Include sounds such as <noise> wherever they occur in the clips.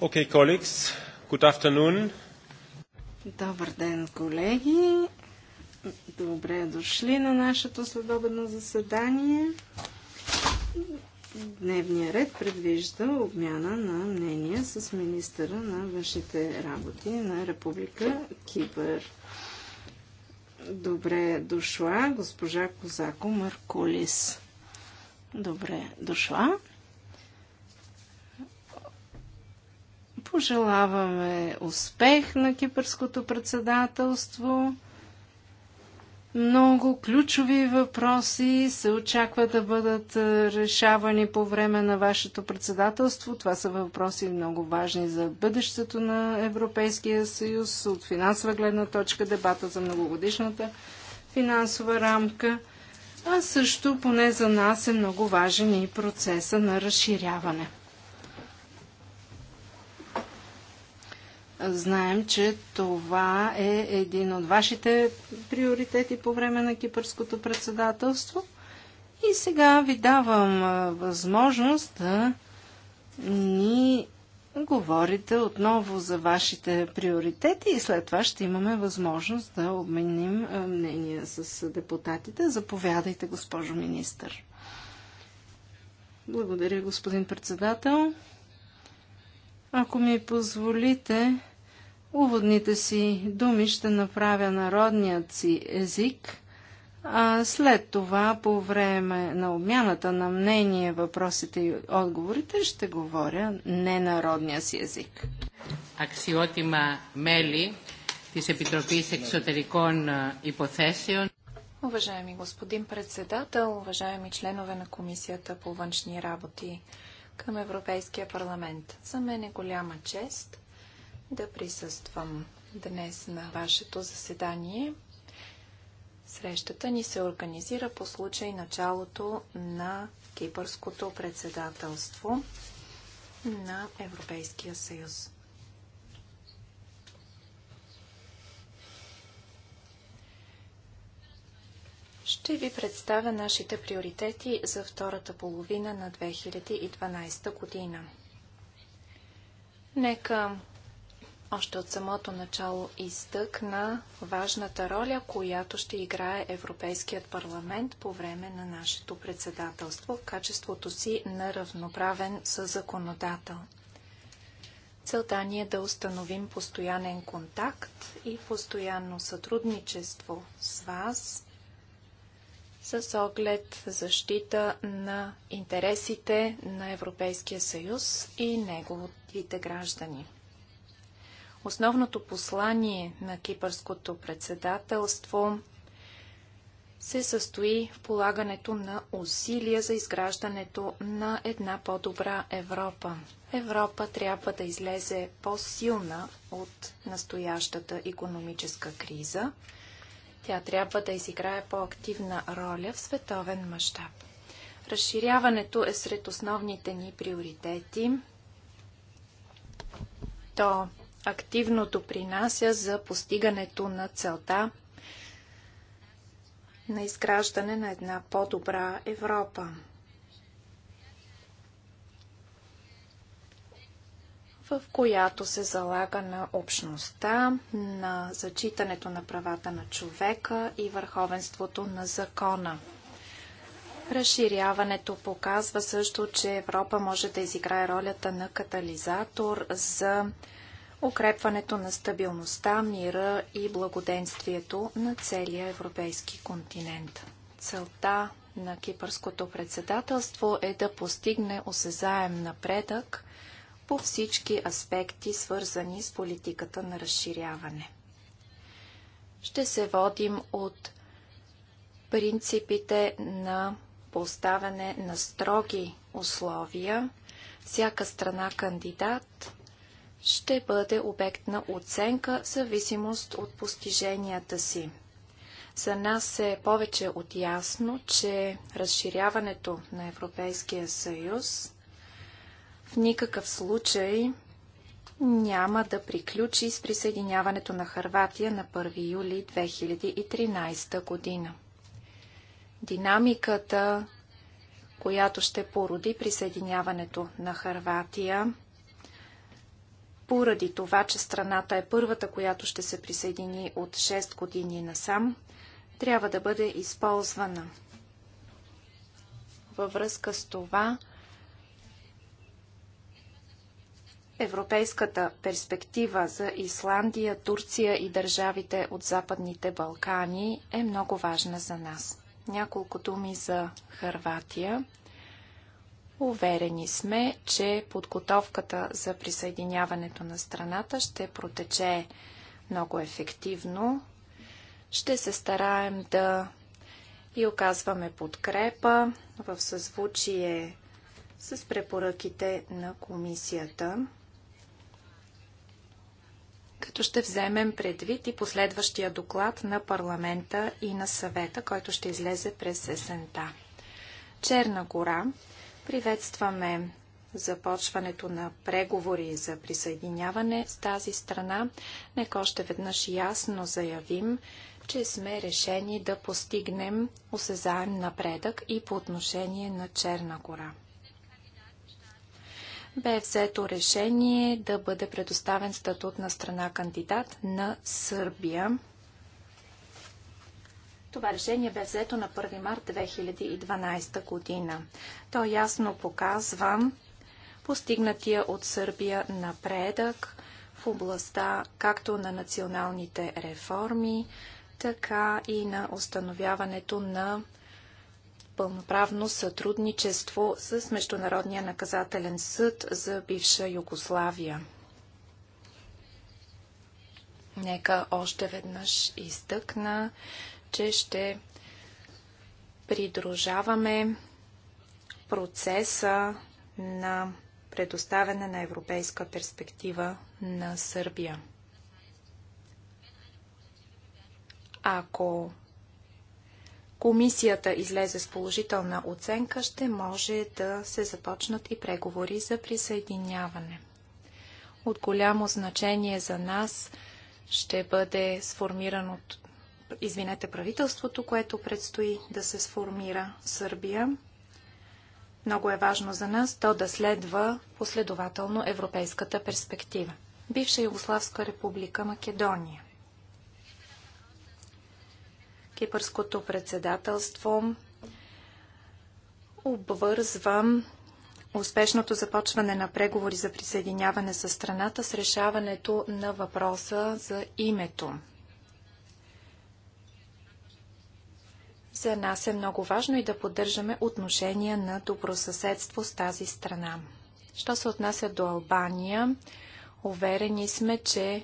Okay, colleagues, good afternoon. Добър ден, колеги. Добре дошли на нашето следобедно заседание. Дневният ред предвижда обмяна на мнения с министъра на външните работи на Република Кипър. Добре дошла госпожа Козако Маркулис. Добре дошла. Пожелаваме успех на кипърското председателство. Много ключови въпроси се очаква да бъдат е, решавани по време на вашето председателство. Това са въпроси много важни за бъдещето на Европейския съюз, от финансова гледна точка, дебата за многогодишната финансова рамка, а също поне за нас е много важен и процеса на разширяване. Знаем, че това е един от вашите приоритети по време на кипърското председателство. И сега ви давам възможност да ни говорите отново за вашите приоритети и след това ще имаме възможност да обменим мнение с депутатите. Заповядайте, госпожо министър. Благодаря, господин председател. Ако ми позволите, Уводните си думи ще направя народният си език, а след това, по време на обмяната на мнение, въпросите и отговорите, ще говоря не народния си език. Аксиотима мели της Επιτροπής Εξωτερικών Υποθέσεων. Уважаеми господин председател, уважаеми членове на Комисията по външни работи към Европейския парламент, за мен е голяма чест – да присъствам днес на вашето заседание. Срещата ни се организира по случай началото на кипърското председателство на Европейския съюз. Ще ви представя нашите приоритети за втората половина на 2012 година. Нека още от самото начало изтъкна важната роля, която ще играе Европейският парламент по време на нашето председателство в качеството си на равноправен със законодател. Целта ни е да установим постоянен контакт и постоянно сътрудничество с вас с оглед защита на интересите на Европейския съюз и неговите граждани. Основното послание на кипърското председателство се състои в полагането на усилия за изграждането на една по-добра Европа. Европа трябва да излезе по-силна от настоящата економическа криза. Тя трябва да изиграе по-активна роля в световен мащаб. Разширяването е сред основните ни приоритети. То активно допринася за постигането на целта на изграждане на една по-добра Европа. в която се залага на общността, на зачитането на правата на човека и върховенството на закона. Разширяването показва също, че Европа може да изиграе ролята на катализатор за укрепването на стабилността, мира и благоденствието на целия европейски континент. Целта на кипърското председателство е да постигне осезаем напредък по всички аспекти, свързани с политиката на разширяване. Ще се водим от принципите на поставяне на строги условия. Всяка страна кандидат ще бъде обект на оценка в зависимост от постиженията си. За нас е повече от ясно, че разширяването на Европейския съюз в никакъв случай няма да приключи с присъединяването на Харватия на 1 юли 2013 година. Динамиката, която ще породи присъединяването на Харватия, поради това, че страната е първата, която ще се присъедини от 6 години насам, трябва да бъде използвана. Във връзка с това, европейската перспектива за Исландия, Турция и държавите от Западните Балкани е много важна за нас. Няколко думи за Харватия. Уверени сме, че подготовката за присъединяването на страната ще протече много ефективно. Ще се стараем да и оказваме подкрепа в съзвучие с препоръките на комисията, като ще вземем предвид и последващия доклад на парламента и на съвета, който ще излезе през есента. Черна гора Приветстваме започването на преговори за присъединяване с тази страна. Нека още веднъж ясно заявим, че сме решени да постигнем осезаем напредък и по отношение на Черна гора. Бе взето решение да бъде предоставен статут на страна кандидат на Сърбия това решение бе взето на 1 март 2012 година. То ясно показва постигнатия от Сърбия напредък в областта както на националните реформи, така и на установяването на пълноправно сътрудничество с Международния наказателен съд за бивша Югославия. Нека още веднъж изтъкна, че ще придружаваме процеса на предоставяне на европейска перспектива на Сърбия. Ако комисията излезе с положителна оценка, ще може да се започнат и преговори за присъединяване. От голямо значение за нас ще бъде сформираното извинете, правителството, което предстои да се сформира в Сърбия. Много е важно за нас то да следва последователно европейската перспектива. Бивша Югославска република Македония. Кипърското председателство обвързвам успешното започване на преговори за присъединяване с страната с решаването на въпроса за името За нас е много важно и да поддържаме отношения на добросъседство с тази страна. Що се отнася до Албания, уверени сме, че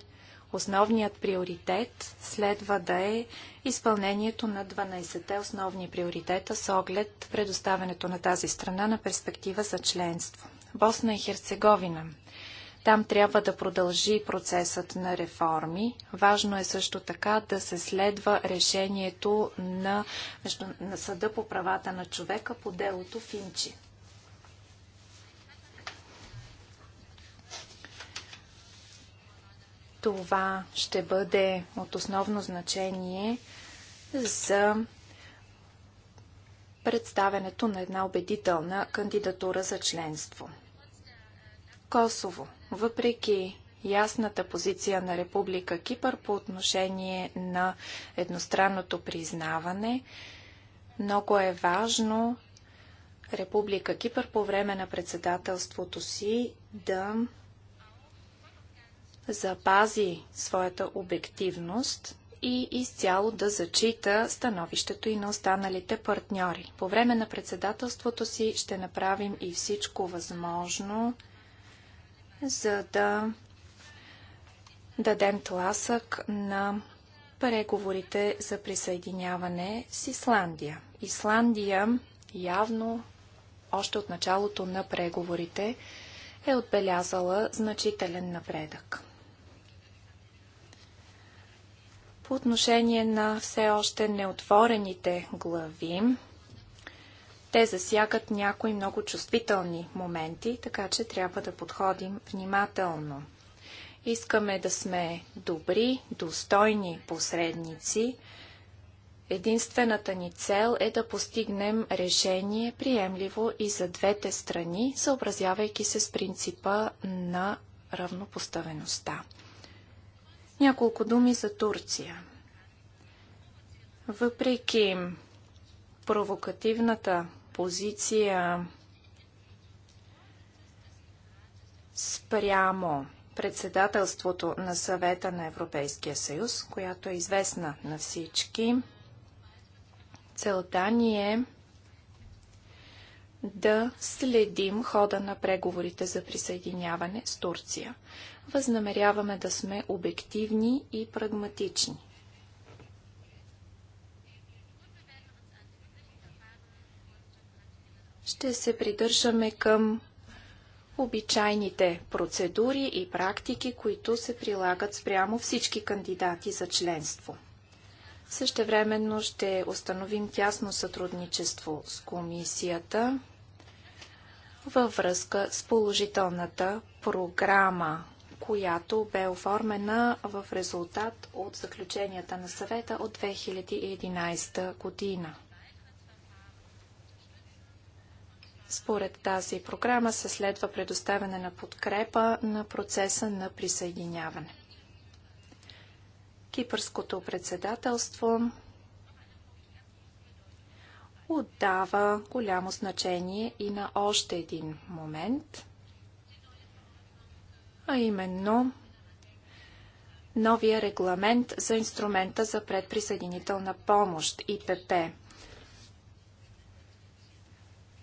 основният приоритет следва да е изпълнението на 12-те основни приоритета с оглед предоставянето на тази страна на перспектива за членство. Босна и Херцеговина – там трябва да продължи процесът на реформи. Важно е също така да се следва решението на, на Съда по правата на човека по делото Финчи. Това ще бъде от основно значение за представянето на една убедителна кандидатура за членство. Косово. Въпреки ясната позиция на Република Кипър по отношение на едностранното признаване, много е важно Република Кипър по време на председателството си да запази своята обективност и изцяло да зачита становището и на останалите партньори. По време на председателството си ще направим и всичко възможно за да дадем тласък на преговорите за присъединяване с Исландия. Исландия явно още от началото на преговорите е отбелязала значителен напредък. По отношение на все още неотворените глави, те засягат някои много чувствителни моменти, така че трябва да подходим внимателно. Искаме да сме добри, достойни посредници. Единствената ни цел е да постигнем решение приемливо и за двете страни, съобразявайки се с принципа на равнопоставеността. Няколко думи за Турция. Въпреки провокативната позиция спрямо председателството на съвета на Европейския съюз, която е известна на всички. Целта ни е да следим хода на преговорите за присъединяване с Турция. Възнамеряваме да сме обективни и прагматични. ще се придържаме към обичайните процедури и практики, които се прилагат спрямо всички кандидати за членство. Същевременно ще установим тясно сътрудничество с комисията във връзка с положителната програма, която бе оформена в резултат от заключенията на съвета от 2011 година. Според тази програма се следва предоставяне на подкрепа на процеса на присъединяване. Кипърското председателство отдава голямо значение и на още един момент, а именно новия регламент за инструмента за предприсъединителна помощ ИПП.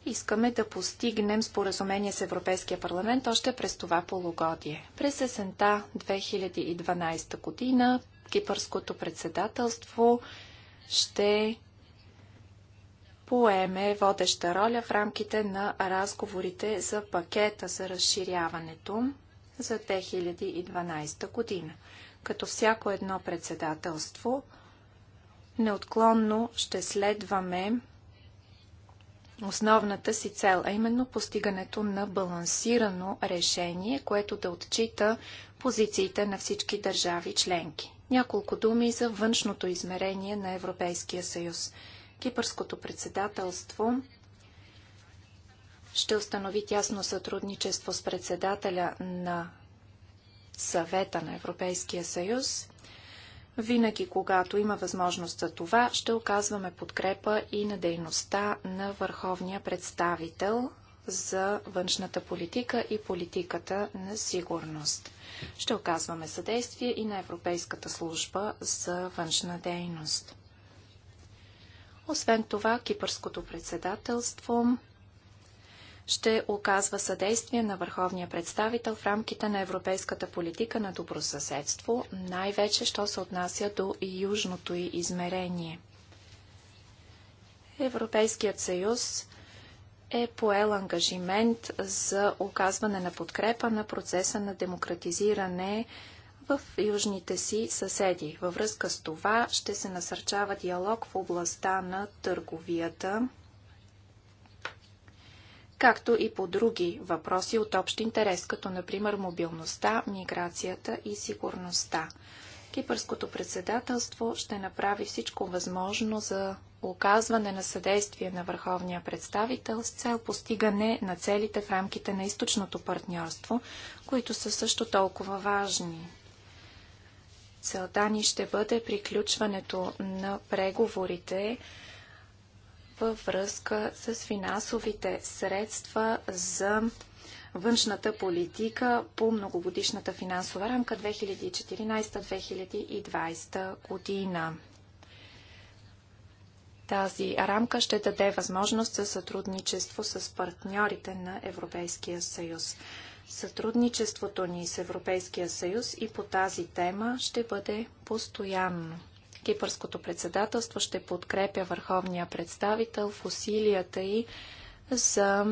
Искаме да постигнем споразумение с Европейския парламент още през това полугодие. През есента 2012 година Кипърското председателство ще поеме водеща роля в рамките на разговорите за пакета за разширяването за 2012 година. Като всяко едно председателство, неотклонно ще следваме основната си цел, а именно постигането на балансирано решение, което да отчита позициите на всички държави членки. Няколко думи за външното измерение на Европейския съюз. Кипърското председателство ще установи тясно сътрудничество с председателя на съвета на Европейския съюз винаги, когато има възможност за това, ще оказваме подкрепа и на дейността на върховния представител за външната политика и политиката на сигурност. Ще оказваме съдействие и на Европейската служба за външна дейност. Освен това, кипърското председателство ще оказва съдействие на върховния представител в рамките на европейската политика на добросъседство, най-вече, що се отнася до южното й измерение. Европейският съюз е поел ангажимент за оказване на подкрепа на процеса на демократизиране в южните си съседи. Във връзка с това ще се насърчава диалог в областта на търговията, както и по други въпроси от общ интерес, като например мобилността, миграцията и сигурността. Кипърското председателство ще направи всичко възможно за оказване на съдействие на върховния представител с цел постигане на целите в рамките на източното партньорство, които са също толкова важни. Целта ни ще бъде приключването на преговорите във връзка с финансовите средства за външната политика по многогодишната финансова рамка 2014-2020 година. Тази рамка ще даде възможност за сътрудничество с партньорите на Европейския съюз. Сътрудничеството ни с Европейския съюз и по тази тема ще бъде постоянно. Кипърското председателство ще подкрепя върховния представител в усилията и за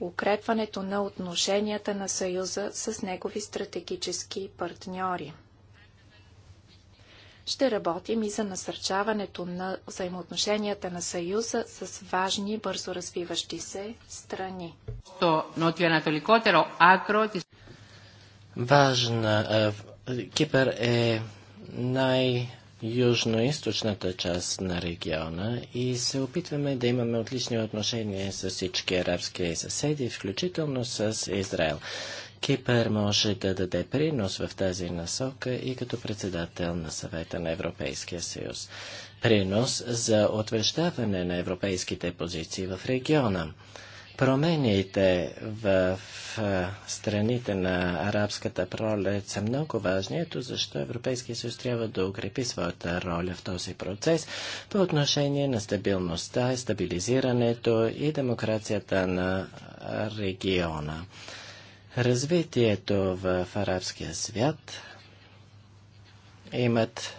укрепването на отношенията на Съюза с негови стратегически партньори. Ще работим и за насърчаването на взаимоотношенията на Съюза с важни, бързо развиващи се страни. Важна е, Кипър е най- южно-источната част на региона и се опитваме да имаме отлични отношения с всички арабски съседи, включително с Израел. Кипър може да даде принос в тази насока и като председател на съвета на Европейския съюз. Принос за утвърждаване на европейските позиции в региона. Промените в, в страните на арабската пролет са много важни, ето защо Европейския съюз трябва да укрепи своята роля в този процес по отношение на стабилността, стабилизирането и демокрацията на региона. Развитието в арабския свят имат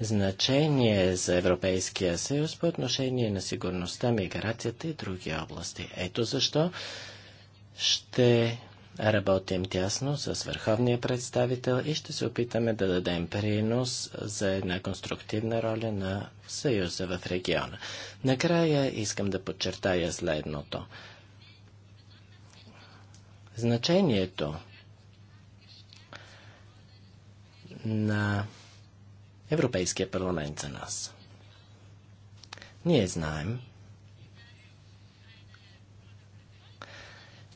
значение за Европейския съюз по отношение на сигурността, миграцията и други области. Ето защо ще работим тясно с върховния представител и ще се опитаме да дадем принос за една конструктивна роля на Съюза в региона. Накрая искам да подчертая следното. Значението на Европейския парламент за нас. Ние знаем,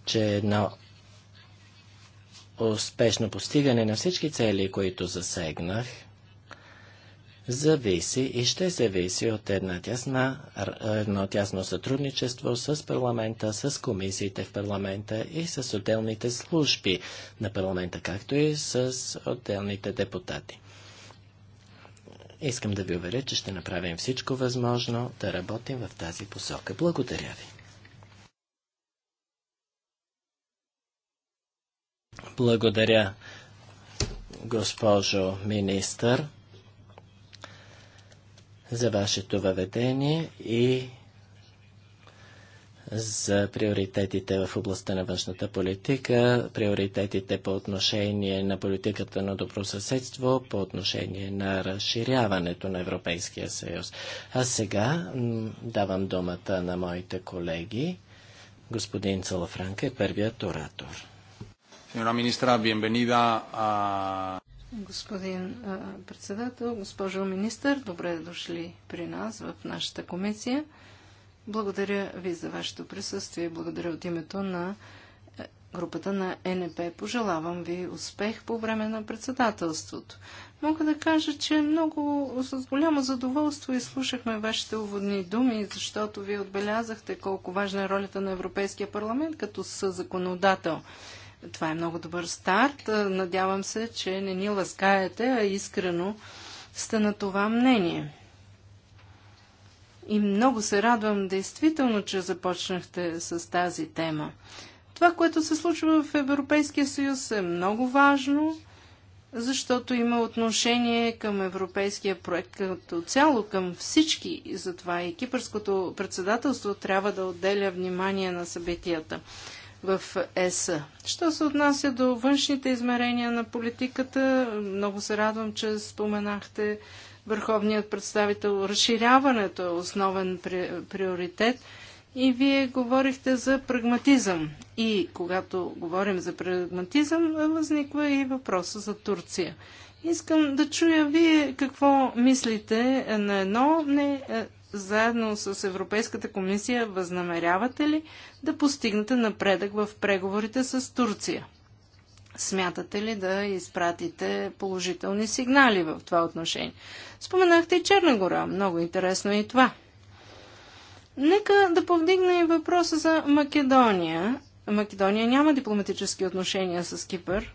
че едно успешно постигане на всички цели, които засегнах, зависи и ще зависи от една тясна, едно тясно сътрудничество с парламента, с комисиите в парламента и с отделните служби на парламента, както и с отделните депутати. Искам да ви уверя, че ще направим всичко възможно да работим в тази посока. Благодаря ви. Благодаря, госпожо министър, за вашето въведение и за приоритетите в областта на външната политика, приоритетите по отношение на политиката на добросъседство, по отношение на разширяването на Европейския съюз. А сега давам думата на моите колеги. Господин Салафранк, е първият оратор. Сеньора министра, а... Господин а, председател, госпожо министър, добре дошли при нас в нашата комисия. Благодаря ви за вашето присъствие. Благодаря от името на е, групата на НП. Пожелавам ви успех по време на председателството. Мога да кажа, че много с голямо задоволство изслушахме вашите уводни думи, защото вие отбелязахте колко важна е ролята на Европейския парламент като съзаконодател. Това е много добър старт. Надявам се, че не ни ласкаете, а искрено сте на това мнение. И много се радвам действително, че започнахте с тази тема. Това, което се случва в Европейския съюз е много важно, защото има отношение към европейския проект като цяло, към всички. И затова и кипърското председателство трябва да отделя внимание на събитията в ЕС. Що се отнася до външните измерения на политиката, много се радвам, че споменахте върховният представител. Разширяването е основен приоритет и вие говорихте за прагматизъм. И когато говорим за прагматизъм, възниква и въпроса за Турция. Искам да чуя вие какво мислите на едно, не, е, заедно с Европейската комисия възнамерявате ли да постигнете напредък в преговорите с Турция? смятате ли да изпратите положителни сигнали в това отношение? Споменахте и Черна гора. Много интересно е и това. Нека да повдигна и въпроса за Македония. Македония няма дипломатически отношения с Кипър,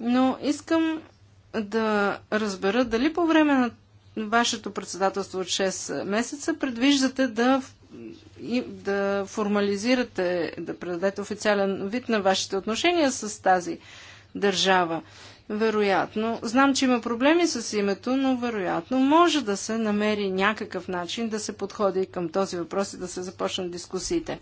но искам да разбера дали по време на вашето председателство от 6 месеца предвиждате да, да формализирате, да предадете официален вид на вашите отношения с тази държава. Вероятно, знам, че има проблеми с името, но вероятно може да се намери някакъв начин да се подходи към този въпрос и да се започнат дискусиите.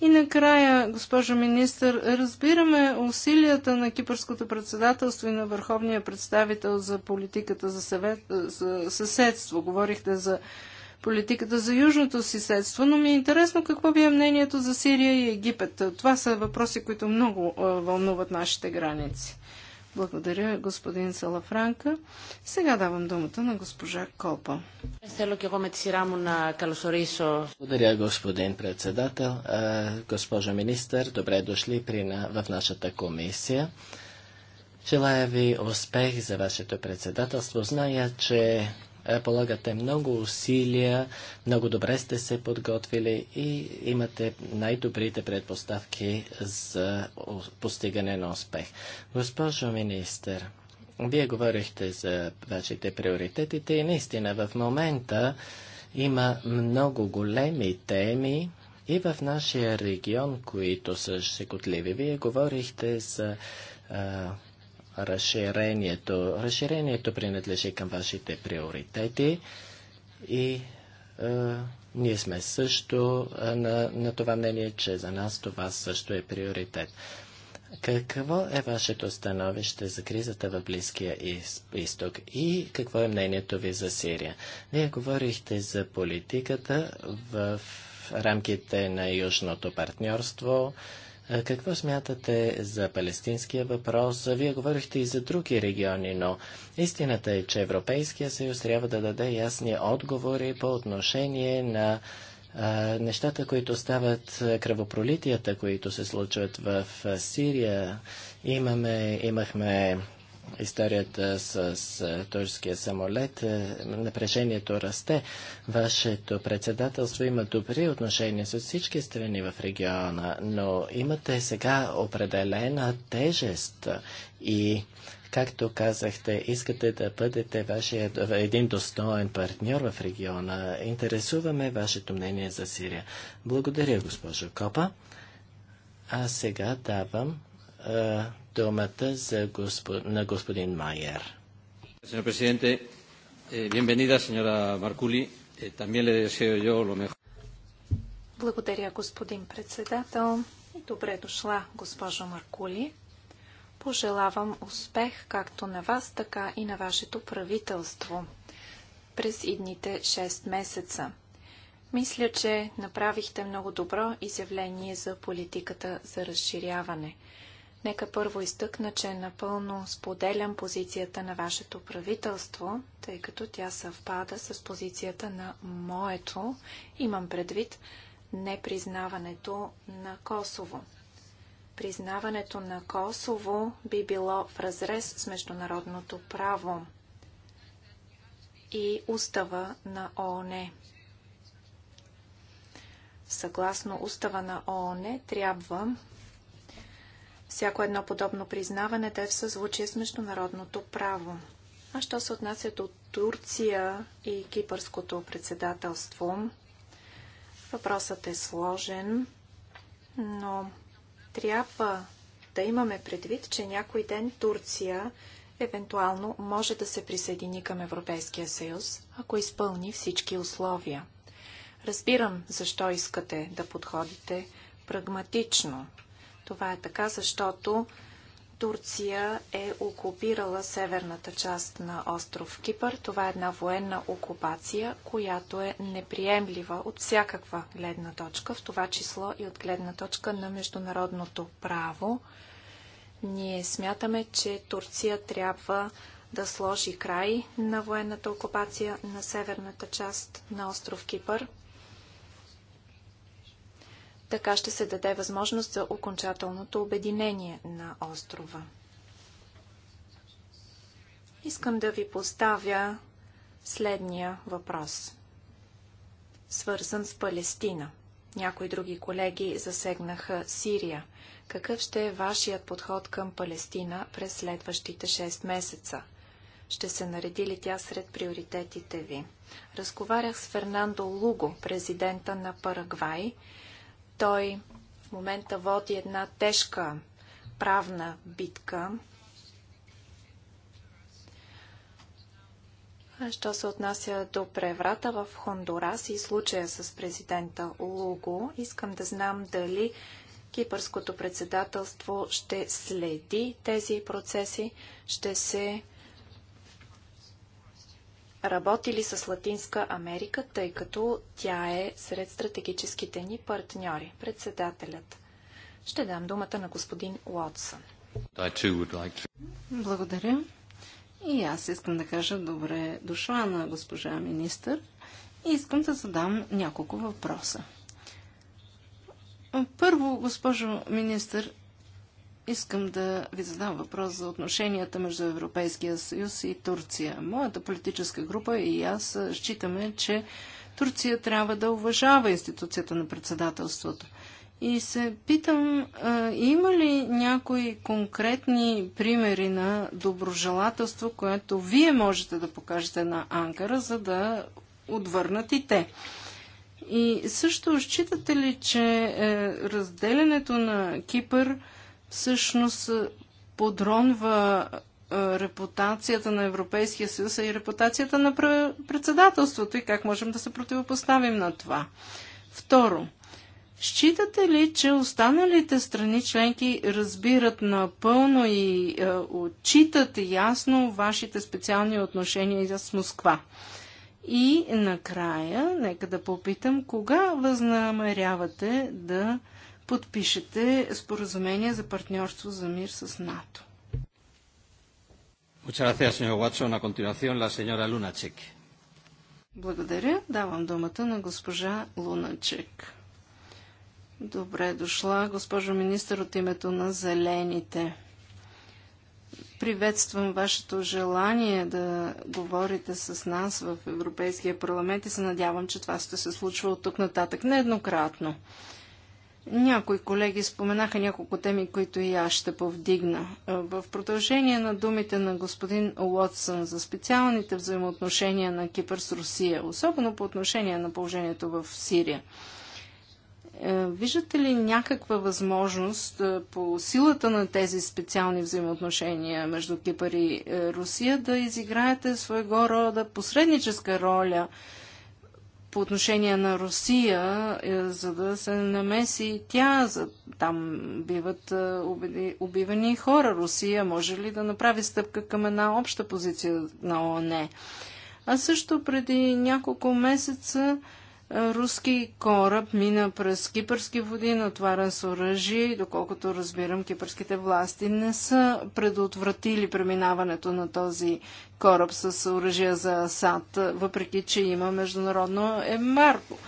И накрая, госпожо министър, разбираме усилията на Кипърското председателство и на Върховния представител за политиката за, съвет, за съседство. Говорихте за политиката за южното си следство, но ми е интересно какво би е мнението за Сирия и Египет. Това са въпроси, които много вълнуват нашите граници. Благодаря, господин Салафранка. Сега давам думата на госпожа Колпа. Благодаря, господин председател. Госпожа министър, добре дошли при на, в нашата комисия. Желая ви успех за вашето председателство. Зная, че е, полагате много усилия, много добре сте се подготвили и имате най-добрите предпоставки за постигане на успех. Госпожо министър, вие говорихте за вашите приоритетите и наистина в момента има много големи теми и в нашия регион, които са щекотливи. Вие говорихте за а, разширението. Разширението принадлежи към вашите приоритети и е, ние сме също е, на, на това мнение, че за нас това също е приоритет. Какво е вашето становище за кризата в Близкия изток и какво е мнението ви за Сирия? Вие говорихте за политиката в рамките на Южното партньорство, какво смятате за палестинския въпрос? Вие говорихте и за други региони, но истината е, че Европейския съюз трябва да даде ясни отговори по отношение на нещата, които стават, кръвопролитията, които се случват в Сирия. Имаме, имахме историята с, с турския самолет. Напрежението расте. Вашето председателство има добри отношения с всички страни в региона, но имате сега определена тежест и Както казахте, искате да бъдете вашия, един достоен партньор в региона. Интересуваме вашето мнение за Сирия. Благодаря, госпожо Копа. А сега давам думата за госпо... на господин Майер. Señor presidente, eh, bienvenida, señora Eh, también le deseo yo lo mejor. Благодаря, господин председател. Добре дошла, госпожо Маркули. Пожелавам успех както на вас, така и на вашето правителство през идните 6 месеца. Мисля, че направихте много добро изявление за политиката за разширяване – Нека първо изтъкна, че напълно споделям позицията на вашето правителство, тъй като тя съвпада с позицията на моето, имам предвид, непризнаването на Косово. Признаването на Косово би било в разрез с международното право и устава на ООН. Съгласно устава на ООН трябва Всяко едно подобно признаване да е в съзвучие с международното право. А що се отнася до Турция и кипърското председателство, въпросът е сложен, но трябва да имаме предвид, че някой ден Турция евентуално може да се присъедини към Европейския съюз, ако изпълни всички условия. Разбирам защо искате да подходите прагматично, това е така, защото Турция е окупирала северната част на остров Кипър. Това е една военна окупация, която е неприемлива от всякаква гледна точка, в това число и от гледна точка на международното право. Ние смятаме, че Турция трябва да сложи край на военната окупация на северната част на остров Кипър. Така ще се даде възможност за окончателното обединение на острова. Искам да ви поставя следния въпрос, свързан с Палестина. Някои други колеги засегнаха Сирия. Какъв ще е вашият подход към Палестина през следващите 6 месеца? Ще се нареди ли тя сред приоритетите ви? Разговарях с Фернандо Луго, президента на Парагвай, той в момента води една тежка правна битка. Що се отнася до преврата в Хондурас и случая с президента Луго, искам да знам дали Кипърското председателство ще следи тези процеси, ще се работили с Латинска Америка, тъй като тя е сред стратегическите ни партньори, председателят. Ще дам думата на господин Уотсън. Благодаря. И аз искам да кажа добре дошла на госпожа министър и искам да задам няколко въпроса. Първо, госпожо министър, Искам да ви задам въпрос за отношенията между Европейския съюз и Турция. Моята политическа група и аз считаме, че Турция трябва да уважава институцията на председателството. И се питам, има ли някои конкретни примери на доброжелателство, което вие можете да покажете на Анкара, за да отвърнат и те? И също считате ли, че е, разделянето на Кипър – всъщност е, подронва е, репутацията на Европейския съюз и репутацията на председателството и как можем да се противопоставим на това. Второ, считате ли, че останалите страни членки разбират напълно и е, отчитат ясно вашите специални отношения с Москва? И накрая, нека да попитам, кога възнамерявате да подпишете споразумение за партньорство за мир с НАТО. Благодаря. Давам думата на госпожа Луначек. Добре дошла, госпожо министър, от името на Зелените. Приветствам вашето желание да говорите с нас в Европейския парламент и се надявам, че това ще се случва от тук нататък нееднократно. Някои колеги споменаха няколко теми, които и аз ще повдигна. Е, в продължение на думите на господин Уотсън за специалните взаимоотношения на Кипър с Русия, особено по отношение на положението в Сирия. Е, виждате ли някаква възможност е, по силата на тези специални взаимоотношения между Кипър и Русия да изиграете своего рода посредническа роля – по отношение на Русия, е, за да се намеси тя. За, там биват е, убивани хора. Русия може ли да направи стъпка към една обща позиция на ОНЕ? А също преди няколко месеца руски кораб мина през кипърски води, натварен с оръжие и доколкото разбирам, кипърските власти не са предотвратили преминаването на този кораб с оръжие за Асад, въпреки че има международно ембарго.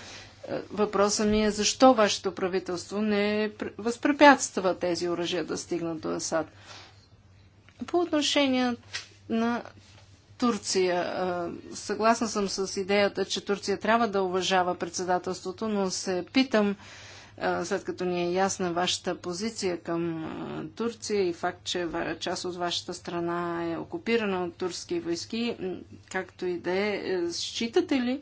Е, въпросът ми е защо вашето правителство не възпрепятства тези оръжия да стигнат до Асад. По отношение на Турция. Съгласна съм с идеята, че Турция трябва да уважава председателството, но се питам, след като ни е ясна вашата позиция към Турция и факт, че част от вашата страна е окупирана от турски войски, както и да е, считате ли,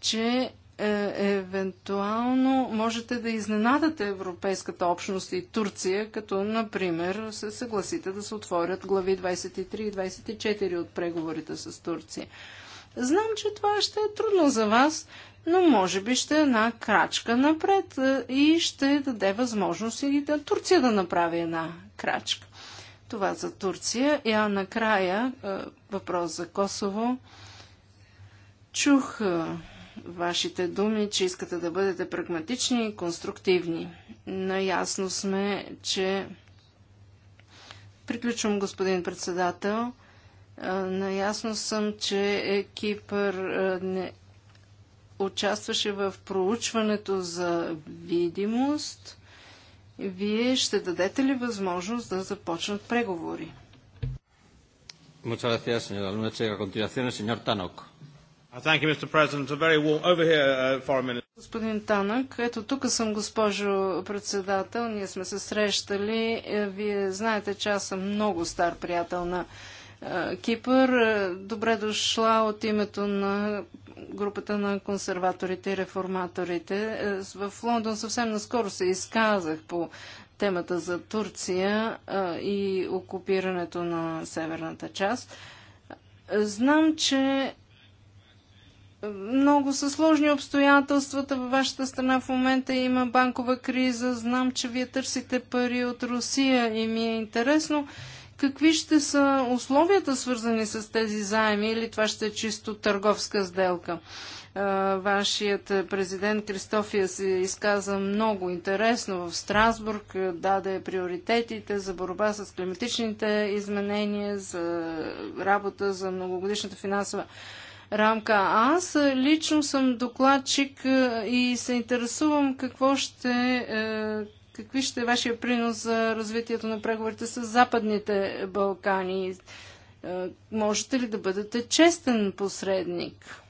че е, евентуално можете да изненадате Европейската общност и Турция, като, например, се съгласите да се отворят глави 23 и 24 от преговорите с Турция. Знам, че това ще е трудно за вас, но може би ще е една крачка напред е, и ще даде възможност и да Турция да направи една крачка. Това за Турция. И а накрая е, въпрос за Косово. Чух вашите думи, че искате да бъдете прагматични и конструктивни. Наясно сме, че Приключвам, господин председател. Наясно съм, че екипър не участваше в проучването за видимост. Вие ще дадете ли възможност да започнат преговори? Muchas gracias, señora Lunache. A continuación, el señor Tanok. Господин Танък, ето тук съм госпожо председател, ние сме се срещали. Е, вие знаете, че аз съм много стар приятел на е, Кипър. Е, добре дошла от името на групата на консерваторите и реформаторите. В Лондон съвсем наскоро се изказах по темата за Турция и окупирането на северната част. Знам, че много са сложни обстоятелствата във вашата страна. В момента има банкова криза. Знам, че вие търсите пари от Русия и ми е интересно какви ще са условията свързани с тези заеми или това ще е чисто търговска сделка. Вашият президент Кристофия се изказа много интересно в Страсбург, даде приоритетите за борба с климатичните изменения, за работа за многогодишната финансова рамка. Аз лично съм докладчик е, и се интересувам какво ще, е, какви ще е вашия принос за развитието на преговорите с Западните Балкани. Е, можете ли да бъдете честен посредник?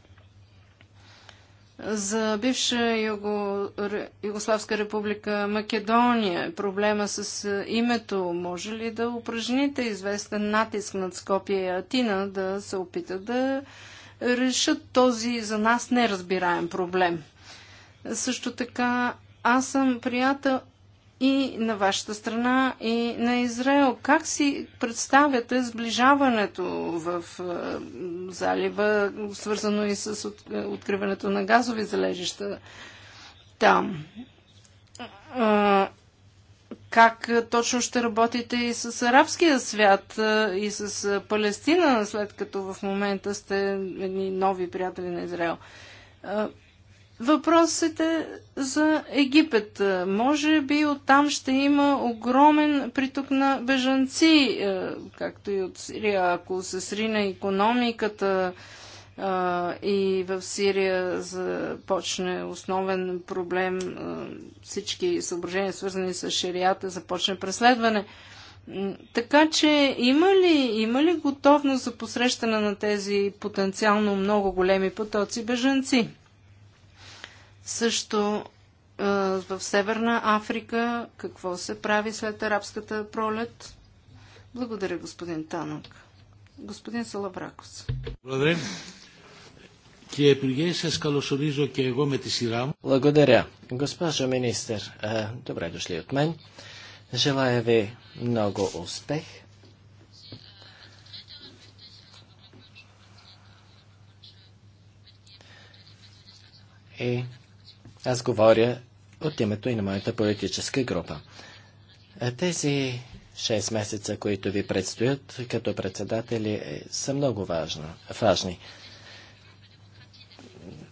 за бивша Юго... Югославска република Македония, проблема с името, може ли да упражните известен натиск над Скопия и Атина да се опита да решат този за нас неразбираем проблем. Също така, аз съм приятел и на вашата страна, и на Израел. Как си представяте сближаването в е, залива, свързано и с е, откриването на газови залежища там? Е, как е, точно ще работите и с арабския свят, е, и с е, Палестина, след като в момента сте едни нови приятели на Израел. Въпросът е за Египет. Може би оттам ще има огромен приток на бежанци, както и от Сирия, ако се срина економиката, и в Сирия започне основен проблем, всички съображения свързани с ширията, започне преследване. Така че има ли, има ли готовност за посрещане на тези потенциално много големи потоци бежанци? Също в Северна Африка какво се прави след арабската пролет? Благодаря, господин Танок. Господин Салабракос. Благодаря. Благодаря. Госпожо министър, добре дошли от мен. Желая ви много успех. И аз говоря от името и на моята политическа група. Тези 6 месеца, които ви предстоят като председатели, е, са много важни.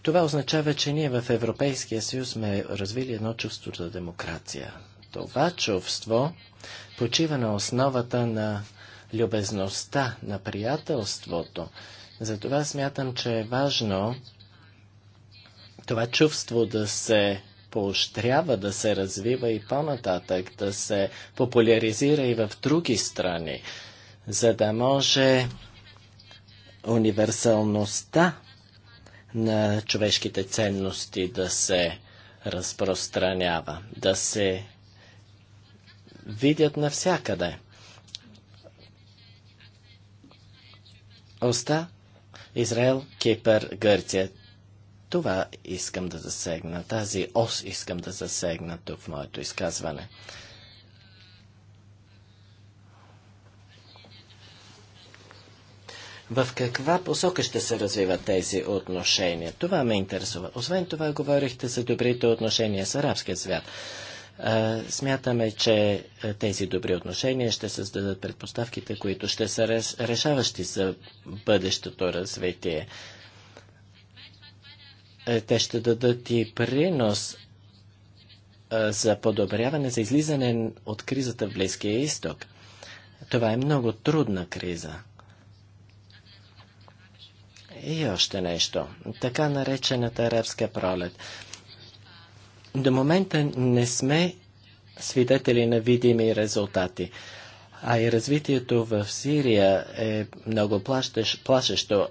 Това означава, че ние в Европейския съюз сме развили едно чувство за демокрация. Това чувство почива на основата на любезността, на приятелството. Затова смятам, че е важно това чувство да се поощрява, да се развива и по-нататък, да се популяризира и в други страни, за да може универсалността на човешките ценности да се разпространява, да се видят навсякъде. Оста, Израел, Кипър, Гърция. Това искам да засегна. Тази ос искам да засегна тук в моето изказване. в каква посока ще се развиват тези отношения. Това ме интересува. Освен това, говорихте за добрите отношения с арабския свят. Смятаме, че тези добри отношения ще създадат предпоставките, които ще са решаващи за бъдещото развитие. Е, те ще дадат и принос за подобряване, за излизане от кризата в Близкия изток. Това е много трудна криза. И още нещо. Така наречената арабска пролет. До момента не сме свидетели на видими резултати. А и развитието в Сирия е много плашещо.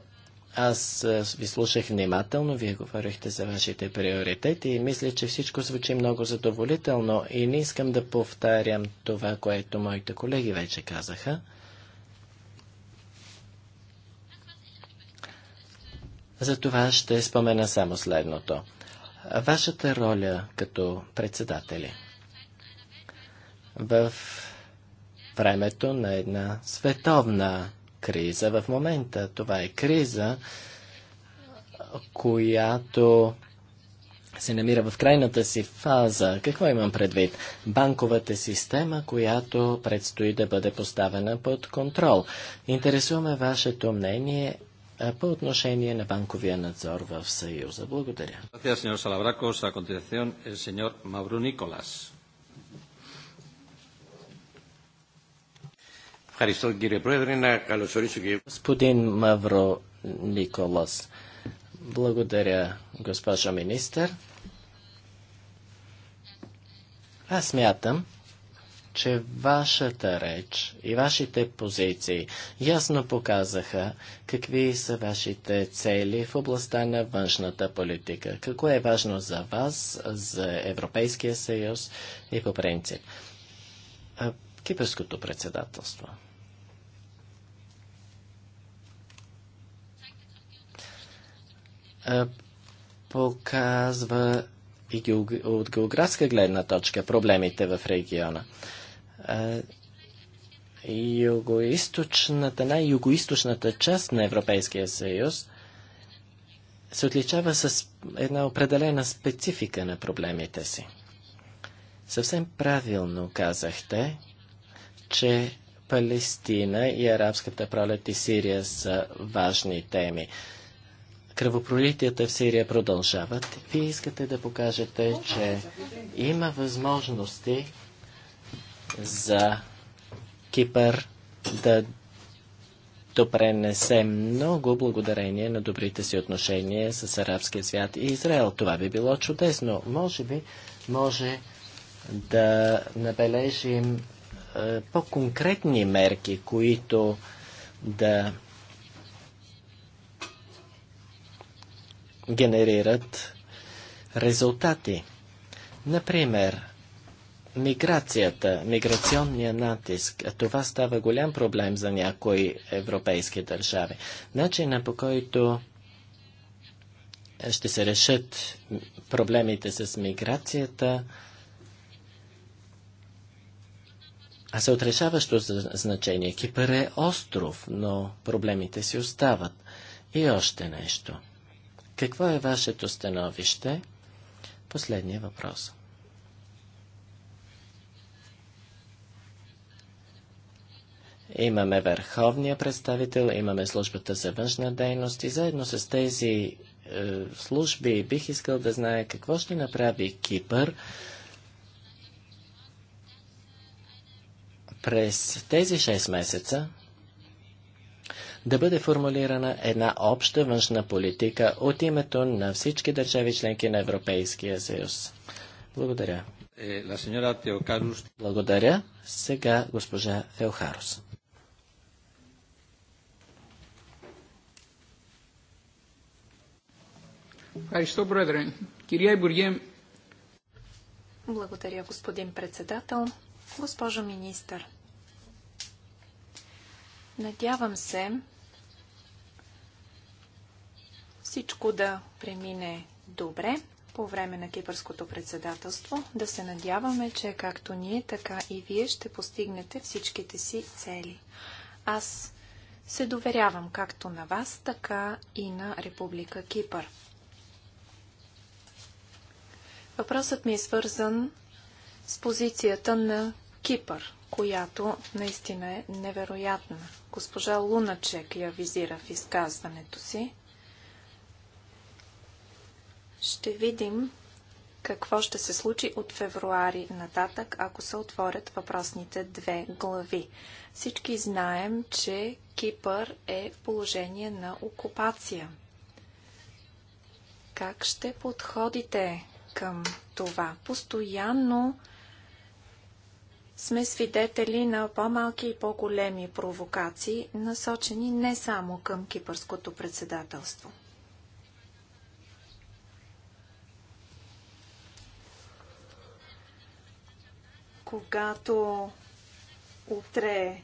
Аз ви слушах внимателно, вие говорихте за вашите приоритети и мисля, че всичко звучи много задоволително и не искам да повтарям това, което моите колеги вече казаха. За това ще спомена само следното. Вашата роля като председатели в времето на една световна криза. В момента това е криза, която се намира в крайната си фаза. Какво имам предвид? Банковата система, която предстои да бъде поставена под контрол. Интересуваме вашето мнение по отношение на банковия надзор в Съюза. Благодаря. Господин Мавро Николас, благодаря, госпожа министър. Аз мятам, че вашата реч и вашите позиции ясно показаха какви са вашите цели в областта на външната политика, какво е важно за вас, за Европейския съюз и по принцип. Кипърското председателство. Показва и от географска гледна точка проблемите в региона югоисточната, най-югоисточната част на Европейския съюз се отличава с една определена специфика на проблемите си. Съвсем правилно казахте, че Палестина и арабската пролет и Сирия са важни теми. Кръвопролитията в Сирия продължават. Вие искате да покажете, че има възможности за Кипър да допренесе много благодарение на добрите си отношения с арабския свят и Израел. Това би било чудесно. Може би може да набележим е, по-конкретни мерки, които да генерират резултати. Например, Миграцията, миграционния натиск, това става голям проблем за някои европейски държави. Начина по който ще се решат проблемите с миграцията, а се отрешаващо значение. Кипър е остров, но проблемите си остават. И още нещо. Какво е вашето становище? Последния въпрос. Имаме върховния представител, имаме службата за външна дейност и заедно с тези е, служби бих искал да знае какво ще направи Кипър през тези 6 месеца да бъде формулирана една обща външна политика от името на всички държави членки на Европейския съюз. Благодаря. Е, Благодаря. Сега госпожа Теохарус. Ευχαριστώ, Πρόεδρε. Κυρία Υπουργέ. Благодаря, господин председател. Госпожо министър, надявам се всичко да премине добре по време на кипърското председателство. Да се надяваме, че както ние, така и вие ще постигнете всичките си цели. Аз се доверявам както на вас, така и на Република Кипър. Въпросът ми е свързан с позицията на Кипър, която наистина е невероятна. Госпожа Луначек я визира в изказването си. Ще видим какво ще се случи от февруари нататък, ако се отворят въпросните две глави. Всички знаем, че Кипър е в положение на окупация. Как ще подходите към това. Постоянно сме свидетели на по-малки и по-големи провокации, насочени не само към кипърското председателство. Когато утре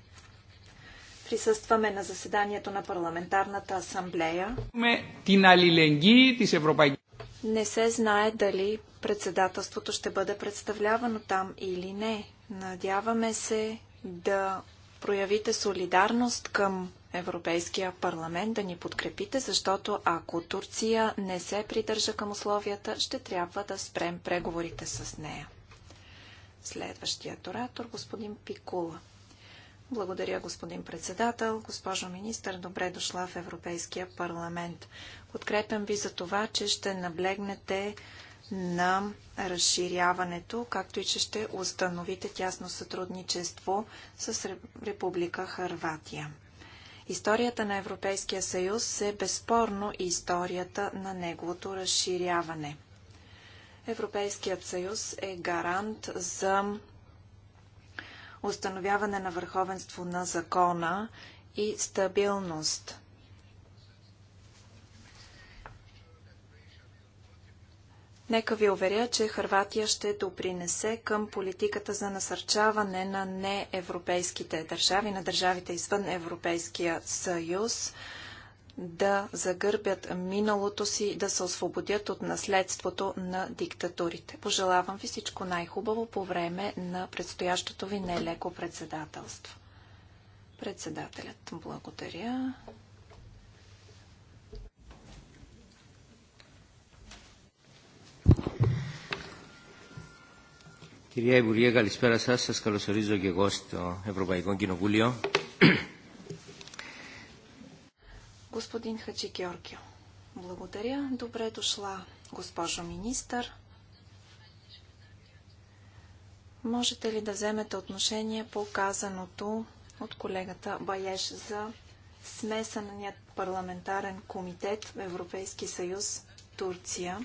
присъстваме на заседанието на парламентарната асамблея, не се знае дали председателството ще бъде представлявано там или не. Надяваме се да проявите солидарност към Европейския парламент, да ни подкрепите, защото ако Турция не се придържа към условията, ще трябва да спрем преговорите с нея. Следващият оратор, господин Пикула. Благодаря, господин председател. Госпожо министър, добре дошла в Европейския парламент. Подкрепям ви за това, че ще наблегнете на разширяването, както и че ще установите тясно сътрудничество с Република Харватия. Историята на Европейския съюз е безспорно и историята на неговото разширяване. Европейският съюз е гарант за установяване на върховенство на закона и стабилност. Нека ви уверя, че Харватия ще допринесе към политиката за насърчаване на неевропейските държави, на държавите извън Европейския съюз – да загърбят миналото си, да се освободят от наследството на диктатурите. Пожелавам ви всичко най-хубаво по време на предстоящото ви нелеко председателство. Председателят, благодаря. Κυρία Υπουργέ, καλησπέρα σας. Σας καλωσορίζω και εγώ στο Ευρωπαϊκό Κοινοβούλιο. Господин Хачи Георгио. Благодаря. Добре дошла, госпожо министър. Можете ли да вземете отношение по казаното от колегата Баеш за смесаният парламентарен комитет в Европейски съюз Турция?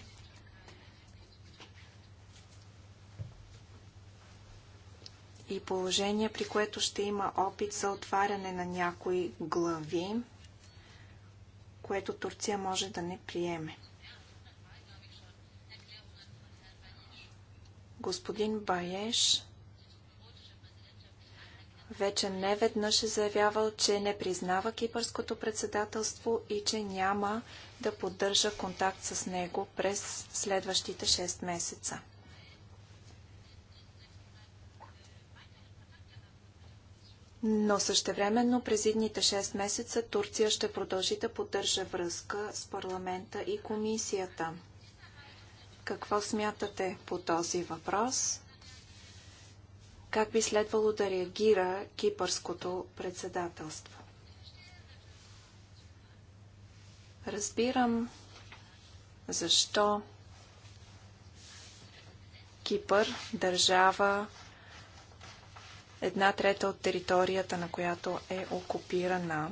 И положение, при което ще има опит за отваряне на някои глави което Турция може да не приеме. Господин Баеш вече не веднъж е заявявал, че не признава кипърското председателство и че няма да поддържа контакт с него през следващите 6 месеца. но същевременно през едните 6 месеца Турция ще продължи да поддържа връзка с парламента и комисията. Какво смятате по този въпрос? Как би следвало да реагира кипърското председателство? Разбирам защо Кипър, държава, една трета от територията, на която е окупирана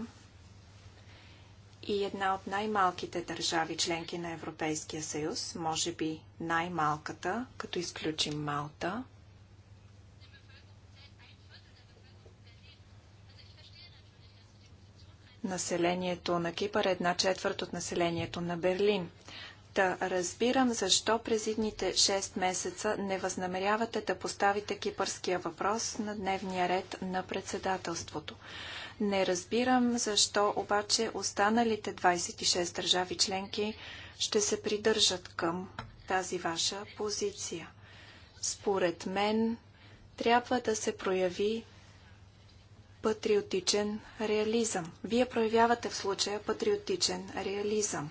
и една от най-малките държави, членки на Европейския съюз, може би най-малката, като изключим Малта. Населението на Кипър е една четвърт от населението на Берлин. Та разбирам защо през идните 6 месеца не възнамерявате да поставите кипърския въпрос на дневния ред на председателството. Не разбирам защо обаче останалите 26 държави членки ще се придържат към тази ваша позиция. Според мен трябва да се прояви патриотичен реализъм. Вие проявявате в случая патриотичен реализъм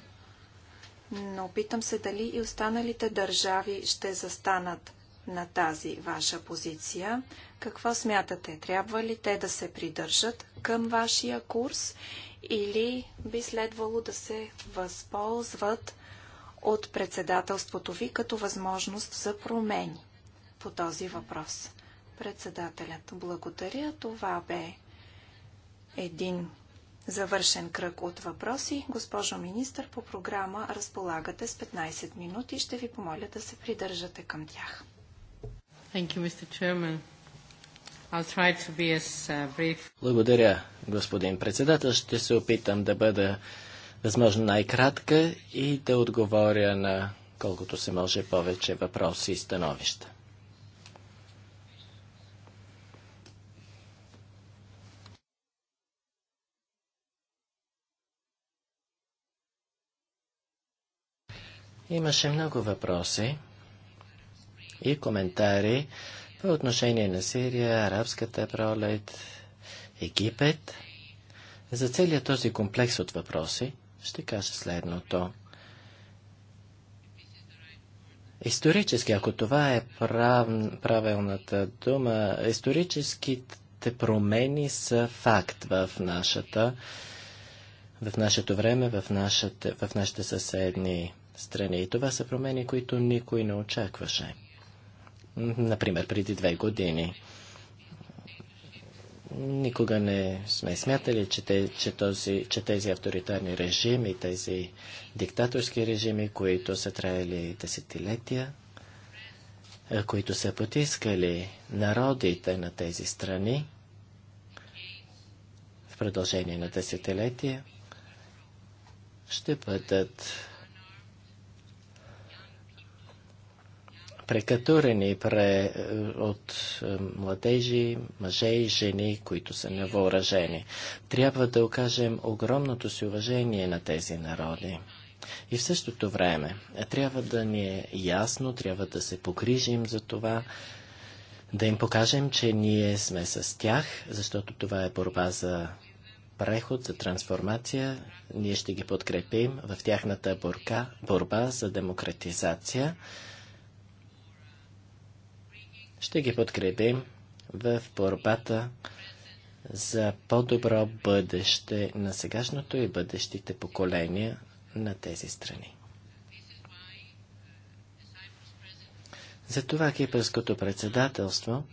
но питам се дали и останалите държави ще застанат на тази ваша позиция. Какво смятате? Трябва ли те да се придържат към вашия курс или би следвало да се възползват от председателството ви като възможност за промени по този въпрос? Председателят, благодаря. Това бе един завършен кръг от въпроси. Госпожо министър, по програма разполагате с 15 минути. Ще ви помоля да се придържате към тях. You, uh, Благодаря, господин председател. Ще се опитам да бъда възможно най-кратка и да отговоря на колкото се може повече въпроси и становища. Имаше много въпроси и коментари по отношение на Сирия, арабската пролет, Египет. За целият този комплекс от въпроси ще кажа следното. Исторически, ако това е прав... правилната дума, историческите промени са факт в нашата в нашето време, в, нашата, в нашите съседни страни. И това са промени, които никой не очакваше. Например, преди две години. Никога не сме смятали, че, те, че, този, че тези авторитарни режими, тези диктаторски режими, които са траяли десетилетия, които са потискали народите на тези страни в продължение на десетилетия, ще бъдат прекатурени пре, е, от е, младежи, мъже и жени, които са невъоръжени. Трябва да окажем огромното си уважение на тези народи. И в същото време е, трябва да ни е ясно, трябва да се погрижим за това, да им покажем, че ние сме с тях, защото това е борба за преход, за трансформация. Ние ще ги подкрепим в тяхната борка, борба за демократизация ще ги подкрепим в борбата за по-добро бъдеще на сегашното и бъдещите поколения на тези страни. Затова кипърското председателство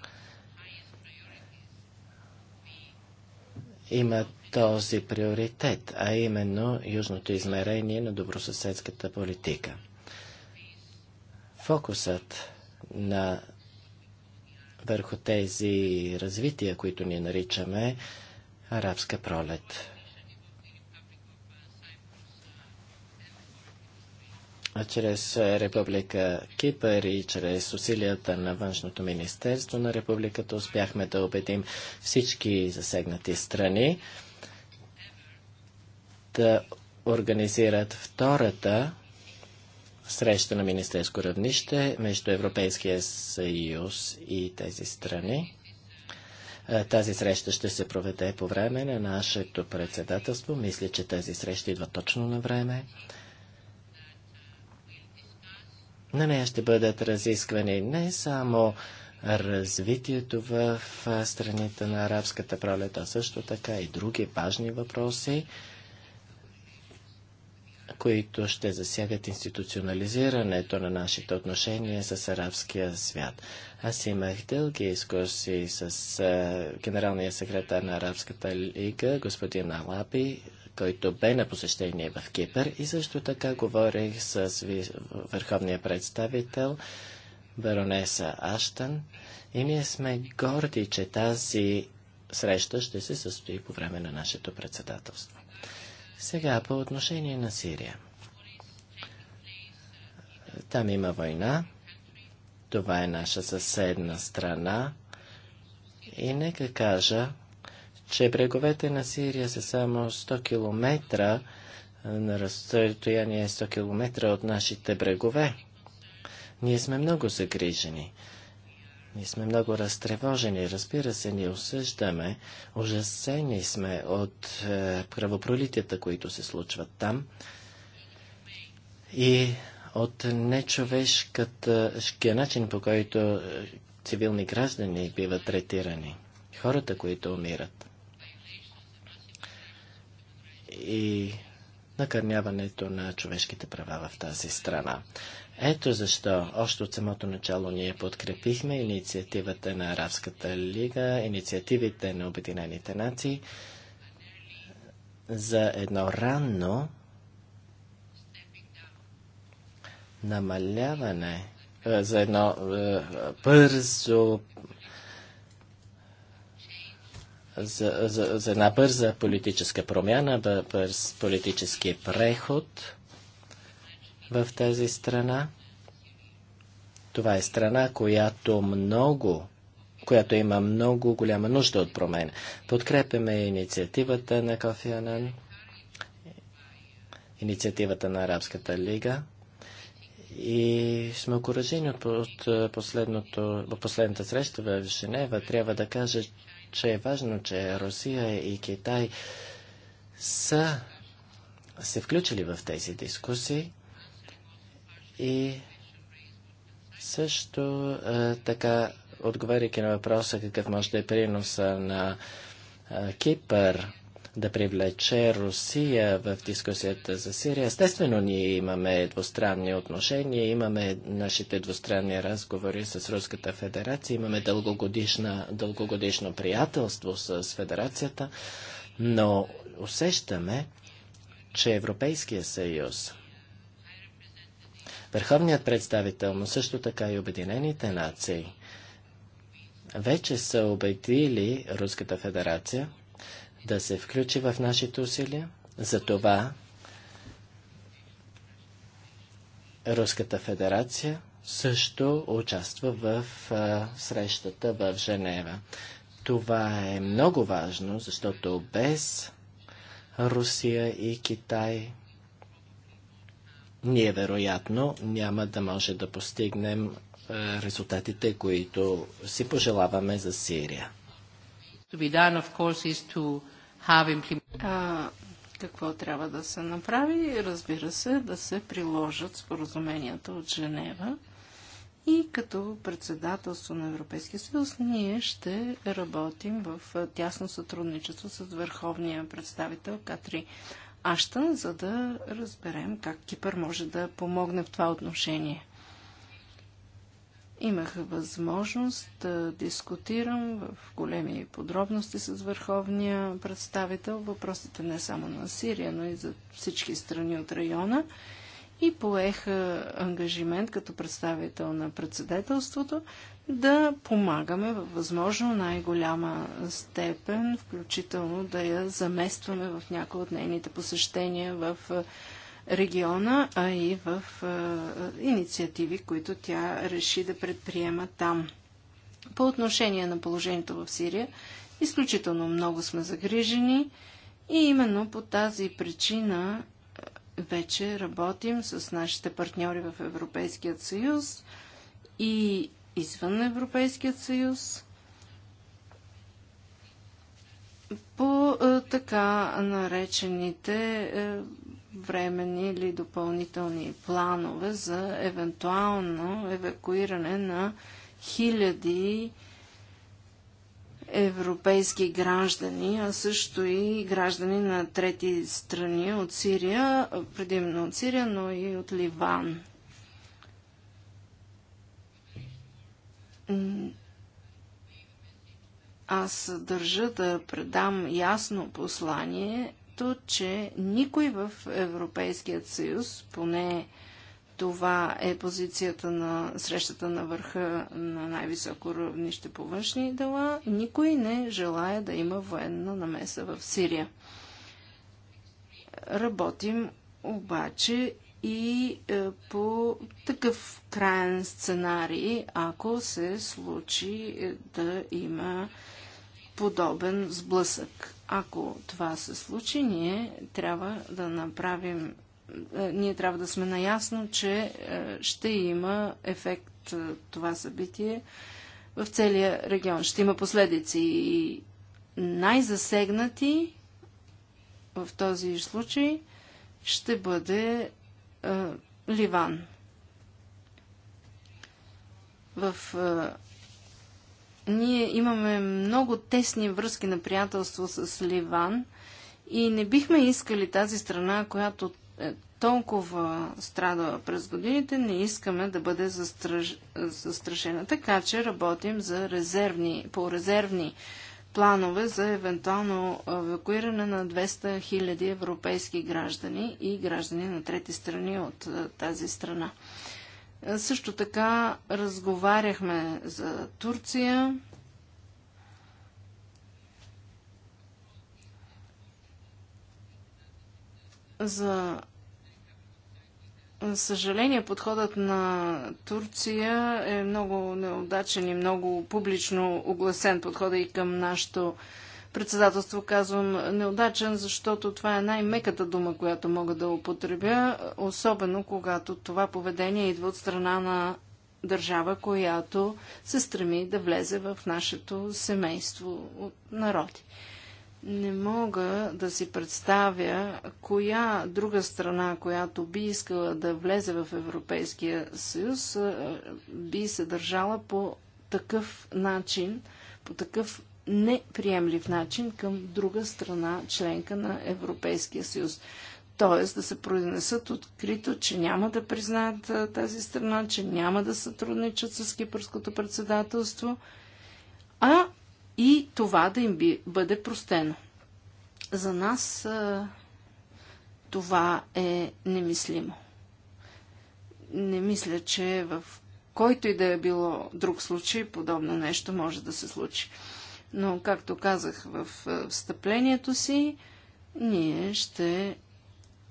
има този приоритет, а именно южното измерение на добросъседската политика. Фокусът на върху тези развития, които ние наричаме арабска пролет. чрез Република Кипър и чрез усилията на Външното министерство на републиката успяхме да убедим всички засегнати страни да организират втората среща на министерско равнище между Европейския съюз и тези страни. Е, тази среща ще се проведе по време на нашето председателство. Мисля, че тази среща идва точно на време. На нея ще бъдат разисквани не само развитието в страните на арабската пролета, а също така и други важни въпроси които ще засягат институционализирането на нашите отношения с арабския свят. Аз имах дълги дискусии с генералния секретар на Арабската лига, господин Алапи, който бе на посещение в Кипър и също така говорих с върховния представител Баронеса Аштан и ние сме горди, че тази среща ще се състои по време на нашето председателство. Сега по отношение на Сирия. Там има война. Това е наша съседна страна. И нека кажа, че бреговете на Сирия са само 100 км на разстояние 100 км от нашите брегове. Ние сме много загрижени. Ние сме много разтревожени, разбира се, ние осъждаме, ужасени сме от е, кръвопролитията, които се случват там и от нечовешкия начин, по който е, цивилни граждани биват третирани, хората, които умират. И накърняването на човешките права в тази страна. Ето защо още от самото начало ние подкрепихме инициативата на Арабската лига, инициативите на Обединените нации за едно ранно намаляване, за едно бързо за, за, за една бърза политическа промяна, бърз политически преход – в тази страна. Това е страна, която много която има много голяма нужда от промен. Подкрепяме инициативата на Кофи Анан, инициативата на Арабската лига и сме окоръжени от, от последната среща в Женева. Трябва да кажа, че е важно, че Русия и Китай са се включили в тези дискусии и също а, така, отговаряйки на въпроса какъв може да е приноса на а, Кипър да привлече Русия в дискусията за Сирия. Естествено, ние имаме двустранни отношения, имаме нашите двустранни разговори с Руската федерация, имаме дългогодишно приятелство с федерацията, но усещаме, че Европейския съюз – Върховният представител, но също така и Обединените нации, вече са убедили Руската федерация да се включи в нашите усилия. Затова Руската федерация също участва в срещата в Женева. Това е много важно, защото без Русия и Китай ние вероятно няма да може да постигнем е, резултатите, които си пожелаваме за Сирия. А, какво трябва да се направи? Разбира се, да се приложат споразуменията от Женева. И като председателство на Европейския съюз ние ще работим в е, тясно сътрудничество с върховния представител Катри Аштън, за да разберем как Кипър може да помогне в това отношение. Имах възможност да дискутирам в големи подробности с върховния представител въпросите не само на Сирия, но и за всички страни от района и поеха ангажимент като представител на председателството да помагаме във възможно най-голяма степен, включително да я заместваме в някои от нейните посещения в региона, а и в инициативи, които тя реши да предприема там. По отношение на положението в Сирия, изключително много сме загрижени и именно по тази причина вече работим с нашите партньори в Европейският съюз и извън Европейският съюз по е, така наречените е, временни или допълнителни планове за евентуално евакуиране на хиляди европейски граждани, а също и граждани на трети страни от Сирия, предимно от Сирия, но и от Ливан. Аз държа да предам ясно посланието, че никой в Европейският съюз, поне това е позицията на срещата на върха на най-високо равнище по външни дела. Никой не желая да има военна намеса в Сирия. Работим обаче и е, по такъв крайен сценарий, ако се случи е, да има подобен сблъсък. Ако това се случи, ние трябва да направим е, ние трябва да сме наясно, че е, ще има ефект е, това събитие в целия регион. Ще има последици и най-засегнати в този случай ще бъде е, Ливан. В е, ние имаме много тесни връзки на приятелство с Ливан и не бихме искали тази страна, която е, толкова страдала през годините, не искаме да бъде застраж... застрашена. Така че работим за резервни, по резервни планове за евентуално евакуиране на 200 000 европейски граждани и граждани на трети страни от е, тази страна. Е, също така разговаряхме за Турция. За съжаление, подходът на Турция е много неудачен и много публично огласен подхода и към нашето председателство. Казвам неудачен, защото това е най-меката дума, която мога да употребя, особено когато това поведение идва от страна на държава, която се стреми да влезе в нашето семейство от народи. Не мога да си представя коя друга страна, която би искала да влезе в Европейския съюз, би се държала по такъв начин, по такъв неприемлив начин към друга страна, членка на Европейския съюз. Тоест да се произнесат открито, че няма да признаят тази страна, че няма да сътрудничат с кипърското председателство, а и това да им бъде простено. За нас това е немислимо. Не мисля, че в който и да е било друг случай, подобно нещо може да се случи. Но, както казах в встъплението си, ние ще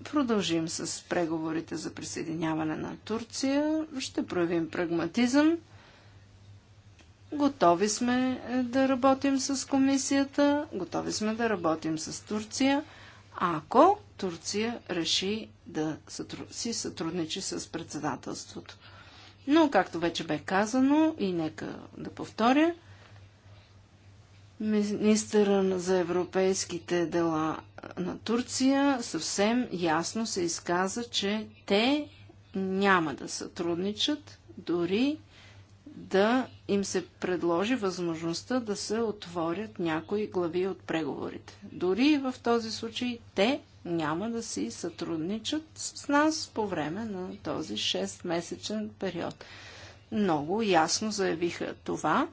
продължим с преговорите за присъединяване на Турция, ще проявим прагматизъм. Готови сме е, да работим с комисията, готови сме да работим с Турция, ако Турция реши да си сътрудничи с председателството. Но, както вече бе казано, и нека да повторя, министъра за европейските дела е, на Турция съвсем ясно се изказа, че те няма да сътрудничат, дори да им се предложи възможността да се отворят някои глави от преговорите. Дори в този случай те няма да си сътрудничат с нас по време на този 6-месечен период. Много ясно заявиха това,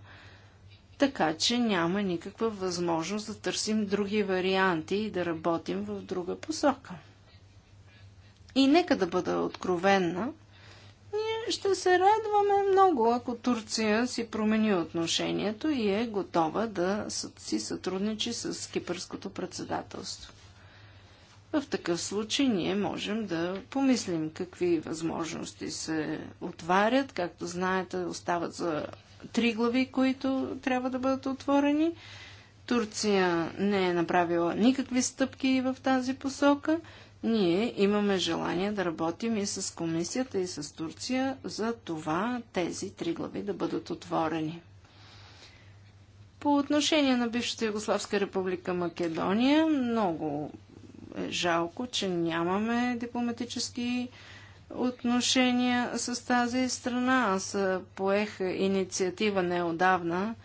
така че няма никаква възможност да търсим други варианти и да работим в друга посока. И нека да бъда откровенна, ще се радваме много, ако Турция си промени отношението и е готова да си сътрудничи с кипърското председателство. В такъв случай ние можем да помислим какви възможности се отварят. Както знаете, остават за три глави, които трябва да бъдат отворени. Турция не е направила никакви стъпки в тази посока – ние имаме желание да работим и с комисията, и с Турция за това тези три глави да бъдат отворени. По отношение на бившата Югославска република Македония, много е жалко, че нямаме дипломатически отношения с тази страна. Аз поех инициатива неодавна,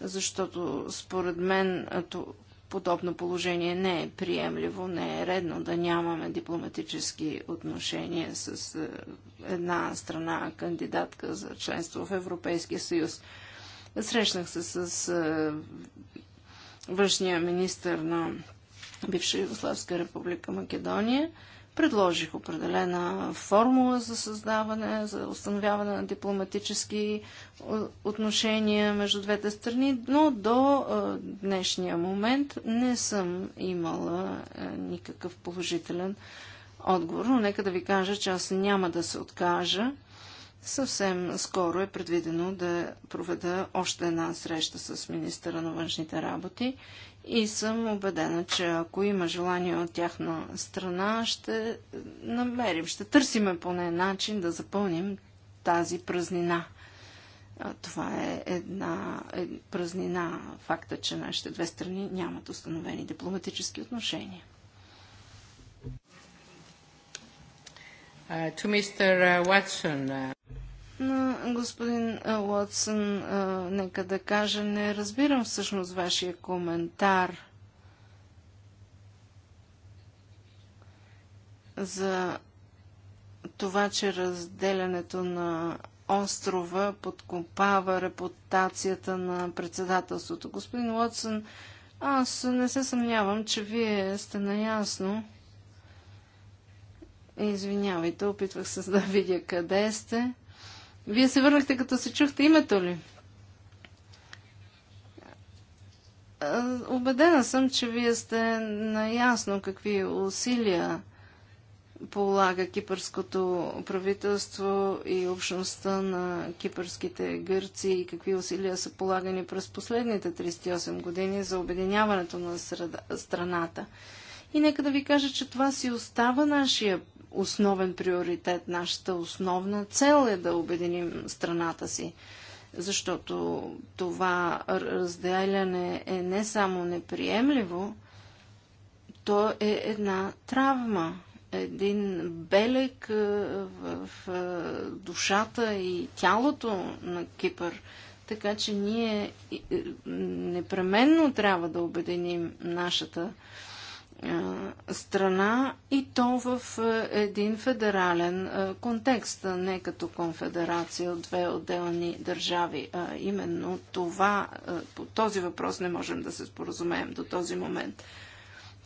защото според мен подобно положение не е приемливо, не е редно да нямаме дипломатически отношения с е, една страна кандидатка за членство в Европейския съюз. Срещнах се с е, външния министр на бивша Югославска република Македония Предложих определена формула за създаване, за установяване на дипломатически отношения между двете страни, но до днешния момент не съм имала никакъв положителен отговор. Но нека да ви кажа, че аз няма да се откажа. Съвсем скоро е предвидено да проведа още една среща с министъра на външните работи и съм убедена, че ако има желание от тяхна страна, ще намерим, ще търсиме поне начин да запълним тази празнина. Това е една е празнина, факта, че нашите две страни нямат установени дипломатически отношения. Uh, to Mr. Uh, Watson. Uh. На господин Уотсън, нека да кажа, не разбирам всъщност вашия коментар за това, че разделянето на острова подкопава репутацията на председателството. Господин Уотсън, аз не се съмнявам, че вие сте наясно. Извинявайте, опитвах се да видя къде сте. Вие се върнахте като се чухте името ли? Обедена съм, че вие сте наясно какви усилия полага кипърското правителство и общността на кипърските гърци и какви усилия са полагани през последните 38 години за обединяването на страната. И нека да ви кажа, че това си остава нашия основен приоритет. Нашата основна цел е да обединим страната си, защото това разделяне е не само неприемливо, то е една травма, един белег в душата и тялото на Кипър. Така че ние непременно трябва да обединим нашата страна и то в един федерален контекст, не като конфедерация от две отделни държави. А именно това, по този въпрос не можем да се споразумеем до този момент.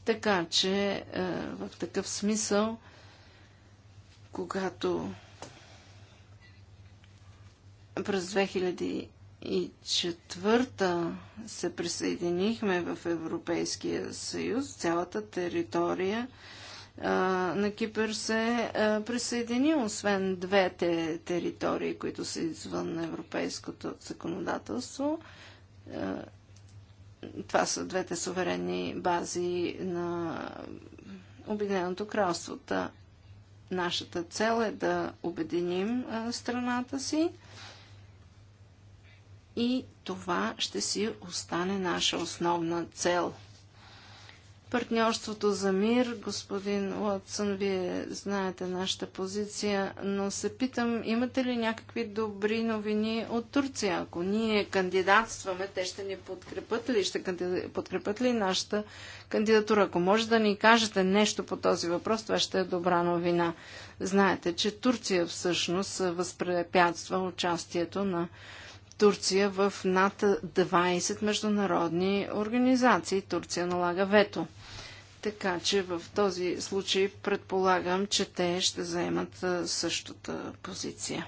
Така че в такъв смисъл, когато през 2000 1994 се присъединихме в Европейския съюз. Цялата територия а, на Кипър се а, присъедини, освен двете територии, които са извън европейското законодателство. А, това са двете суверенни бази на Обединеното кралство. нашата цел е да обединим страната си и това ще си остане наша основна цел. Партньорството за мир, господин Уотсън, вие знаете нашата позиция, но се питам, имате ли някакви добри новини от Турция? Ако ние кандидатстваме, те ще ни подкрепят ли, ще подкрепят ли нашата кандидатура? Ако може да ни кажете нещо по този въпрос, това ще е добра новина. Знаете, че Турция всъщност възпрепятства участието на Турция в над 20 международни организации. Турция налага вето. Така че в този случай предполагам, че те ще заемат същата позиция.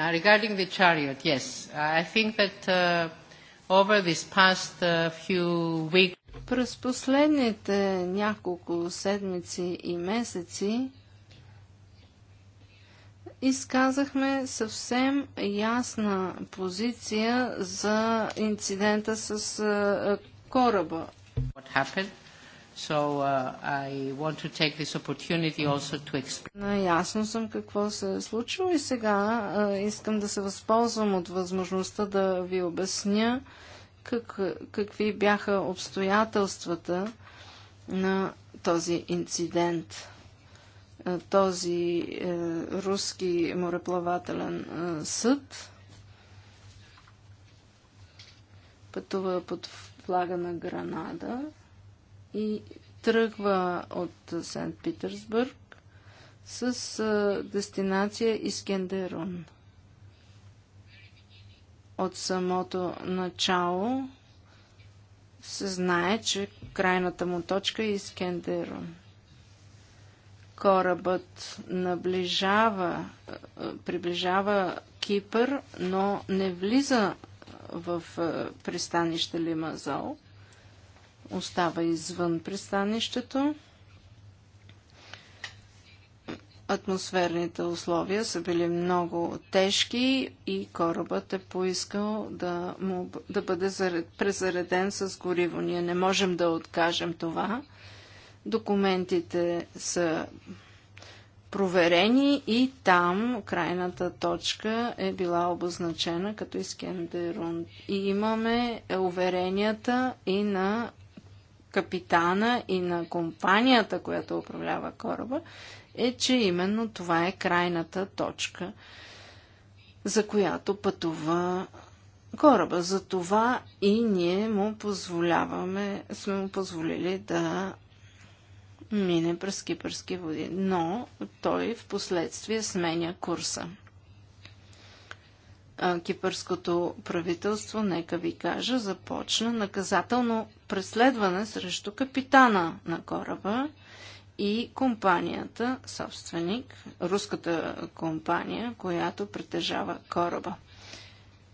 Now, regarding the chariot, yes, I think that uh, over this past uh, few weeks. През последните няколко седмици и месеци изказахме съвсем ясна позиция за инцидента с е, е, кораба. What happened? So uh, I want to take this opportunity also to explain. Наясно съм какво се е случило и сега искам да се възползвам от възможността да ви обясня как, какви бяха обстоятелствата на този инцидент. Този е, руски мореплавателен е, съд пътува под флага на Гранада и тръгва от Санкт Питерсбург с дестинация Искендерун. От самото начало се знае, че крайната му точка е Искендерун. Корабът наближава, приближава Кипър, но не влиза в пристанище Лимазол остава извън пристанището. Атмосферните условия са били много тежки и корабът е поискал да, му, да бъде заред, презареден с гориво. Ние не можем да откажем това. Документите са проверени и там крайната точка е била обозначена като Искендерун. И имаме уверенията и на капитана и на компанията, която управлява кораба, е, че именно това е крайната точка, за която пътува кораба. За това и ние му позволяваме, сме му позволили да мине през кипърски води. Но той в последствие сменя курса кипърското правителство, нека ви кажа, започна наказателно преследване срещу капитана на кораба и компанията, собственик, руската компания, която притежава кораба.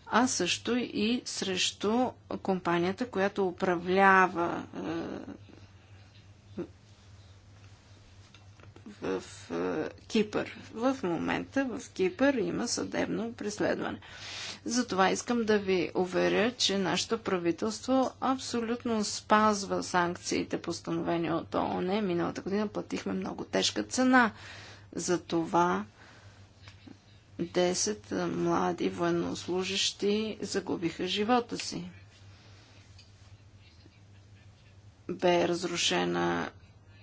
А също и срещу компанията, която управлява е, в е, Кипър. В момента в Кипър има съдебно преследване. Затова искам да ви уверя, че нашето правителство абсолютно спазва санкциите, постановени от ООН. Миналата година платихме много тежка цена за това. 10 млади военнослужащи загубиха живота си. Бе разрушена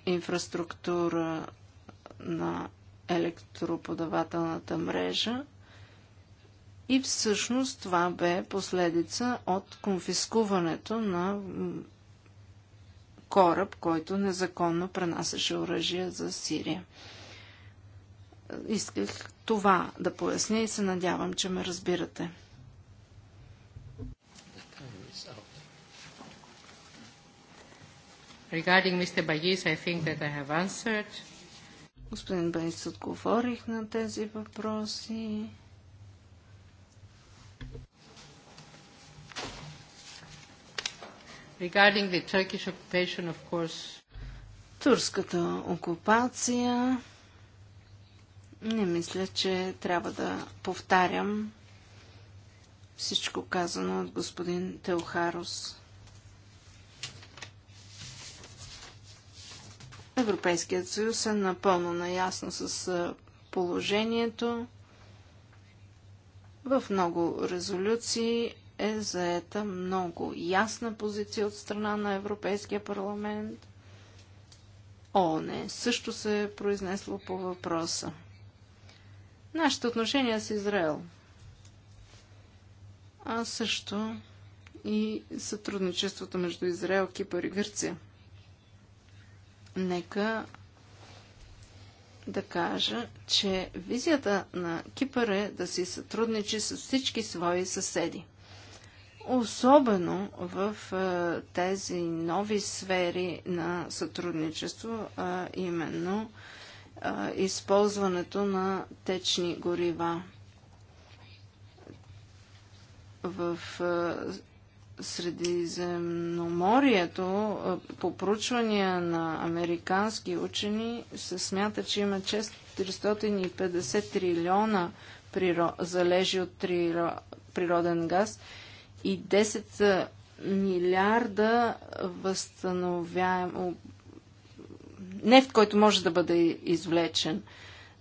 инфраструктура на електроподавателната мрежа. И всъщност това бе последица от конфискуването на кораб, който незаконно пренасяше оръжие за Сирия. Исках това да поясня и се надявам, че ме разбирате. Regarding Mr. Bayis, I think that I have answered. Господин Бенис, отговорих на тези въпроси. Regarding the Turkish occupation, of course. Турската окупация. Не мисля, че трябва да повтарям всичко казано от господин Теохарус. Европейският съюз е напълно наясно с положението. В много резолюции е заета много ясна позиция от страна на Европейския парламент. не, също се е произнесло по въпроса. Нашите отношения с Израел. А също и сътрудничеството между Израел, Кипър и Гърция нека да кажа, че визията на Кипър е да си сътрудничи с всички свои съседи. Особено в е, тези нови сфери на сътрудничество, а именно е, използването на течни горива в е, Средиземноморието по проучвания на американски учени се смята, че има 450 трилиона залежи от природен газ и 10 милиарда възстановяем нефт, който може да бъде извлечен.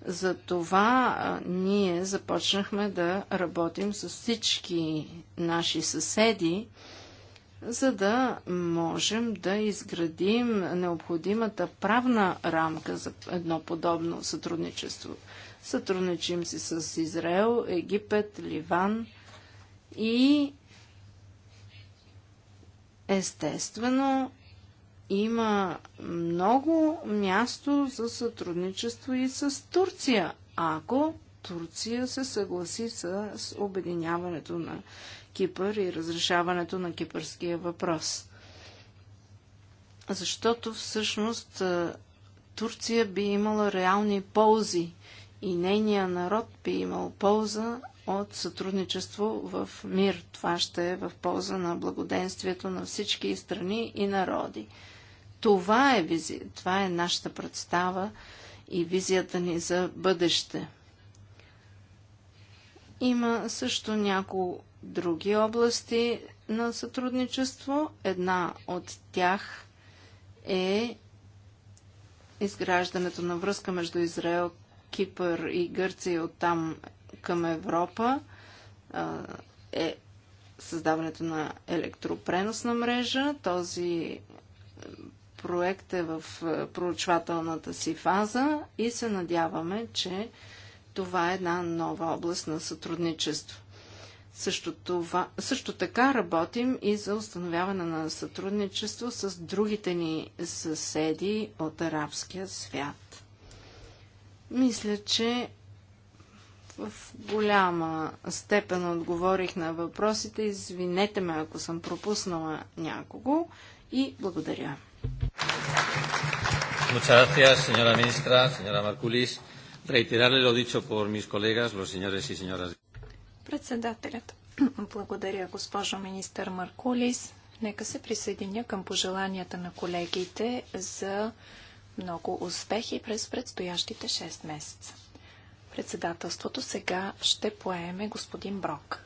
За това ние започнахме да работим с всички наши съседи, за да можем да изградим необходимата правна рамка за едно подобно сътрудничество. Сътрудничим си с Израел, Египет, Ливан и естествено има много място за сътрудничество и с Турция, ако Турция се съгласи с обединяването на Кипър и разрешаването на кипърския въпрос. Защото всъщност Турция би имала реални ползи и нейния народ би имал полза от сътрудничество в мир. Това ще е в полза на благоденствието на всички страни и народи. Това е, визия, това е нашата представа и визията ни за бъдеще. Има също няколко други области на сътрудничество. Една от тях е изграждането на връзка между Израел, Кипър и Гърция от там към Европа. Е създаването на електропреносна мрежа. Този проект е в е, проучвателната си фаза и се надяваме, че това е една нова област на сътрудничество. Също, това, също така работим и за установяване на сътрудничество с другите ни съседи от арабския свят. Мисля, че в голяма степен отговорих на въпросите. Извинете ме, ако съм пропуснала някого и благодаря. Muchas gracias, señora ministra, señora Маркулис. Reiterarle lo dicho por mis colegas, los señores y señoras. Председателят. Благодаря, госпожо министър Маркулис. Нека се присъединя към пожеланията на колегите за много успехи през предстоящите 6 месеца. Председателството сега ще поеме господин Брок.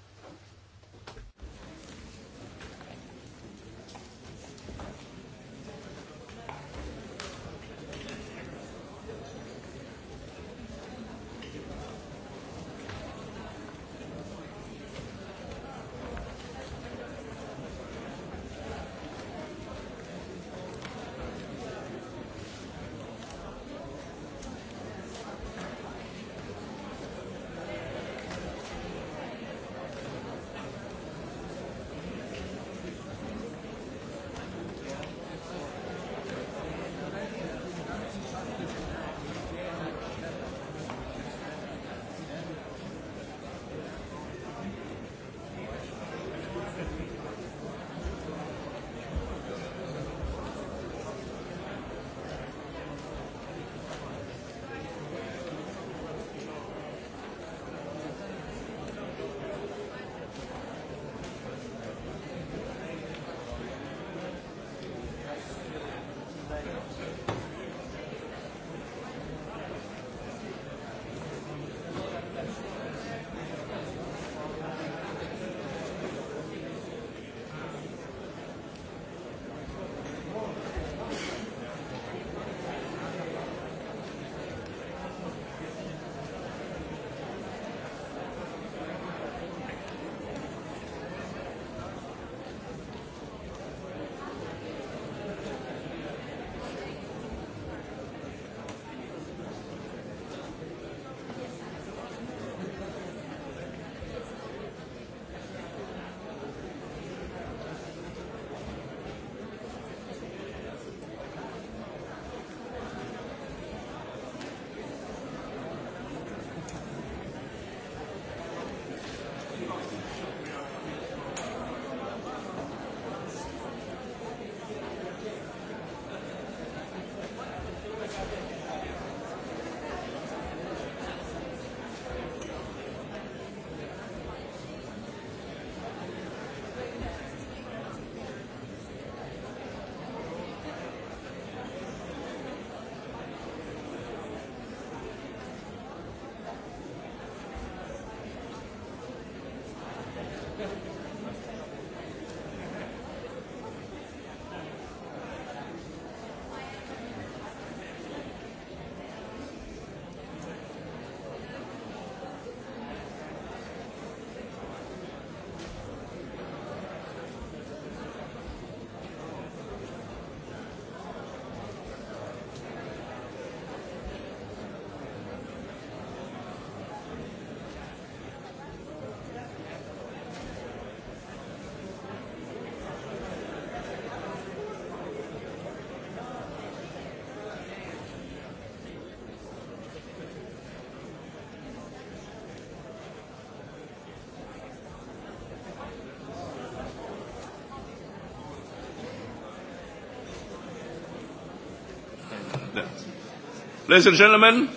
Ladies and gentlemen,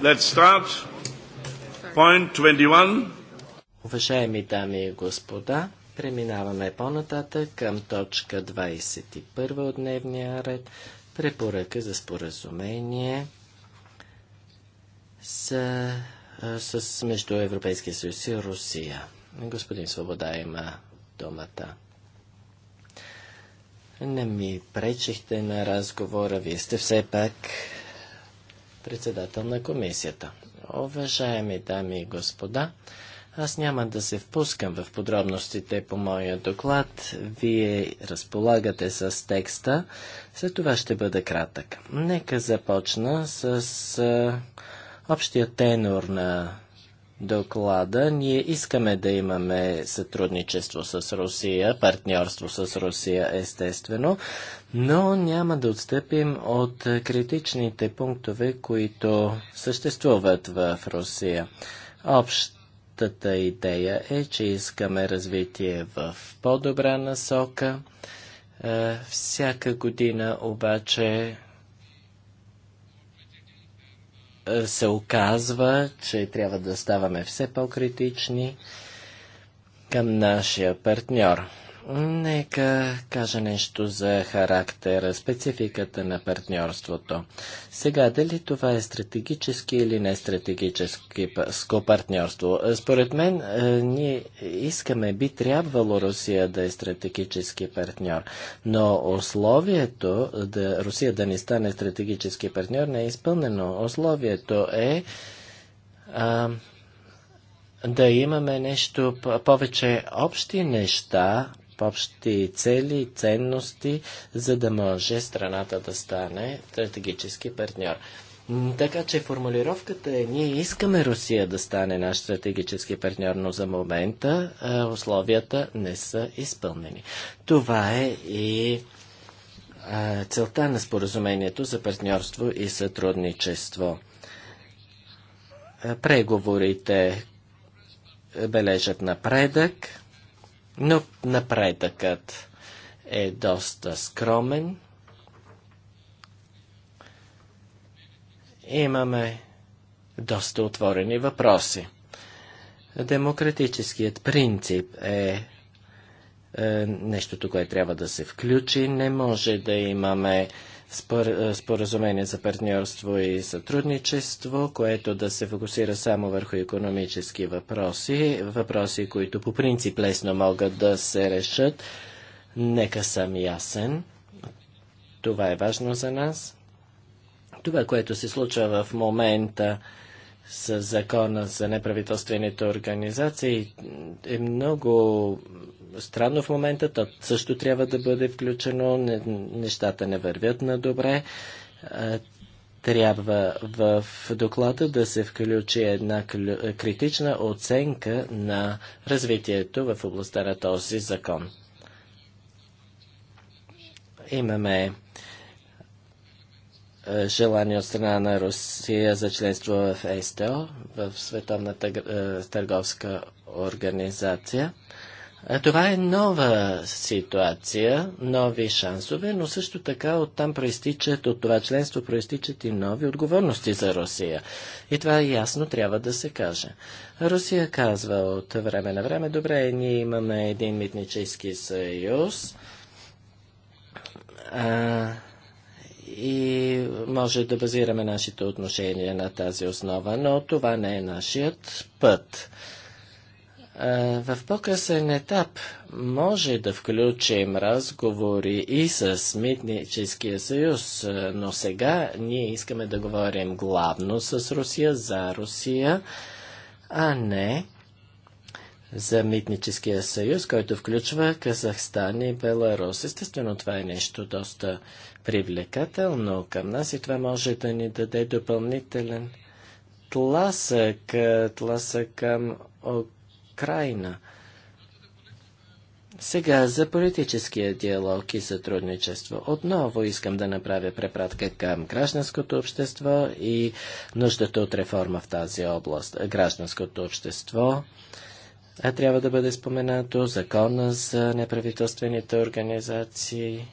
let's start. Point 21. Уважаеми дами и господа, преминаваме по-нататък към точка 21 от дневния ред. Препоръка за споразумение с, с между Европейския съюз и Русия. Господин Свобода има думата. Не ми пречихте на разговора. Вие сте все пак председател на комисията. Уважаеми дами и господа, аз няма да се впускам в подробностите по моя доклад. Вие разполагате с текста, за това ще бъда кратък. Нека започна с общия тенор на доклада. Ние искаме да имаме сътрудничество с Русия, партньорство с Русия, естествено, но няма да отстъпим от критичните пунктове, които съществуват в Русия. Общата идея е, че искаме развитие в по-добра насока. Е, всяка година обаче се оказва, че трябва да ставаме все по-критични към нашия партньор. Нека кажа нещо за характера, спецификата на партньорството. Сега, дали това е стратегически или не стратегически партньорство? Е, според мен, е, ние искаме, би трябвало Русия да е стратегически партньор, но условието да Русия да не стане стратегически партньор не е изпълнено. Условието е а, да имаме нещо повече общи неща общи цели, ценности, за да може страната да стане стратегически партньор. Така че формулировката е, ние искаме Русия да стане наш стратегически партньор, но за момента а, условията не са изпълнени. Това е и а, целта на споразумението за партньорство и сътрудничество. Преговорите бележат напредък но напредъкът е доста скромен. Имаме доста отворени въпроси. Демократическият принцип е, е нещото, което трябва да се включи. Не може да имаме спор, е, споразумение за партньорство и сътрудничество, което да се фокусира само върху економически въпроси, въпроси, които по принцип лесно могат да се решат. Нека съм ясен. Това е важно за нас. Това, което се случва в момента, с закона за неправителствените организации е много странно в момента. То също трябва да бъде включено. нещата не вървят на добре. Трябва в доклада да се включи една критична оценка на развитието в областта на този закон. Имаме е, желание от страна на Русия за членство в ЕСТО, в Световната е, търговска организация. Е, това е нова ситуация, нови шансове, но също така от там проистичат, от това членство проистичат и нови отговорности за Русия. И това ясно трябва да се каже. Русия казва от време на време, добре, ние имаме един митнически съюз, а, и може да базираме нашите отношения на тази основа, но това не е нашият път. В по-късен етап може да включим разговори и с Митническия съюз, но сега ние искаме да говорим главно с Русия, за Русия, а не за Митническия съюз, който включва Казахстан и Беларус. Естествено, това е нещо доста привлекателно към нас и това може да ни даде допълнителен тласък, е, тласък към Украина. Сега за политическия диалог и сътрудничество. Отново искам да направя препратка към гражданското общество и нуждата от реформа в тази област. Гражданското общество а трябва да бъде споменато закона за неправителствените организации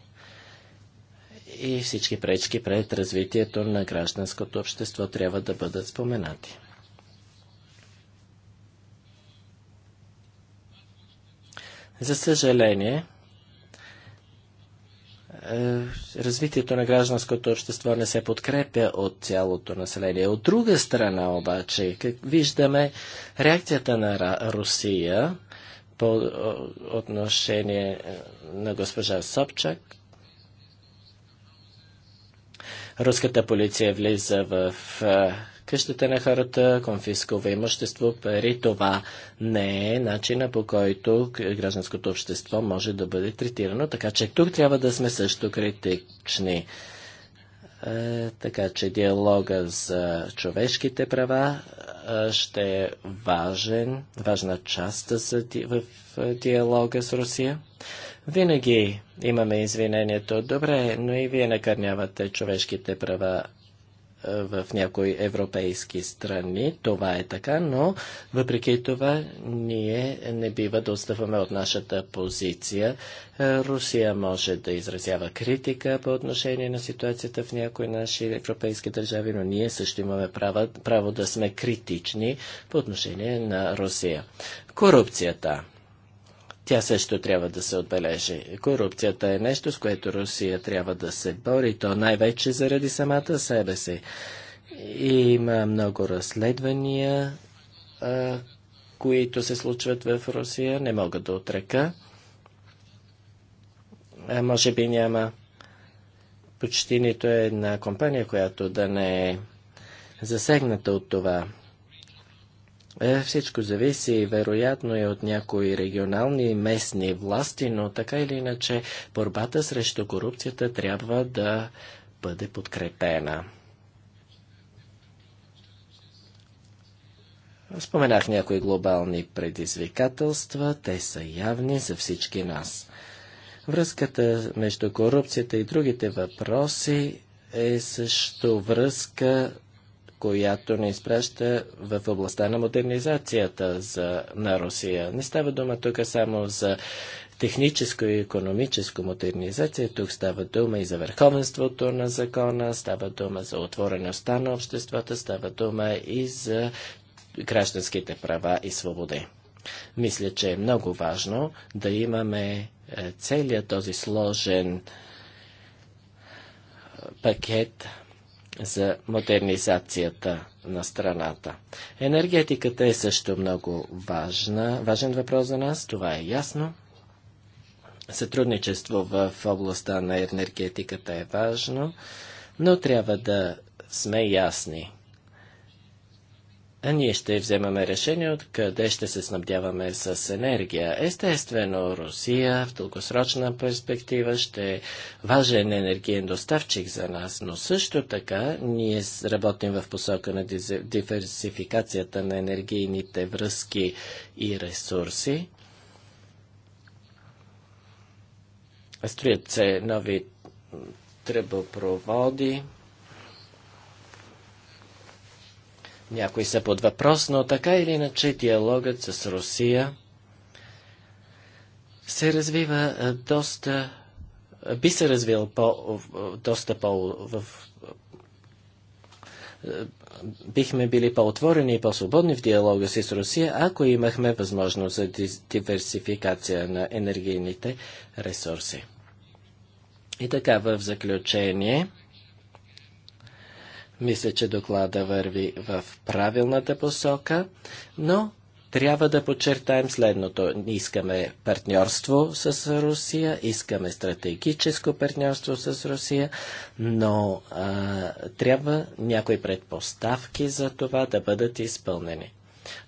и всички пречки пред развитието на гражданското общество трябва да бъдат споменати. За съжаление, е, развитието на гражданското общество не се подкрепя от цялото население. От друга страна обаче, как виждаме реакцията на Русия по отношение е, на госпожа Собчак, Руската полиция влиза в къщата на хората, конфискува имущество, пари. Това не е начина по който гражданското общество може да бъде третирано, така че тук трябва да сме също критични. така че диалога за човешките права ще е важен, важна част в диалога с Русия. Винаги имаме извинението, добре, но и вие накърнявате човешките права е, в някои европейски страни. Това е така, но въпреки това ние не бива да отстъпваме от нашата позиция. Е, Русия може да изразява критика по отношение на ситуацията в някои наши европейски държави, но ние също имаме право, право да сме критични по отношение на Русия. Корупцията. Тя също трябва да се отбележи. Корупцията е нещо, с което Русия трябва да се бори, то най-вече заради самата себе си. Има много разследвания, а, които се случват в Русия, не мога да отрека. А, може би няма почти нито една компания, която да не е засегната от това. Е, всичко зависи вероятно и от някои регионални и местни власти, но така или иначе борбата срещу корупцията трябва да бъде подкрепена. Споменах някои глобални предизвикателства, те са явни за всички нас. Връзката между корупцията и другите въпроси е също връзка която не изпраща в областта на модернизацията за, на Русия. Не става дума тук само за техническо и економическо модернизация. Тук става дума и за върховенството на закона, става дума за отвореността на обществата, става дума и за гражданските права и свободи. Мисля, че е много важно да имаме е, целият този сложен е, пакет за модернизацията на страната. Енергетиката е също много важна, важен въпрос за нас, това е ясно. Сътрудничество в областта на енергетиката е важно, но трябва да сме ясни. А ние ще вземаме решение от къде ще се снабдяваме с енергия. Естествено, Русия в дългосрочна перспектива ще е важен енергиен доставчик за нас, но също така ние работим в посока на диверсификацията на енергийните връзки и ресурси. Строят се нови тръбопроводи, Някои са под въпрос, но така или иначе диалогът с Русия се развива доста, би се развил по, доста по, в, бихме били по-отворени и по-свободни в диалога си с Русия, ако имахме възможност за диверсификация на енергийните ресурси. И така, в заключение, мисля, че доклада върви в правилната посока, но трябва да подчертаем следното. Искаме партньорство с Русия, искаме стратегическо партньорство с Русия, но а, трябва някои предпоставки за това да бъдат изпълнени.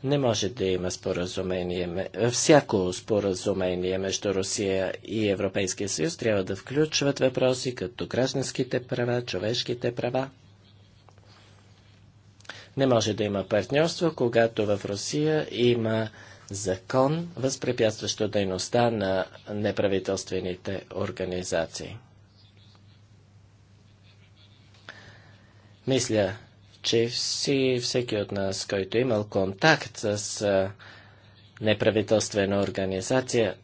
Не може да има споразумение. Всяко споразумение между Русия и Европейския съюз трябва да включват въпроси като гражданските права, човешките права. Не може да има партньорство, когато в Русия има закон, възпрепятстващо дейността на неправителствените организации. Мисля, че всеки от нас, който е имал контакт с неправителствена организация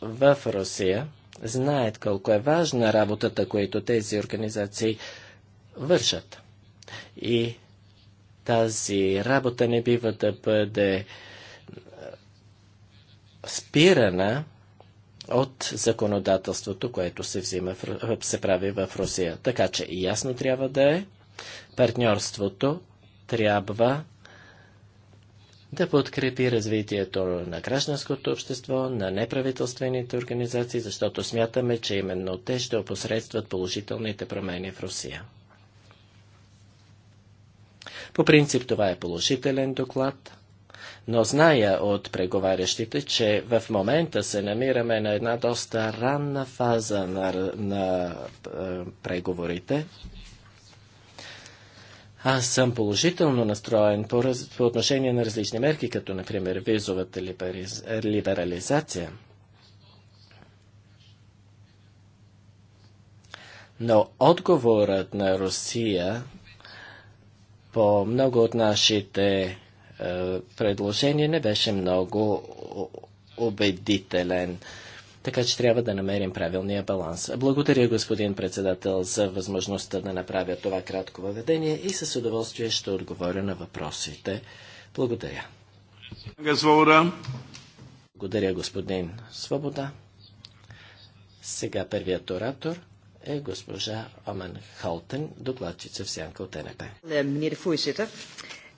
в Русия, знаят колко е важна работата, която тези организации вършат. И тази работа не бива да бъде е, спирана от законодателството, което се, взима, се прави в Русия. Така че ясно трябва да е, партньорството трябва да подкрепи развитието на гражданското общество, на неправителствените организации, защото смятаме, че именно те ще опосредстват положителните промени в Русия. По принцип това е положителен доклад, но зная от преговарящите, че в момента се намираме на една доста ранна фаза на, на е, преговорите. Аз съм положително настроен по, раз, по отношение на различни мерки, като например визовата либериз, либерализация. Но отговорът на Русия по много от нашите е, предложения не беше много убедителен. Така че трябва да намерим правилния баланс. Благодаря, господин председател, за възможността да направя това кратко въведение и с удоволствие ще отговоря на въпросите. Благодаря. Благодаря, господин Свобода. Сега първият оратор – е госпожа Омен Халтен, докладчица в Сянка от НП. Е, de voorzitter,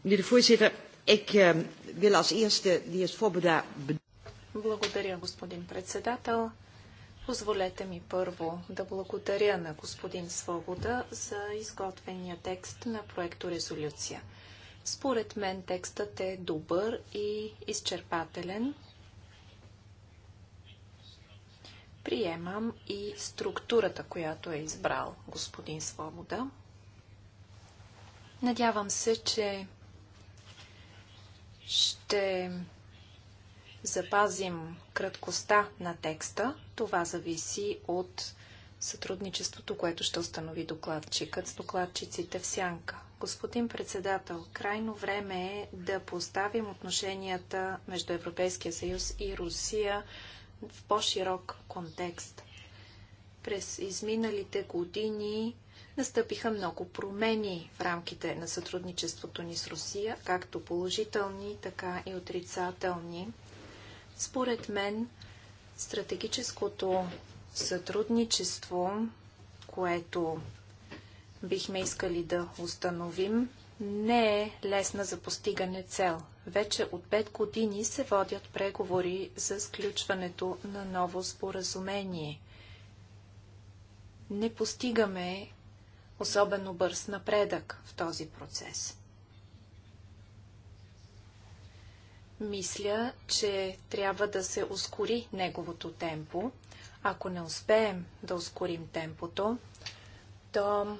meneer de voorzitter, ik е, wil als eerste Благодаря, господин председател. Позволете ми първо да благодаря на господин Свобода за изготвения текст на проекто резолюция. Според мен текстът е добър и изчерпателен. Приемам и структурата, която е избрал господин Свобода. Надявам се, че ще запазим краткостта на текста. Това зависи от сътрудничеството, което ще установи докладчикът с докладчиците в сянка. Господин председател, крайно време е да поставим отношенията между Европейския съюз и Русия в по-широк контекст. През изминалите години настъпиха много промени в рамките на сътрудничеството ни с Русия, както положителни, така и отрицателни. Според мен, стратегическото сътрудничество, което бихме искали да установим, не е лесна за постигане цел. Вече от пет години се водят преговори за сключването на ново споразумение. Не постигаме особено бърз напредък в този процес. Мисля, че трябва да се ускори неговото темпо. Ако не успеем да ускорим темпото, то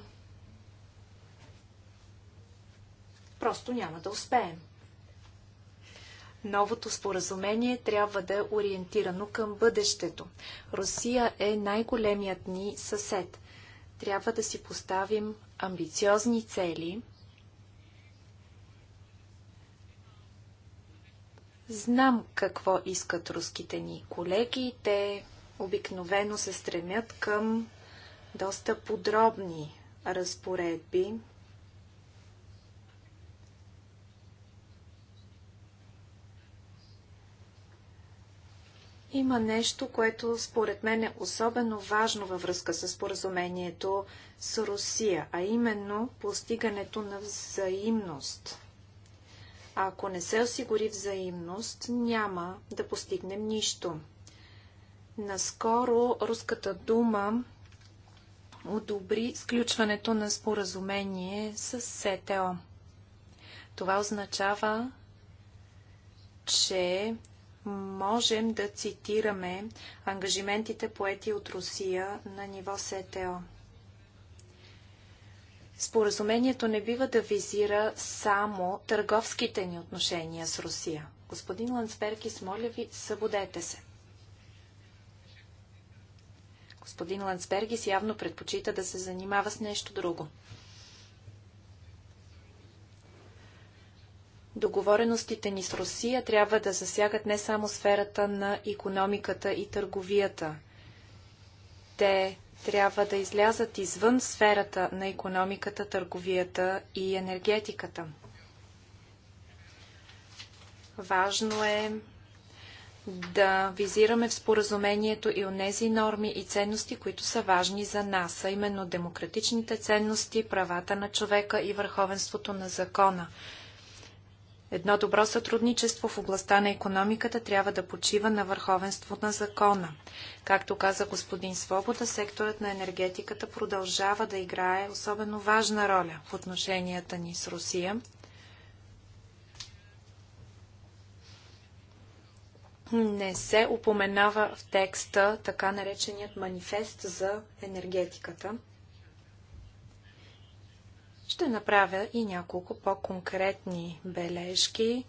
Просто няма да успеем. Новото споразумение трябва да е ориентирано към бъдещето. Русия е най-големият ни съсед. Трябва да си поставим амбициозни цели. Знам какво искат руските ни колеги. Те обикновено се стремят към доста подробни разпоредби, Има нещо, което според мен е особено важно във връзка с споразумението с Русия, а именно постигането на взаимност. А ако не се осигури взаимност, няма да постигнем нищо. Наскоро Руската дума одобри сключването на споразумение с СТО. Това означава, че можем да цитираме ангажиментите поети от Русия на ниво СТО. Споразумението не бива да визира само търговските ни отношения с Русия. Господин Лансбергис, моля ви, събудете се. Господин Лансбергис явно предпочита да се занимава с нещо друго. Договореностите ни с Русия трябва да засягат не само сферата на економиката и търговията. Те трябва да излязат извън сферата на економиката, търговията и енергетиката. Важно е да визираме в споразумението и онези норми и ценности, които са важни за нас, а именно демократичните ценности, правата на човека и върховенството на закона. Едно добро сътрудничество в областта на економиката трябва да почива на върховенство на закона. Както каза господин Свобода, секторът на енергетиката продължава да играе особено важна роля в отношенията ни с Русия. Не се упоменава в текста така нареченият манифест за енергетиката – ще направя и няколко по-конкретни бележки.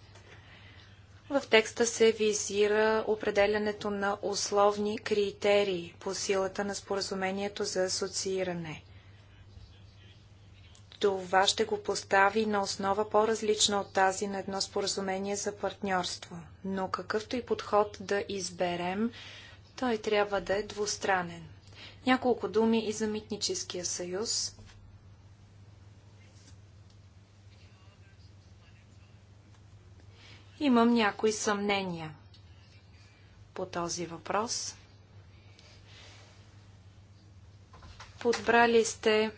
В текста се визира определянето на условни критерии по силата на споразумението за асоцииране. Това ще го постави на основа по-различна от тази на едно споразумение за партньорство. Но какъвто и подход да изберем, той трябва да е двустранен. Няколко думи и за митническия съюз. Имам някои съмнения по този въпрос. Подбрали сте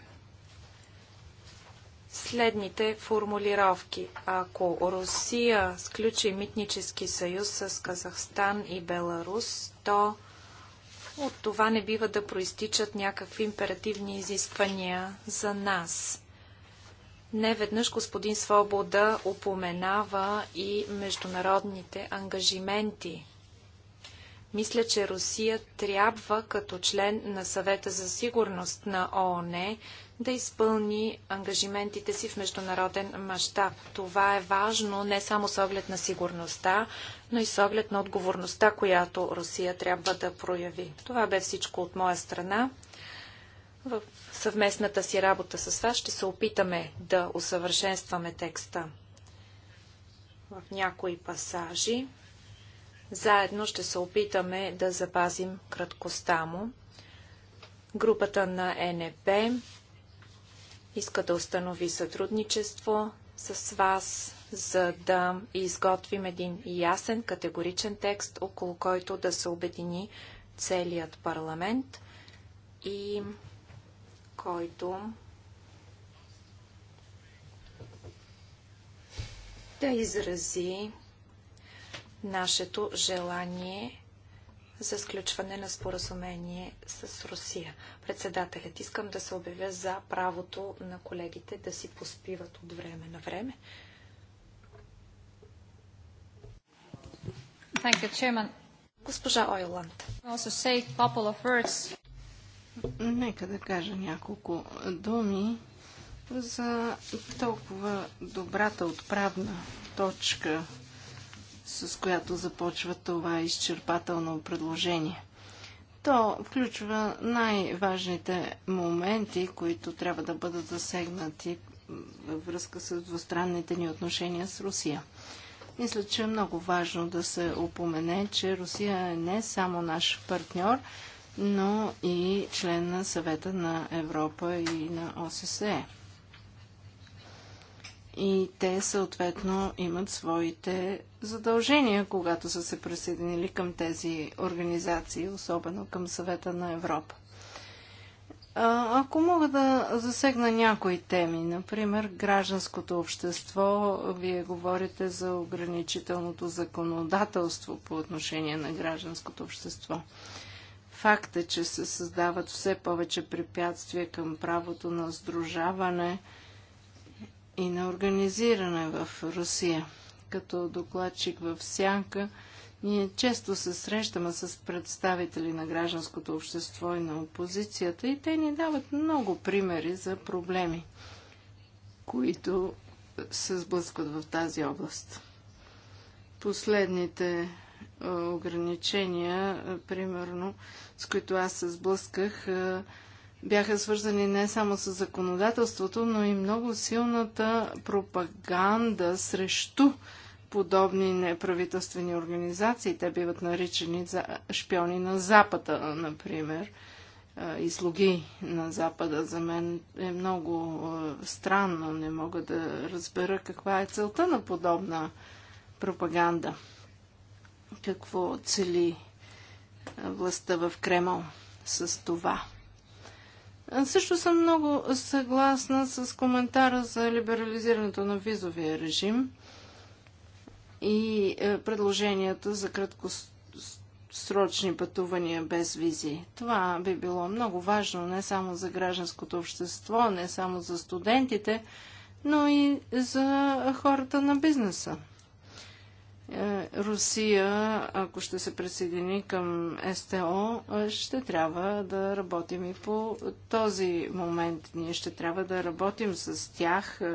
следните формулировки. Ако Русия сключи митнически съюз с Казахстан и Беларус, то от това не бива да проистичат някакви императивни изисквания за нас. Неведнъж господин Свобода упоменава и международните ангажименти. Мисля, че Русия трябва като член на съвета за сигурност на ООН да изпълни ангажиментите си в международен мащаб. Това е важно не само с оглед на сигурността, но и с оглед на отговорността, която Русия трябва да прояви. Това бе всичко от моя страна. В съвместната си работа с вас ще се опитаме да усъвършенстваме текста в някои пасажи. Заедно ще се опитаме да запазим краткостта му. Групата на НП иска да установи сътрудничество с вас, за да изготвим един ясен, категоричен текст, около който да се обедини целият парламент и който да изрази нашето желание за сключване на споразумение с Русия. Председателят, искам да се обявя за правото на колегите да си поспиват от време на време. You, Госпожа Ойланд. Нека да кажа няколко думи за толкова добрата отправна точка, с която започва това изчерпателно предложение. То включва най-важните моменти, които трябва да бъдат засегнати във връзка с двустранните ни отношения с Русия. Мисля, че е много важно да се опомене, че Русия е не само наш партньор, но и член на съвета на Европа и на ОССЕ. И те съответно имат своите задължения, когато са се присъединили към тези организации, особено към съвета на Европа. А, ако мога да засегна някои теми, например гражданското общество, вие говорите за ограничителното законодателство по отношение на гражданското общество. Факт е, че се създават все повече препятствия към правото на сдружаване и на организиране в Русия. Като докладчик в Сянка, ние често се срещаме с представители на гражданското общество и на опозицията и те ни дават много примери за проблеми, които се сблъскват в тази област. Последните ограничения, примерно, с които аз се сблъсках, бяха свързани не само с законодателството, но и много силната пропаганда срещу подобни неправителствени организации. Те биват наричани за шпиони на Запада, например, и слуги на Запада. За мен е много странно. Не мога да разбера каква е целта на подобна пропаганда какво цели властта в Кремъл с това. Също съм много съгласна с коментара за либерализирането на визовия режим и предложенията за краткосрочни пътувания без визи. Това би било много важно не само за гражданското общество, не само за студентите, но и за хората на бизнеса. Е, Русия, ако ще се присъедини към СТО, е, ще трябва да работим и по този момент. Ние ще трябва да работим с тях е,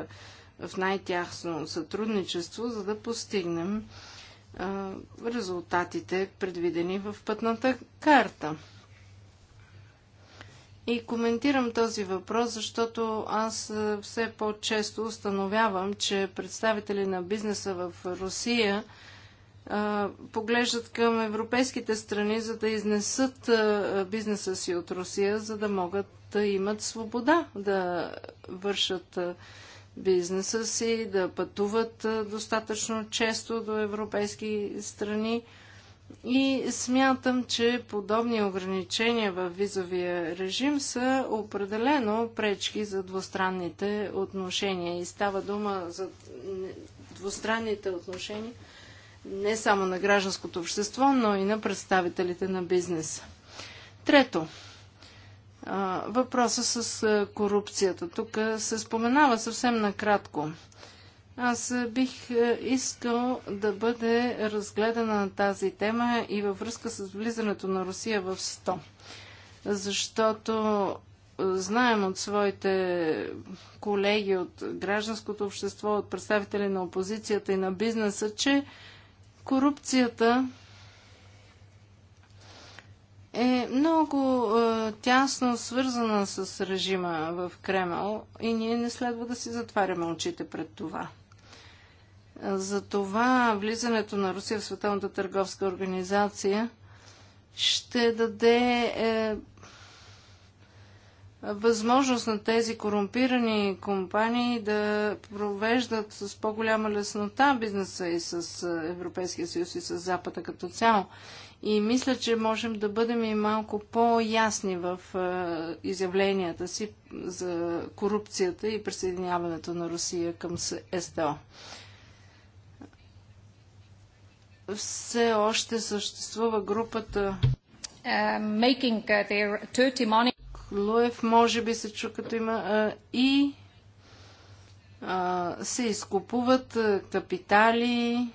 в най-тяхно сътрудничество, за да постигнем резултатите, предвидени в пътната карта. И коментирам този въпрос, защото аз все по-често установявам, че представители на бизнеса в Русия – поглеждат към европейските страни, за да изнесат бизнеса си от Русия, за да могат да имат свобода да вършат бизнеса си, да пътуват достатъчно често до европейски страни. И смятам, че подобни ограничения в визовия режим са определено пречки за двустранните отношения. И става дума за двустранните отношения – не само на гражданското общество, но и на представителите на бизнеса. Трето, въпроса с корупцията. Тук се споменава съвсем накратко. Аз бих искал да бъде разгледана тази тема и във връзка с влизането на Русия в 100. Защото знаем от своите колеги от гражданското общество, от представители на опозицията и на бизнеса, че Корупцията е много е, тясно свързана с режима в Кремъл и ние не следва да си затваряме очите пред това. Затова влизането на Русия в Световната търговска организация ще даде е, възможност на тези корумпирани компании да провеждат с по-голяма леснота бизнеса и с Европейския съюз и с Запада като цяло. И мисля, че можем да бъдем и малко по-ясни в изявленията си за корупцията и присъединяването на Русия към СТО. Все още съществува групата uh, making uh, their dirty money Луев може би се чу като има а, и а, се изкупуват капитали.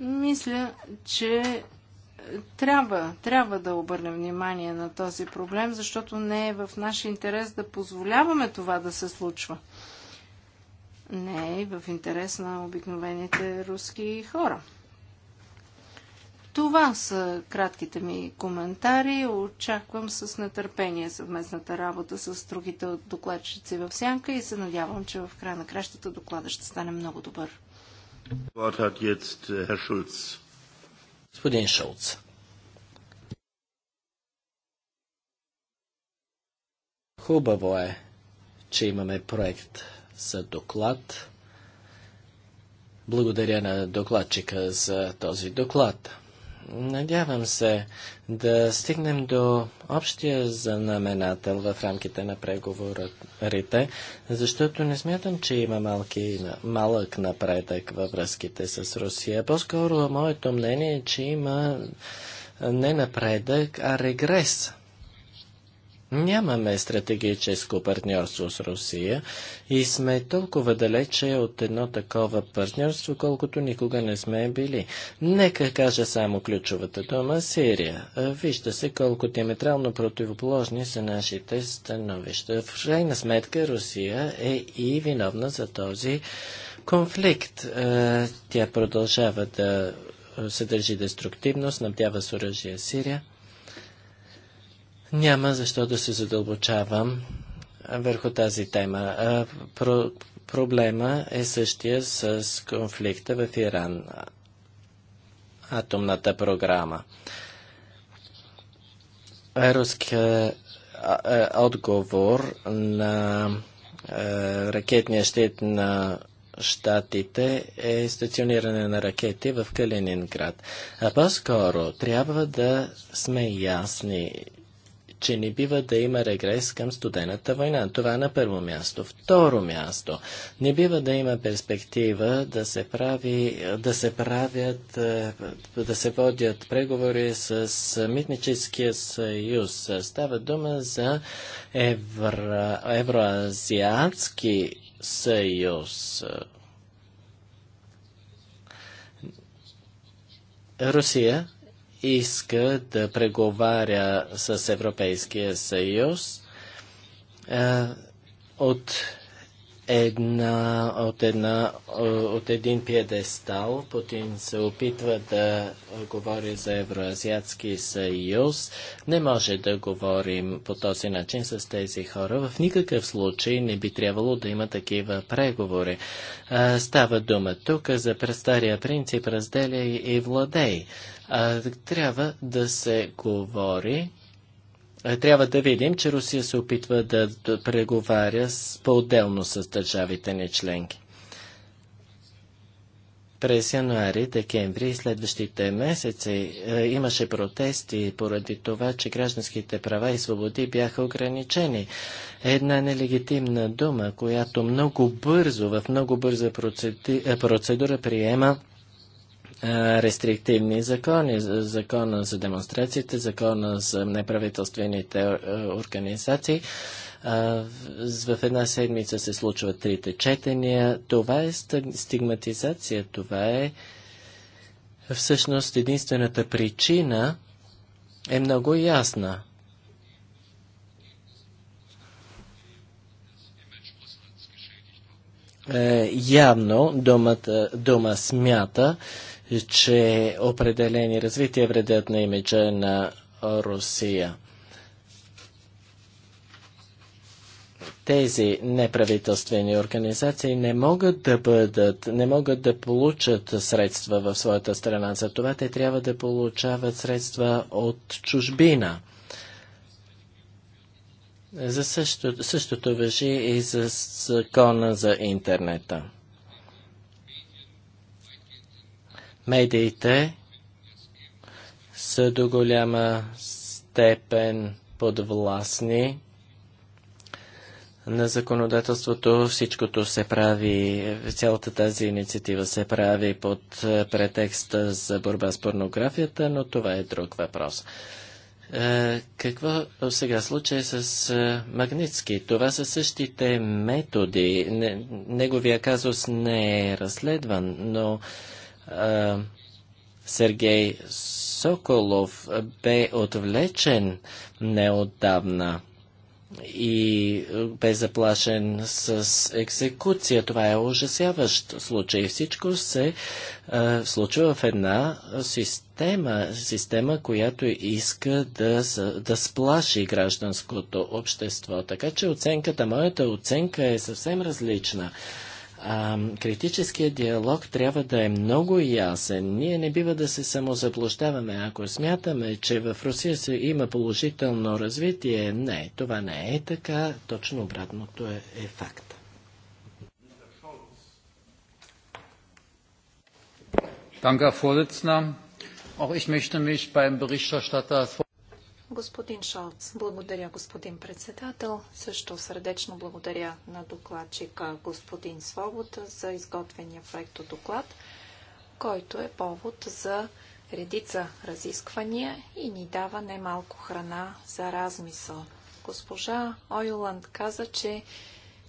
Мисля, че трябва, трябва да обърнем внимание на този проблем, защото не е в наш интерес да позволяваме това да се случва. Не е в интерес на обикновените руски хора. Това са кратките ми коментари. Очаквам с нетърпение съвместната работа с другите докладчици в Сянка и се надявам, че в края на кращата доклада ще стане много добър. Э, Господин Шулц. Хубаво е, че имаме проект за доклад. Благодаря на докладчика за този доклад. Надявам се да стигнем до общия знаменател в рамките на преговорите, защото не смятам, че има малки, малък напредък във връзките с Русия. По-скоро моето мнение е, че има не напредък, а регрес Нямаме стратегическо партньорство с Русия и сме толкова далече от едно такова партньорство, колкото никога не сме били. Нека кажа само ключовата дума – Сирия. Вижте се колко диаметрално противоположни са нашите становища. В крайна сметка Русия е и виновна за този конфликт. Тя продължава да се държи набдява с оръжие Сирия. Няма защо да се задълбочавам върху тази тема. Про проблема е същия с конфликта в Иран. Атомната програма. Руския отговор на ракетния щит на щатите е стациониране на ракети в Калининград. А по-скоро трябва да сме ясни че не бива да има регрес към студената война. Това на първо място. Второ място. Не бива да има перспектива да се, прави, да се правят, е, да се водят преговори с Митническия съюз. Става дума за евро, евроазиатски съюз. Русия иска да преговаря с Европейския съюз. От една, от, една, от един пьедестал, Путин се опитва да говори за Евроазиатски съюз. Не може да говорим по този начин с тези хора. В никакъв случай не би трябвало да има такива преговори. става дума тук за престария принцип разделяй и владей. трябва да се говори е, трябва да видим, че Русия се опитва да преговаря по-отделно с държавите ни членки. През януари, декември и следващите месеци е, имаше протести поради това, че гражданските права и свободи бяха ограничени. Една нелегитимна дума, която много бързо, в много бърза е, процедура приема е, рестриктивни закони. Закона за демонстрациите, закона за неправителствените е, организации. Е, в една седмица се случват трите четения. Това е стигматизация. Това е всъщност единствената причина е много ясна. Е, явно думата, дума смята че определени развития вредят на имиджа на Русия. Тези неправителствени организации не могат да бъдат, не могат да получат средства в своята страна. Затова те трябва да получават средства от чужбина. За също, същото въжи и за закона за интернета. Медиите са до голяма степен подвластни на законодателството. Всичкото се прави, цялата тази инициатива се прави под е, претекста за борба с порнографията, но това е друг въпрос. Е, какво сега случай е с Магницки? Това са същите методи. неговия казус не е разследван, но Сергей Соколов бе отвлечен неотдавна и бе заплашен с екзекуция. Това е ужасяващ случай. Всичко се е, случва в една система, система, която иска да, да сплаши гражданското общество. Така че оценката, моята оценка е съвсем различна. А, критическия диалог трябва да е много ясен. Ние не бива да се самозаблуждаваме. Ако смятаме, че в Русия се има положително развитие, не, това не е така. Точно обратното е, е факт. Danke, Herr Vorsitzender. Auch ich möchte mich beim Berichterstatter Господин Шолц, благодаря господин председател. Също сърдечно благодаря на докладчика господин Свобода за изготвения проект от доклад, който е повод за редица разисквания и ни дава немалко храна за размисъл. Госпожа Ойланд каза, че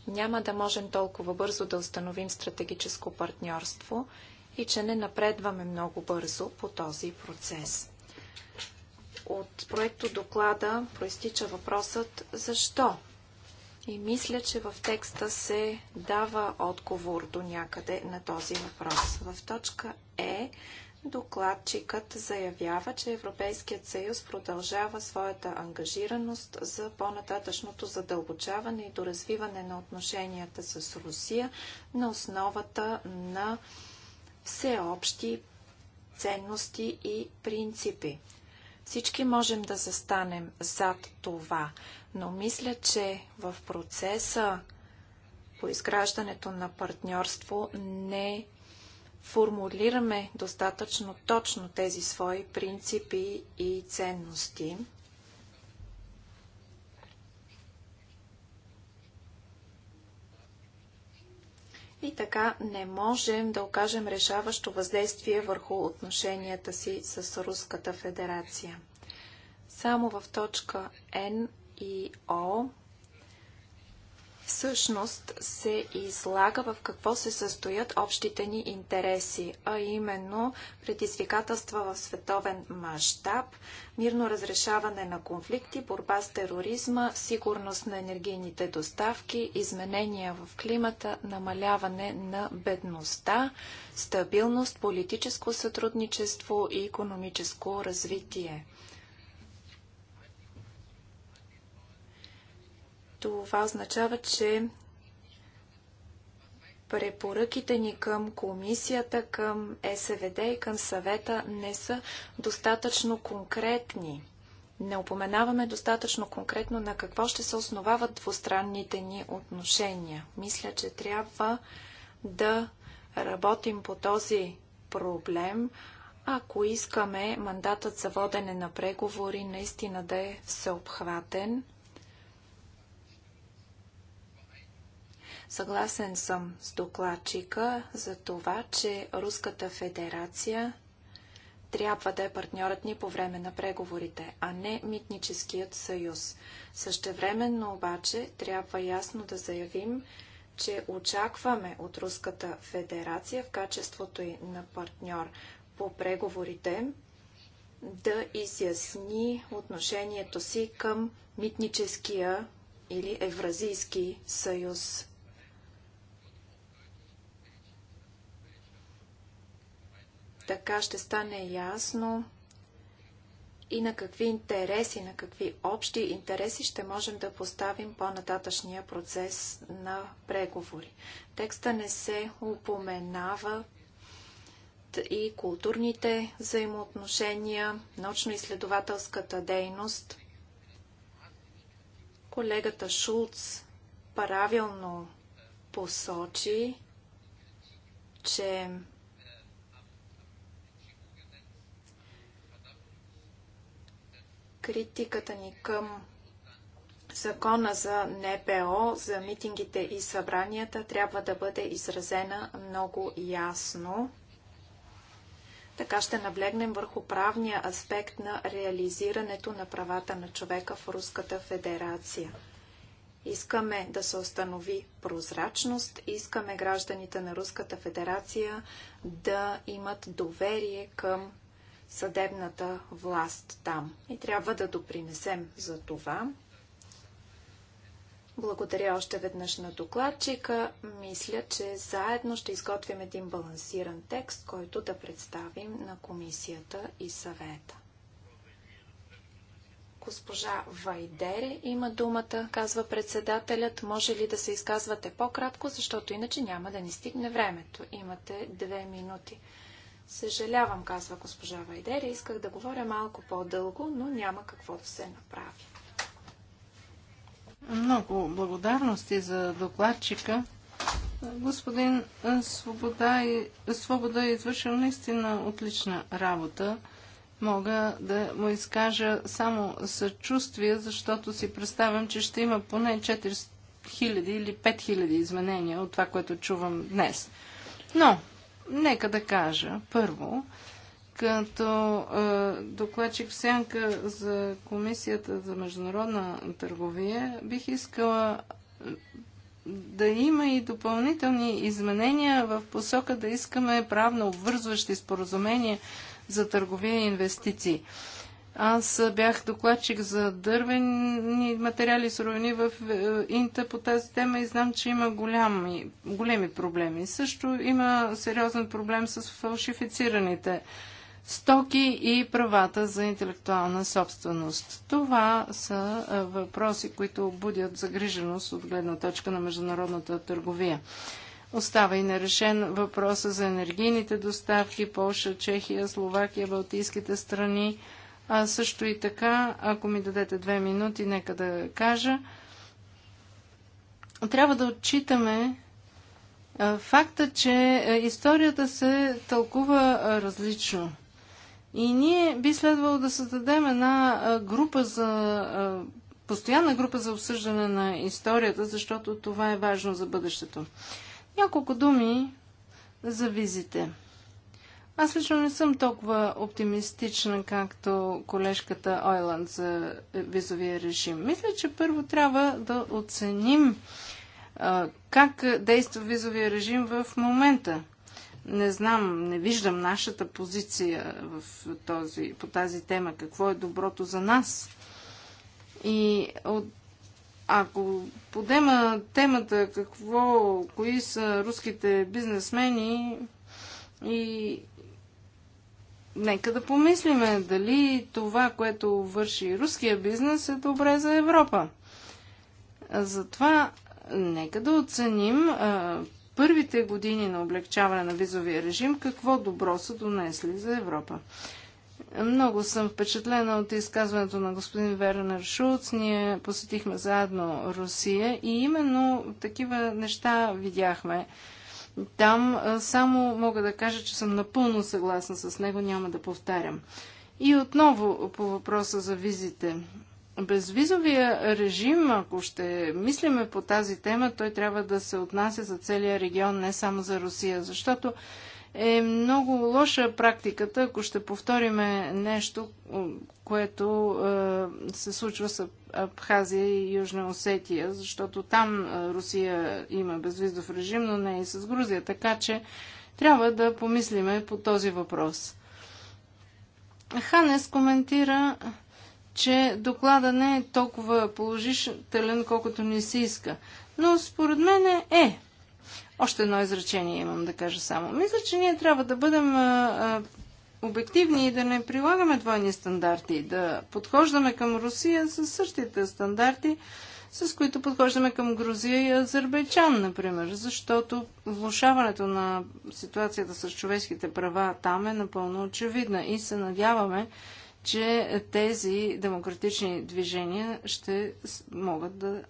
няма да можем толкова бързо да установим стратегическо партньорство и че не напредваме много бързо по този процес. От проекто доклада проистича въпросът защо. И мисля, че в текста се дава отговор до някъде на този въпрос. В точка Е докладчикът заявява, че Европейският съюз продължава своята ангажираност за по-нататъчното задълбочаване и доразвиване на отношенията с Русия на основата на всеобщи ценности и принципи. Всички можем да застанем зад това, но мисля, че в процеса по изграждането на партньорство не формулираме достатъчно точно тези свои принципи и ценности. и така не можем да окажем решаващо въздействие върху отношенията си с Руската федерация. Само в точка N и О всъщност се излага в какво се състоят общите ни интереси, а именно предизвикателства в световен мащаб, мирно разрешаване на конфликти, борба с тероризма, сигурност на енергийните доставки, изменения в климата, намаляване на бедността, стабилност, политическо сътрудничество и економическо развитие. Това означава, че препоръките ни към комисията, към СВД и към съвета не са достатъчно конкретни. Не упоменаваме достатъчно конкретно на какво ще се основават двустранните ни отношения. Мисля, че трябва да работим по този проблем, ако искаме мандатът за водене на преговори наистина да е всеобхватен Съгласен съм с докладчика за това, че Руската федерация трябва да е партньорът ни по време на преговорите, а не митническият съюз. Същевременно обаче трябва ясно да заявим, че очакваме от Руската федерация в качеството и на партньор по преговорите да изясни отношението си към митническия или Евразийски съюз. Така ще стане ясно и на какви интереси, на какви общи интереси ще можем да поставим по-нататъчния процес на преговори. Текста не се упоменава и културните взаимоотношения, научно-изследователската дейност. Колегата Шулц правилно посочи, че критиката ни към закона за НПО, за митингите и събранията трябва да бъде изразена много ясно. Така ще наблегнем върху правния аспект на реализирането на правата на човека в Руската федерация. Искаме да се установи прозрачност, искаме гражданите на Руската федерация да имат доверие към съдебната власт там. И трябва да допринесем за това. Благодаря още веднъж на докладчика. Мисля, че заедно ще изготвим един балансиран текст, който да представим на комисията и съвета. Госпожа Вайдере има думата, казва председателят. Може ли да се изказвате по-кратко, защото иначе няма да ни стигне времето. Имате две минути. Съжалявам, казва госпожа Вайдери. исках да говоря малко по-дълго, но няма какво да се направи. Много благодарности за докладчика. Господин Свобода, Свобода е извършил наистина отлична работа. Мога да му изкажа само съчувствие, защото си представям, че ще има поне 4000 или 5000 изменения от това, което чувам днес. Но Нека да кажа първо, като е, докладчик в сянка за Комисията за международна търговия, бих искала е, да има и допълнителни изменения в посока да искаме правно обвързващи споразумения за търговия и инвестиции. Аз бях докладчик за дървени материали суровини в е, Инта по тази тема и знам, че има голями, големи проблеми. Също има сериозен проблем с фалшифицираните стоки и правата за интелектуална собственост. Това са е, въпроси, които будят загриженост от гледна точка на международната търговия. Остава и нерешен въпроса за енергийните доставки Полша, Чехия, Словакия, Балтийските страни – а също и така, ако ми дадете две минути, нека да кажа, трябва да отчитаме факта, че историята се тълкува различно. И ние би следвало да създадем една група за постоянна група за обсъждане на историята, защото това е важно за бъдещето. Няколко думи за визите. Аз лично не съм толкова оптимистична, както колежката Ойланд за визовия режим. Мисля, че първо трябва да оценим а, как действа визовия режим в момента. Не знам, не виждам нашата позиция в този, по тази тема, какво е доброто за нас. И от ако подема темата какво, кои са руските бизнесмени и нека да помислиме дали това, което върши руския бизнес е добре за Европа. Затова нека да оценим а, първите години на облегчаване на визовия режим, какво добро са донесли за Европа. Много съм впечатлена от изказването на господин Вернер Шулц. Ние посетихме заедно Русия и именно такива неща видяхме там само мога да кажа, че съм напълно съгласна с него, няма да повтарям. И отново по въпроса за визите. Безвизовия режим, ако ще мислиме по тази тема, той трябва да се отнася за целия регион, не само за Русия, защото е много лоша практиката, ако ще повториме нещо, което е, се случва с Абхазия и Южна Осетия, защото там е, Русия има безвиздов режим, но не и с Грузия. Така че трябва да помислиме по този въпрос. Ханес коментира, че доклада не е толкова положителен, колкото ни се иска. Но според мен е. Още едно изречение имам да кажа само. Мисля, че ние трябва да бъдем обективни и да не прилагаме двойни стандарти, да подхождаме към Русия с същите стандарти, с които подхождаме към Грузия и Азербайджан, например, защото влушаването на ситуацията с човешките права там е напълно очевидна и се надяваме, че тези демократични движения ще могат да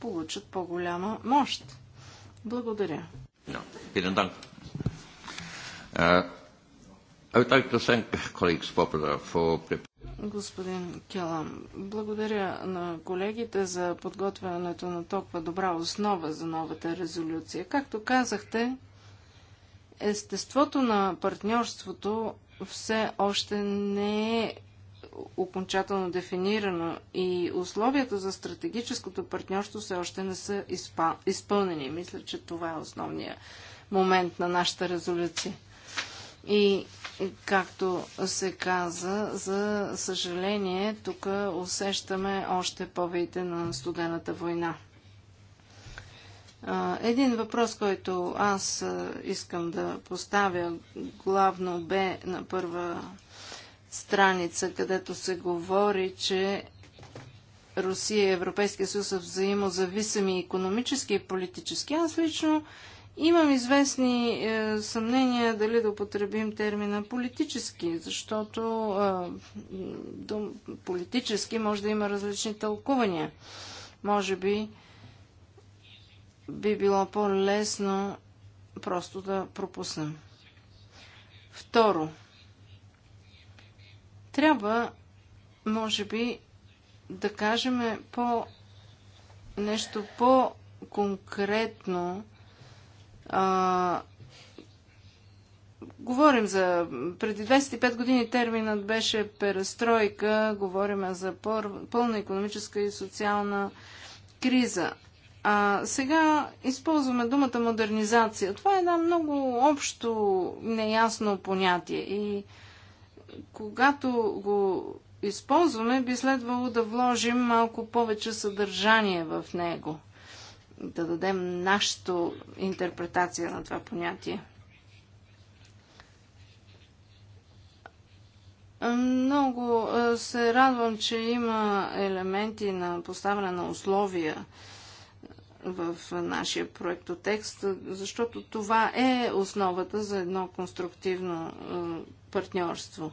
получат по-голяма мощ. Благодаря. No. Uh, like for... Господин Келам, благодаря на колегите за подготвянето на толкова добра основа за новата резолюция. Както казахте, естеството на партньорството все още не е окончателно дефинирано и условията за стратегическото партньорство все още не са изпъл... изпълнени. Мисля, че това е основният момент на нашата резолюция. И както се каза, за съжаление, тук усещаме още повеите на студената война. Един въпрос, който аз искам да поставя главно бе на първа страница, където се говори, че Русия и Европейския съюз са взаимозависими економически и политически. Аз лично имам известни е, съмнения дали да употребим термина политически, защото е, дум, политически може да има различни тълкувания. Може би би било по-лесно просто да пропуснем. Второ, трябва, може би, да кажем по нещо по-конкретно. А... Говорим за... Преди 25 години терминът беше перестройка, говорим за пълна економическа и социална криза. А сега използваме думата модернизация. Това е една много общо неясно понятие и когато го използваме, би следвало да вложим малко повече съдържание в него. Да дадем нашата интерпретация на това понятие. Много се радвам, че има елементи на поставяне на условия в нашия проектотекст, защото това е основата за едно конструктивно е, партньорство.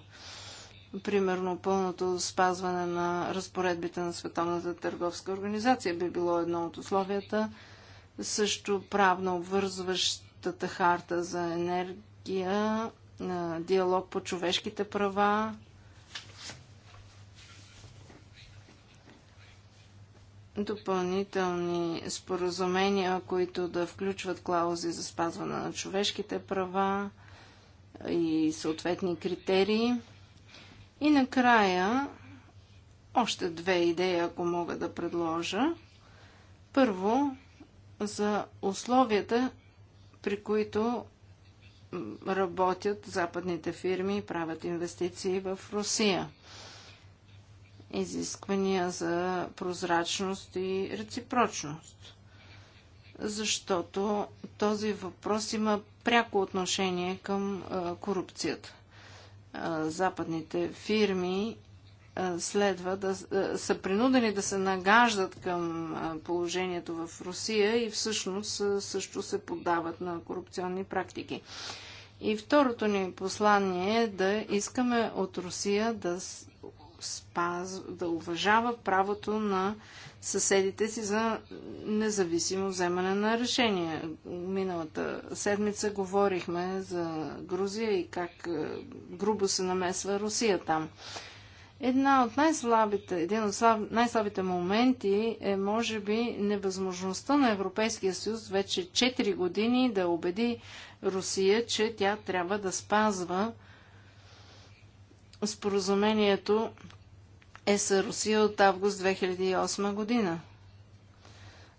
Примерно пълното спазване на разпоредбите на Световната търговска организация би било едно от условията. Също правно обвързващата харта за енергия, е, диалог по човешките права, допълнителни споразумения, които да включват клаузи за спазване на човешките права и съответни критерии. И накрая още две идеи, ако мога да предложа. Първо, за условията, при които работят западните фирми и правят инвестиции в Русия изисквания за прозрачност и реципрочност. Защото този въпрос има пряко отношение към корупцията. западните фирми следва да са принудени да се нагаждат към положението в Русия и всъщност също се поддават на корупционни практики. И второто ни послание е да искаме от Русия да спаз... да уважава правото на съседите си за независимо вземане на решения. Миналата седмица говорихме за Грузия и как е, грубо се намесва Русия там. Една от най-слабите, един от слаб, най-слабите моменти е, може би, невъзможността на Европейския съюз вече 4 години да убеди Русия, че тя трябва да спазва споразумението е с Русия от август 2008 година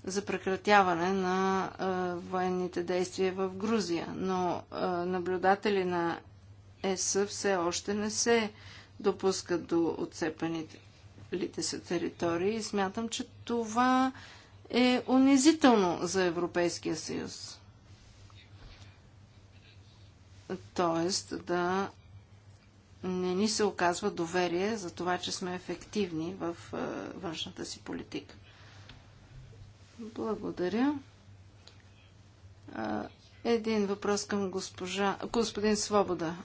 за прекратяване на а, военните действия в Грузия, но а, наблюдатели на ЕС все още не се допускат до отцепените лите са територии и смятам, че това е унизително за Европейския съюз. Тоест да не ни се оказва доверие за това, че сме ефективни в е, външната си политика. Благодаря. Един въпрос към госпожа, господин Свобода.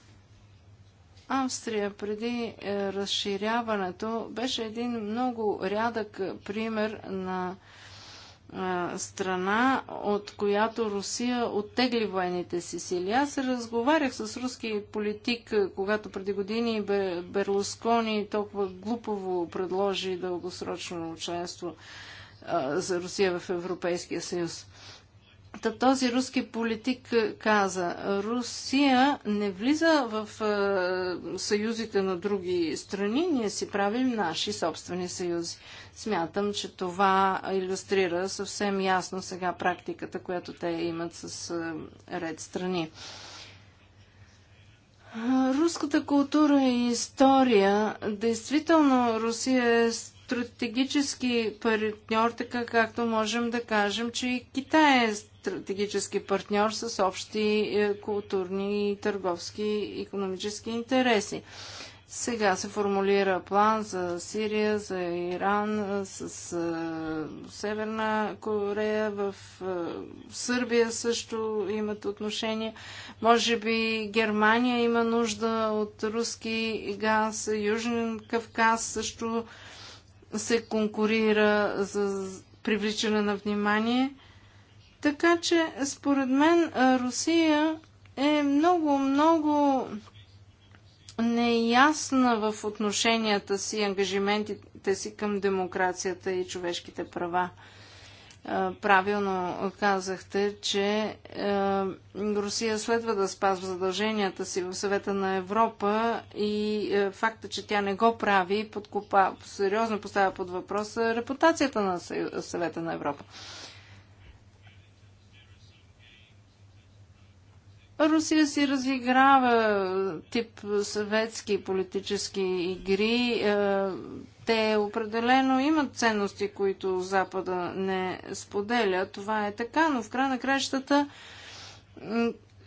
Австрия преди е, разширяването беше един много рядък пример на страна, от която Русия оттегли военните си сили. Аз разговарях с руски политик, когато преди години Берлускони толкова глупово предложи дългосрочно членство за Русия в Европейския съюз. Та този руски политик е, каза, Русия не влиза в е, съюзите на други страни, ние си правим наши собствени съюзи. Смятам, че това иллюстрира съвсем ясно сега практиката, която те имат с е, ред страни. Руската култура и история, действително Русия е стратегически партньор, така както можем да кажем, че и Китай е стратегически партньор с общи е, културни, търговски и економически интереси. Сега се формулира план за Сирия, за Иран, е, с, с е, Северна Корея, в, в Сърбия също имат отношения. Може би Германия има нужда от руски газ, Южен Кавказ също се конкурира за привличане на внимание. Така че, според мен, Русия е много, много неясна в отношенията си, ангажиментите си към демокрацията и човешките права правилно казахте, че е, Русия следва да спазва задълженията си в съвета на Европа и е, факта, че тя не го прави, подкупа, сериозно поставя под въпрос е, репутацията на съвета на Европа. Русия си разиграва тип съветски политически игри те определено имат ценности, които Запада не споделя. Това е така, но в края на кращата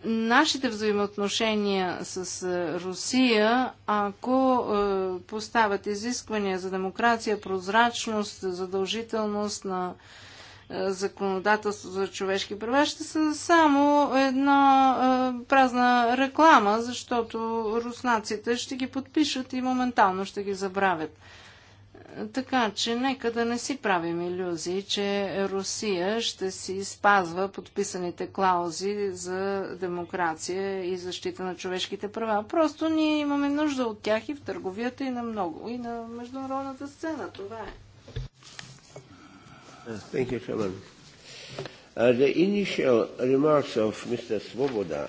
нашите взаимоотношения с е, Русия, ако е, поставят изисквания за демокрация, прозрачност, задължителност на е, законодателство за човешки права, ще са само една празна реклама, защото руснаците ще ги подпишат и моментално ще ги забравят. Така че нека да не си правим иллюзии, че Русия ще си спазва подписаните клаузи за демокрация и защита на човешките права. Просто ние имаме нужда от тях и в търговията, и на много, и на международната сцена. Това е. Uh, uh, the initial remarks of Mr. Svoboda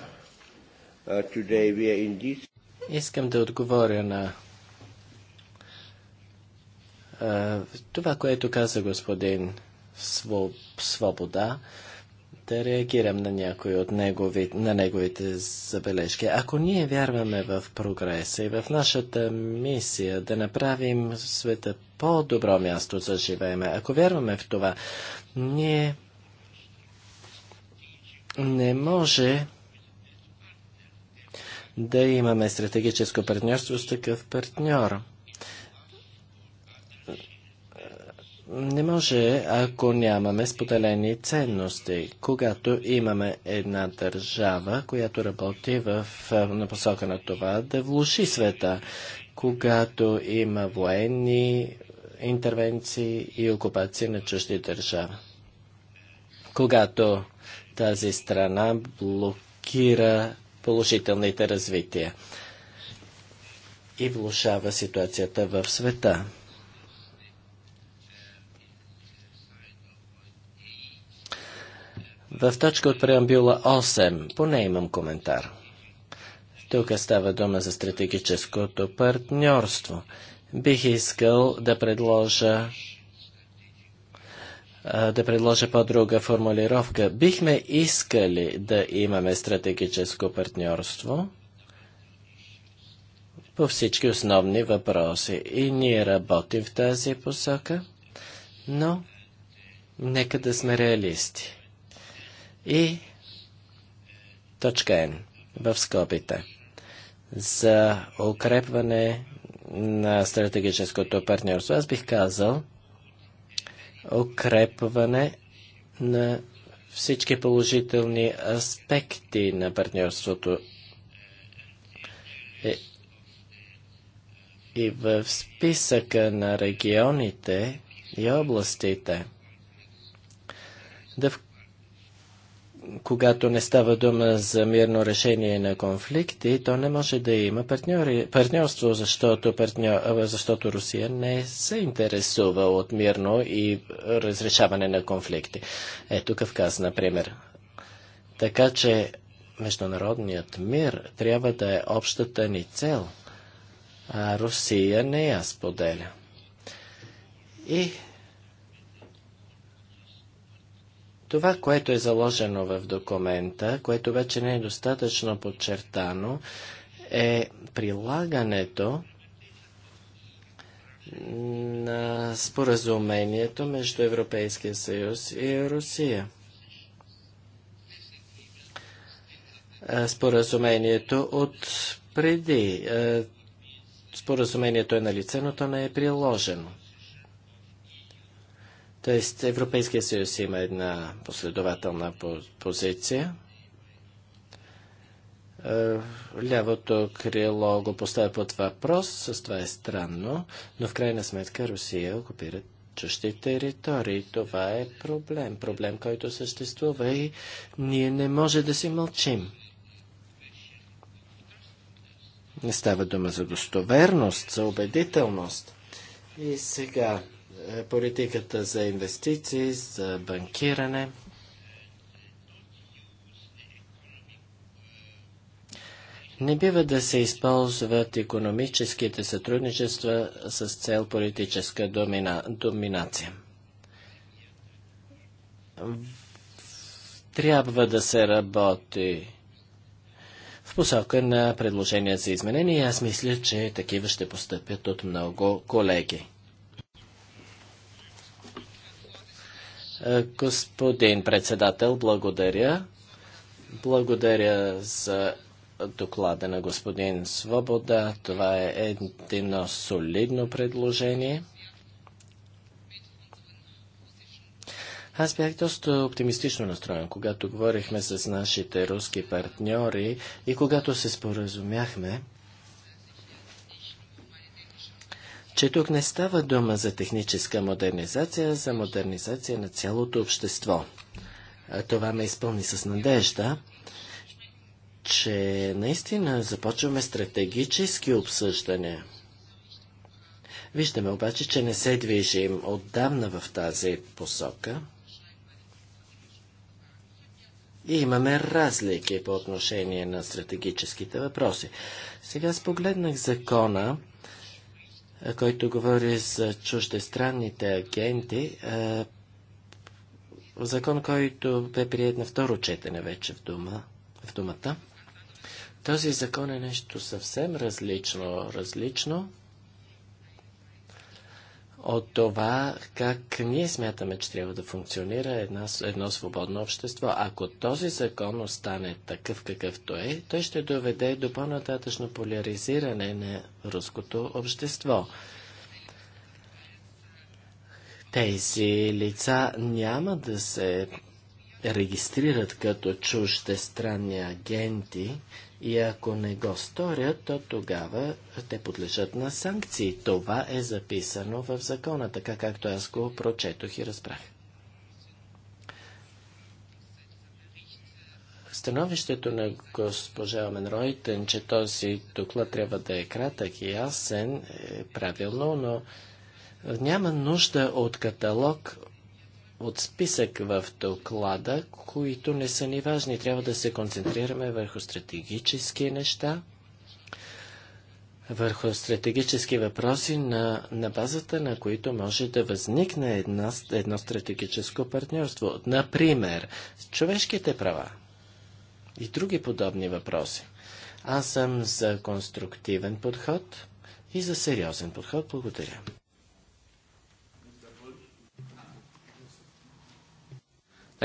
uh, indeed... Искам да отговоря на това, което каза господин Свобода, да реагирам на някои от негови, на неговите забележки. Ако ние вярваме в прогреса и в нашата мисия да направим света по-добро място за живееме, ако вярваме в това, ние не може да имаме стратегическо партньорство с такъв партньор. Не може, ако нямаме споделени ценности. Когато имаме една държава, която работи в, на посока на това да влуши света, когато има военни интервенции и окупации на чужди държави. Когато тази страна блокира положителните развития и влушава ситуацията в света. В точка от преамбюла 8 поне имам коментар. Тук става дума за стратегическото партньорство. Бих искал да предложа да предложа по-друга формулировка. Бихме искали да имаме стратегическо партньорство по всички основни въпроси. И ние работим в тази посока, но нека да сме реалисти и точка N в скобите за укрепване на стратегическото партньорство. Аз бих казал укрепване на всички положителни аспекти на партньорството и, е, и в списъка на регионите и областите да включим когато не става дума за мирно решение на конфликти, то не може да има партньори, партньорство, защото, партньор, защото Русия не се интересува от мирно и разрешаване на конфликти. Ето Кавказ, например. Така че международният мир трябва да е общата ни цел, а Русия не я споделя. И Това, което е заложено в документа, което вече не е достатъчно подчертано, е прилагането на споразумението между Европейския съюз и Русия. Споразумението от преди. Споразумението е налице, но то не е приложено. Тоест Европейския съюз има една последователна позиция. Е, лявото крило го поставя под въпрос, с това е странно, но в крайна сметка Русия окупира чужди територии. Това е проблем, проблем, който съществува и ние не може да си мълчим. Не става дума за достоверност, за убедителност. И сега е, политиката за инвестиции, за банкиране. Не бива да се използват економическите сътрудничества с цел политическа домина... доминация. Трябва да се работи в посока на предложения за изменения и аз мисля, че такива ще постъпят от много колеги. Господин председател, благодаря. Благодаря за доклада на господин Свобода. Това е едно солидно предложение. Аз бях доста оптимистично настроен, когато говорихме с нашите руски партньори и когато се споразумяхме че тук не става дума за техническа модернизация, а за модернизация на цялото общество. Това ме изпълни с надежда, че наистина започваме стратегически обсъждания. Виждаме обаче, че не се движим отдавна в тази посока. И имаме разлики по отношение на стратегическите въпроси. Сега спогледнах закона който говори за чуждестранните агенти. Закон, който бе прият на второ четене вече в, дума, в думата. Този закон е нещо съвсем различно. Различно от това как ние смятаме, че трябва да функционира една, едно свободно общество. Ако този закон остане такъв какъвто е, той ще доведе до по-нататъчно поляризиране на руското общество. Тези лица няма да се регистрират като странни агенти, и ако не го сторят, то тогава те подлежат на санкции. Това е записано в закона, така както аз го прочетох и разбрах. Становището на госпожа Омен Ройтен, че този доклад трябва да е кратък и ясен, е правилно, но няма нужда от каталог от списък в доклада, които не са ни важни. Трябва да се концентрираме върху стратегически неща, върху стратегически въпроси, на, на базата на които може да възникне една, едно стратегическо партньорство. Например, човешките права и други подобни въпроси. Аз съм за конструктивен подход и за сериозен подход. Благодаря.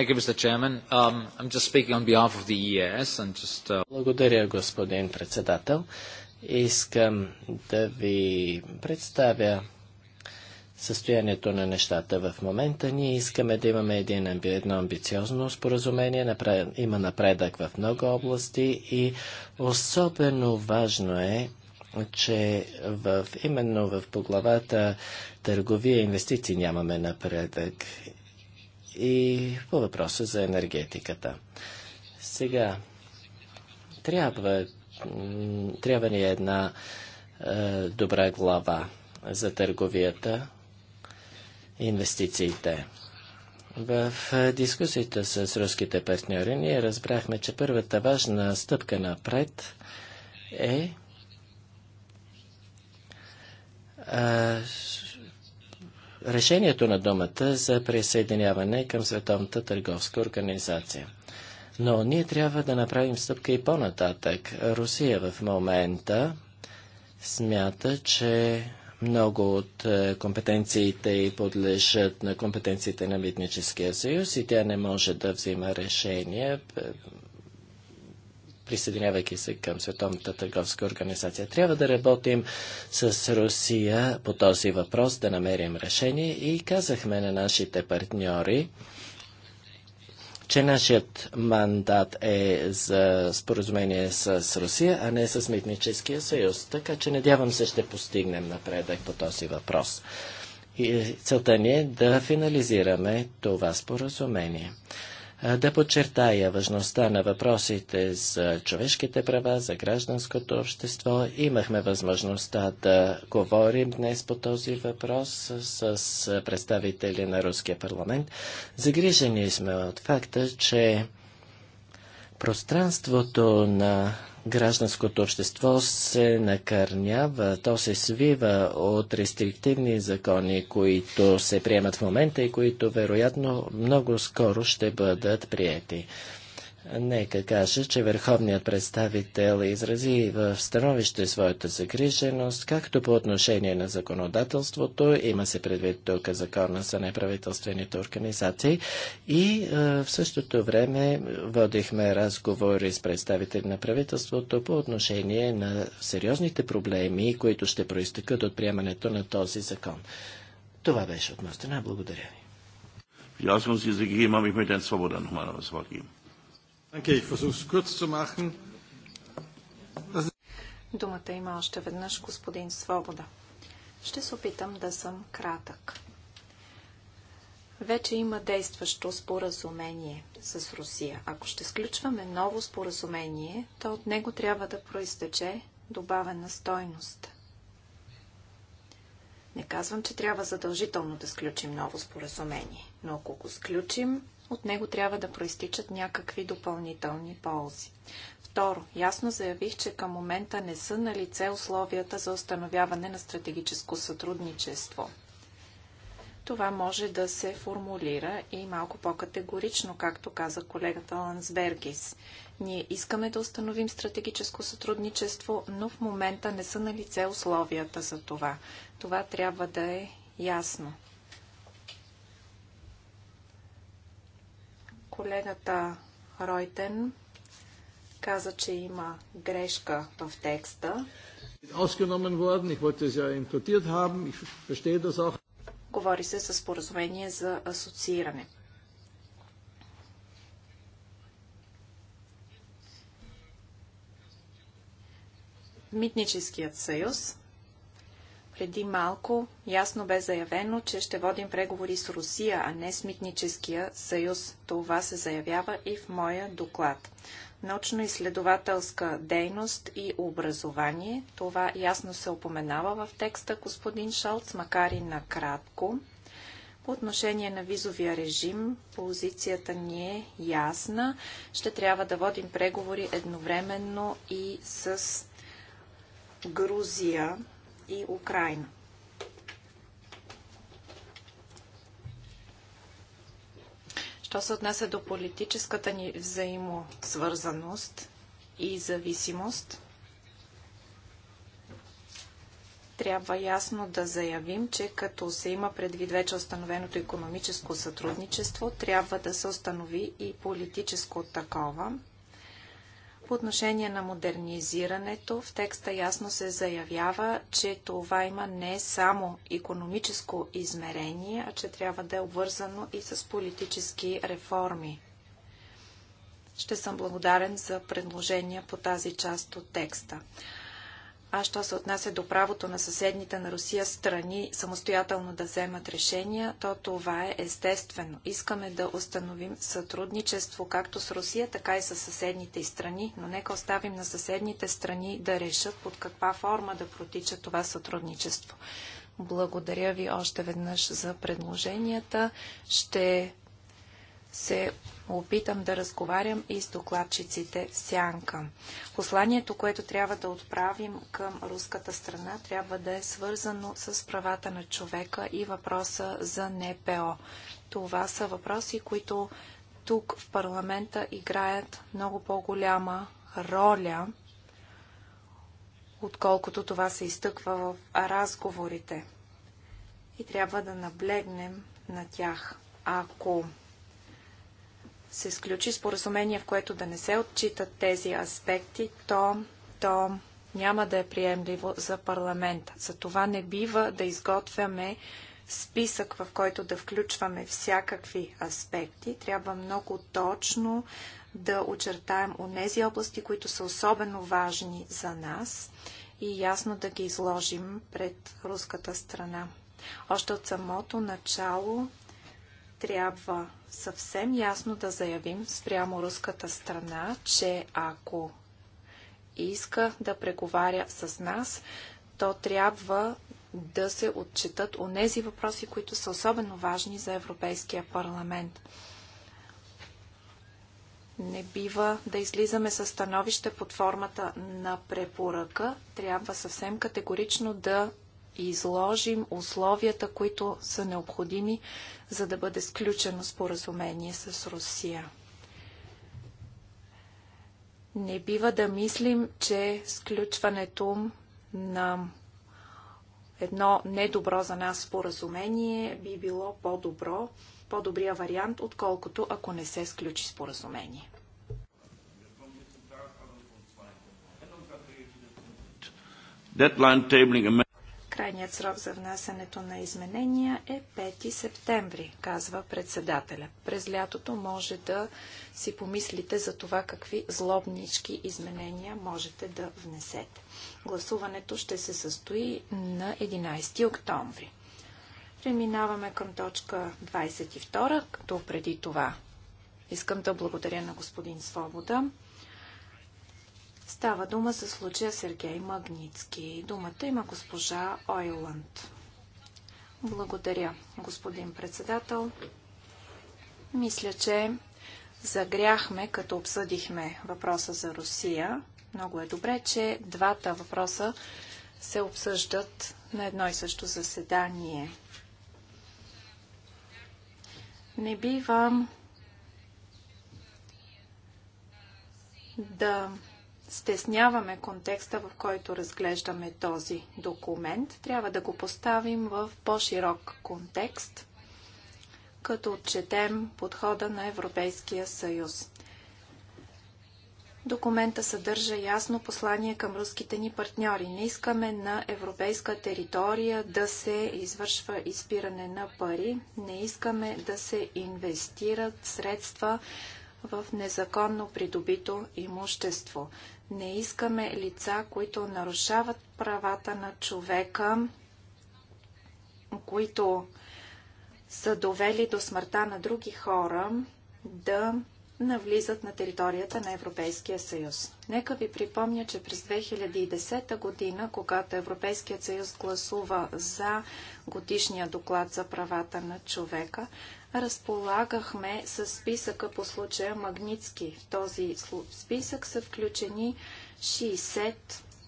Mr. Chairman. Um, I'm just speaking on behalf of the e and just... Uh, Благодаря, господин председател. Искам да ви представя състоянието на нещата в момента. Ние искаме да имаме един, едно амбициозно споразумение. има напредък в много области и особено важно е, че в, именно в поглавата търговия и инвестиции нямаме напредък и по въпроса за енергетиката. Сега, трябва, трябва ни една е, добра глава за търговията и инвестициите. В е, дискусията с руските партньори ние разбрахме, че първата важна стъпка напред е, е решението на думата за присъединяване към Световната търговска организация. Но ние трябва да направим стъпка и по-нататък. Русия в момента смята, че много от е, компетенциите и подлежат на компетенциите на Митническия съюз и тя не може да взима решения е, присъединявайки се към Световната търговска организация. Трябва да работим с Русия по този въпрос, да намерим решение и казахме на нашите партньори, че нашият мандат е за споразумение с Русия, а не с Митническия съюз. Така че надявам се ще постигнем напредък по този въпрос. И целта ни е да финализираме това споразумение да подчертая важността на въпросите за човешките права, за гражданското общество. Имахме възможността да говорим днес по този въпрос с представители на Руския парламент. Загрижени сме от факта, че пространството на гражданското общество се накърнява, то се свива от рестриктивни закони, които се приемат в момента и които вероятно много скоро ще бъдат приети. Нека каже, че върховният представител изрази в становище своята загриженост, както по отношение на законодателството, има се предвид тук закона за неправителствените организации, и е, в същото време водихме разговори с представители на правителството по отношение на сериозните проблеми, които ще проистъкат от приемането на този закон. Това беше от моя страна. Благодаря ви. Lassen Sie sich geben, habe ich mit Herrn Думата има още веднъж господин Свобода. Ще се опитам да съм кратък. Вече има действащо споразумение с Русия. Ако ще сключваме ново споразумение, то от него трябва да проистече добавена стойност. Не казвам, че трябва задължително да сключим ново споразумение, но ако го сключим, от него трябва да проистичат някакви допълнителни ползи. Второ, ясно заявих, че към момента не са на лице условията за установяване на стратегическо сътрудничество. Това може да се формулира и малко по-категорично, както каза колегата Лансбергис. Ние искаме да установим стратегическо сътрудничество, но в момента не са на лице условията за това. Това трябва да е ясно. Колегата Ройтен каза, че има грешка в текста. Говори се за споразумение за асоцииране. Митническият съюз преди малко ясно бе заявено, че ще водим преговори с Русия, а не с Митническия съюз. Това се заявява и в моя доклад. Научно-изследователска дейност и образование. Това ясно се опоменава в текста, господин Шалц, макар и накратко. По отношение на визовия режим, позицията ни е ясна. Ще трябва да водим преговори едновременно и с Грузия и Украина. Що се отнася до политическата ни взаимосвързаност и зависимост, трябва ясно да заявим, че като се има предвид вече установеното економическо сътрудничество, трябва да се установи и политическо такова. По отношение на модернизирането, в текста ясно се заявява, че това има не само економическо измерение, а че трябва да е обвързано и с политически реформи. Ще съм благодарен за предложения по тази част от текста. А що се отнася до правото на съседните на Русия страни самостоятелно да вземат решения, то това е естествено. Искаме да установим сътрудничество както с Русия, така и с съседните страни, но нека оставим на съседните страни да решат под каква форма да протича това сътрудничество. Благодаря ви още веднъж за предложенията. Ще се опитам да разговарям и с докладчиците в сянка. Посланието, което трябва да отправим към руската страна, трябва да е свързано с правата на човека и въпроса за НПО. Това са въпроси, които тук в парламента играят много по-голяма роля, отколкото това се изтъква в разговорите. И трябва да наблегнем на тях. Ако се сключи споразумение, в което да не се отчитат тези аспекти, то, то няма да е приемливо за парламента. това не бива да изготвяме списък, в който да включваме всякакви аспекти. Трябва много точно да очертаем нези области, които са особено важни за нас и ясно да ги изложим пред руската страна. Още от самото начало трябва съвсем ясно да заявим спрямо руската страна, че ако иска да преговаря с нас, то трябва да се отчитат онези въпроси, които са особено важни за Европейския парламент. Не бива да излизаме със становище под формата на препоръка. Трябва съвсем категорично да изложим условията, които са необходими, за да бъде сключено споразумение с Русия. Не бива да мислим, че сключването на едно недобро за нас споразумение би било по-добро, по-добрия вариант, отколкото ако не се сключи споразумение. Deadline tabling Крайният срок за внасянето на изменения е 5 септември, казва председателя. През лятото може да си помислите за това какви злобнички изменения можете да внесете. Гласуването ще се състои на 11 октомври. Преминаваме към точка 22, като преди това искам да благодаря на господин Свобода Става дума за случая Сергей Магницки. Думата има госпожа Ойланд. Благодаря, господин председател. Мисля, че загряхме, като обсъдихме въпроса за Русия. Много е добре, че двата въпроса се обсъждат на едно и също заседание. Не бивам да стесняваме контекста, в който разглеждаме този документ. Трябва да го поставим в по-широк контекст, като отчетем подхода на Европейския съюз. Документа съдържа ясно послание към руските ни партньори. Не искаме на европейска територия да се извършва изпиране на пари, не искаме да се инвестират средства в незаконно придобито имущество. Не искаме лица, които нарушават правата на човека, които са довели до смъртта на други хора, да навлизат на територията на Европейския съюз. Нека ви припомня, че през 2010 година, когато Европейският съюз гласува за годишния доклад за правата на човека, разполагахме с списъка по случая Магницки. В този списък са включени 60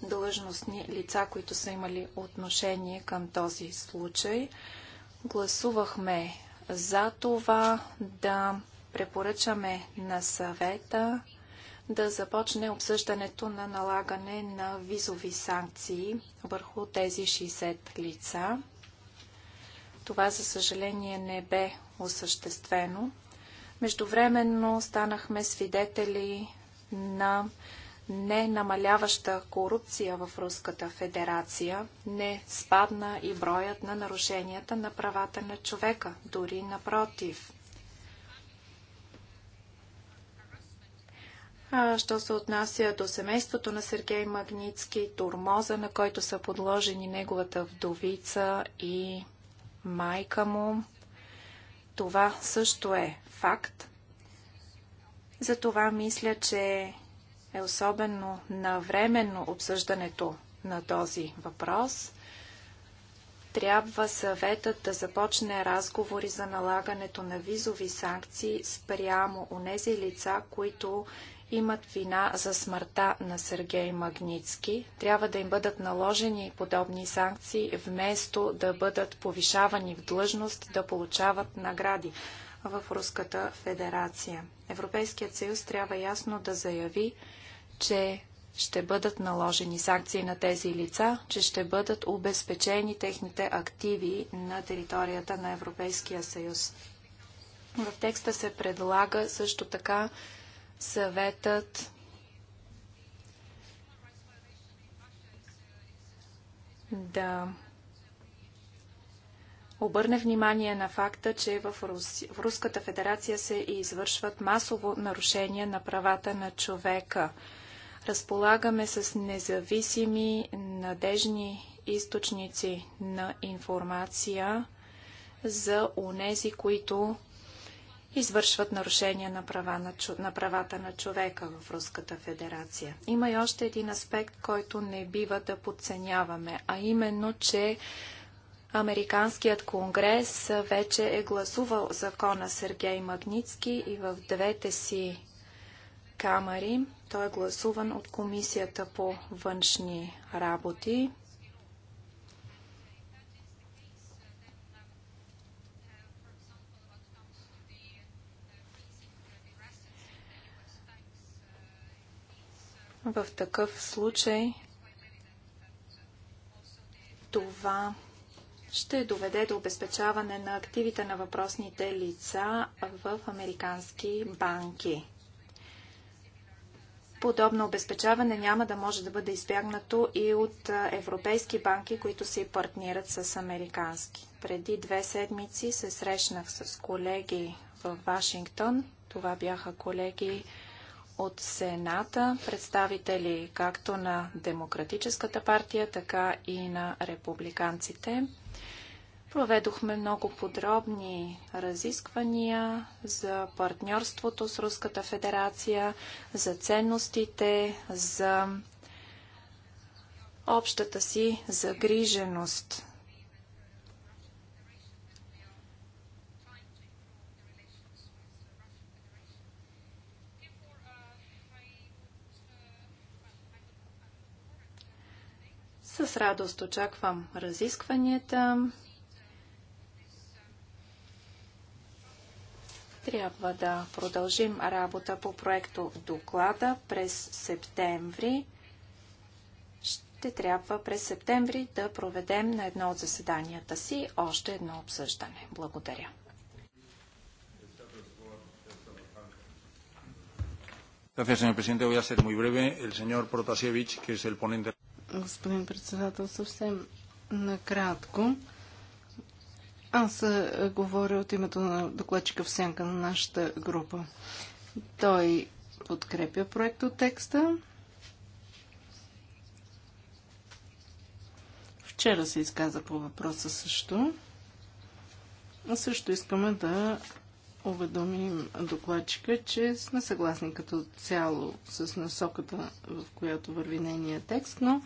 длъжностни лица, които са имали отношение към този случай. Гласувахме за това да препоръчаме на съвета да започне обсъждането на налагане на визови санкции върху тези 60 лица. Това, за съжаление, не бе осъществено. Междувременно станахме свидетели на ненамаляваща корупция в Руската федерация. Не спадна и броят на нарушенията на правата на човека, дори напротив. А, що се отнася до семейството на Сергей Магницки, турмоза, на който са подложени неговата вдовица и майка му, това също е факт. Затова мисля, че е особено навременно обсъждането на този въпрос. Трябва съветът да започне разговори за налагането на визови санкции спрямо у нези лица, които имат вина за смъртта на Сергей Магницки. Трябва да им бъдат наложени подобни санкции, вместо да бъдат повишавани в длъжност да получават награди в Руската федерация. Европейският съюз трябва ясно да заяви, че ще бъдат наложени санкции на тези лица, че ще бъдат обезпечени техните активи на територията на Европейския съюз. В текста се предлага също така съветът да обърне внимание на факта, че в, Рус... в Руската федерация се извършват масово нарушения на правата на човека. Разполагаме с независими, надежни източници на информация за унези, които извършват нарушения на, права на, на правата на човека в Руската федерация. Има и още един аспект, който не бива да подценяваме, а именно, че Американският конгрес вече е гласувал закона Сергей Магницки и в двете си камари. Той е гласуван от Комисията по външни работи. В такъв случай това ще доведе до обезпечаване на активите на въпросните лица в американски банки. Подобно обезпечаване няма да може да бъде избягнато и от европейски банки, които се партнират с американски. Преди две седмици се срещнах с колеги в Вашингтон. Това бяха колеги от Сената представители както на Демократическата партия, така и на републиканците. Проведохме много подробни разисквания за партньорството с Руската федерация, за ценностите, за общата си загриженост С радост очаквам разискванията. Трябва да продължим работа по проекто доклада през септември. Ще трябва през септември да проведем на едно от заседанията си още едно обсъждане. Благодаря. Gracias, señor presidente. Voy a ser muy breve. El señor Protasevich, que es el ponente господин председател. Съвсем накратко. Аз е, говоря от името на докладчика в сянка на нашата група. Той подкрепя проекто текста. Вчера се изказа по въпроса също. А също искаме да уведомим докладчика, че сме съгласни като цяло с насоката, в която върви нейния текст, но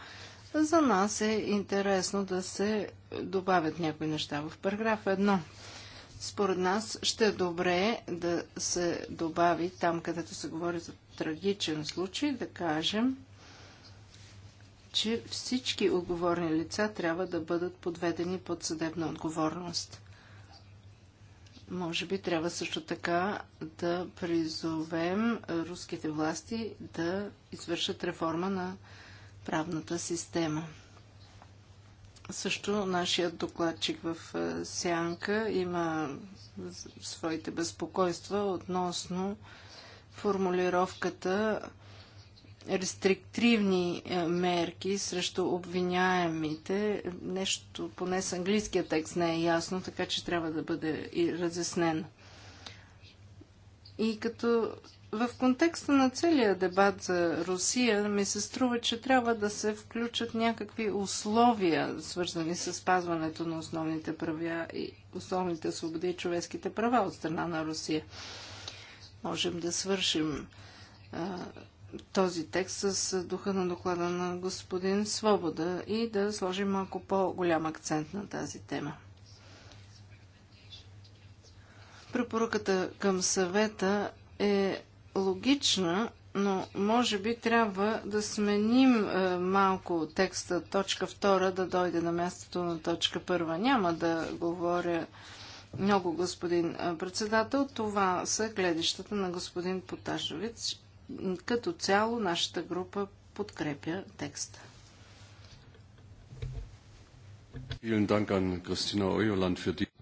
за нас е интересно да се добавят някои неща в параграф 1. Според нас ще е добре да се добави там, където се говори за трагичен случай, да кажем, че всички отговорни лица трябва да бъдат подведени под съдебна отговорност. Може би трябва също така да призовем руските власти да извършат реформа на правната система. Също нашият докладчик в е, Сянка има своите безпокойства относно формулировката рестриктивни е, мерки срещу обвиняемите. Нещо поне с английския текст не е ясно, така че трябва да бъде и разяснено. И като в контекста на целия дебат за Русия ми се струва, че трябва да се включат някакви условия, свързани с спазването на основните правя и основните свободи и човешките права от страна на Русия. Можем да свършим този текст с духа на доклада на господин Свобода и да сложим малко по-голям акцент на тази тема. Препоръката към съвета е логична, но може би трябва да сменим е, малко текста точка 2 да дойде на мястото на точка 1. Няма да говоря много, господин е, председател. Това са гледищата на господин Поташович като цяло нашата група подкрепя текста.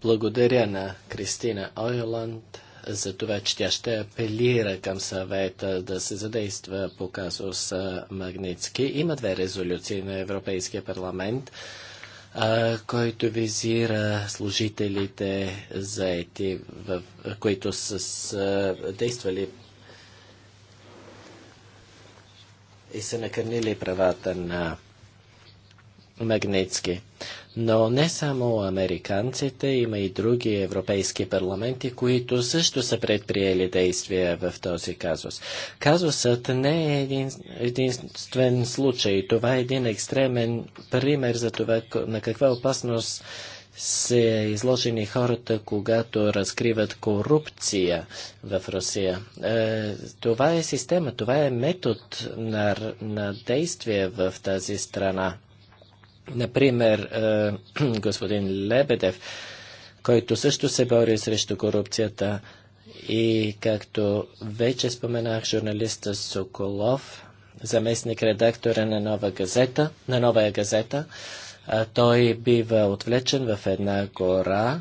Благодаря на Кристина Ойоланд за това, че тя ще апелира към съвета да се задейства по казус Магницки. Има две резолюции на Европейския парламент, който визира служителите заети, в, които са действали и са накърнили правата на Магнитски. Но не само американците, има и други европейски парламенти, които също са предприели действия в този казус. Казусът не е един, единствен случай. Това е един екстремен пример за това на каква опасност са изложени хората, когато разкриват корупция в Русия. Е, това е система, това е метод на, на действие в тази страна. Например, е, <clears throat> господин Лебедев, който също се бори срещу корупцията и както вече споменах журналиста Соколов, заместник редактора на нова газета, на новая газета, той бива отвлечен в една гора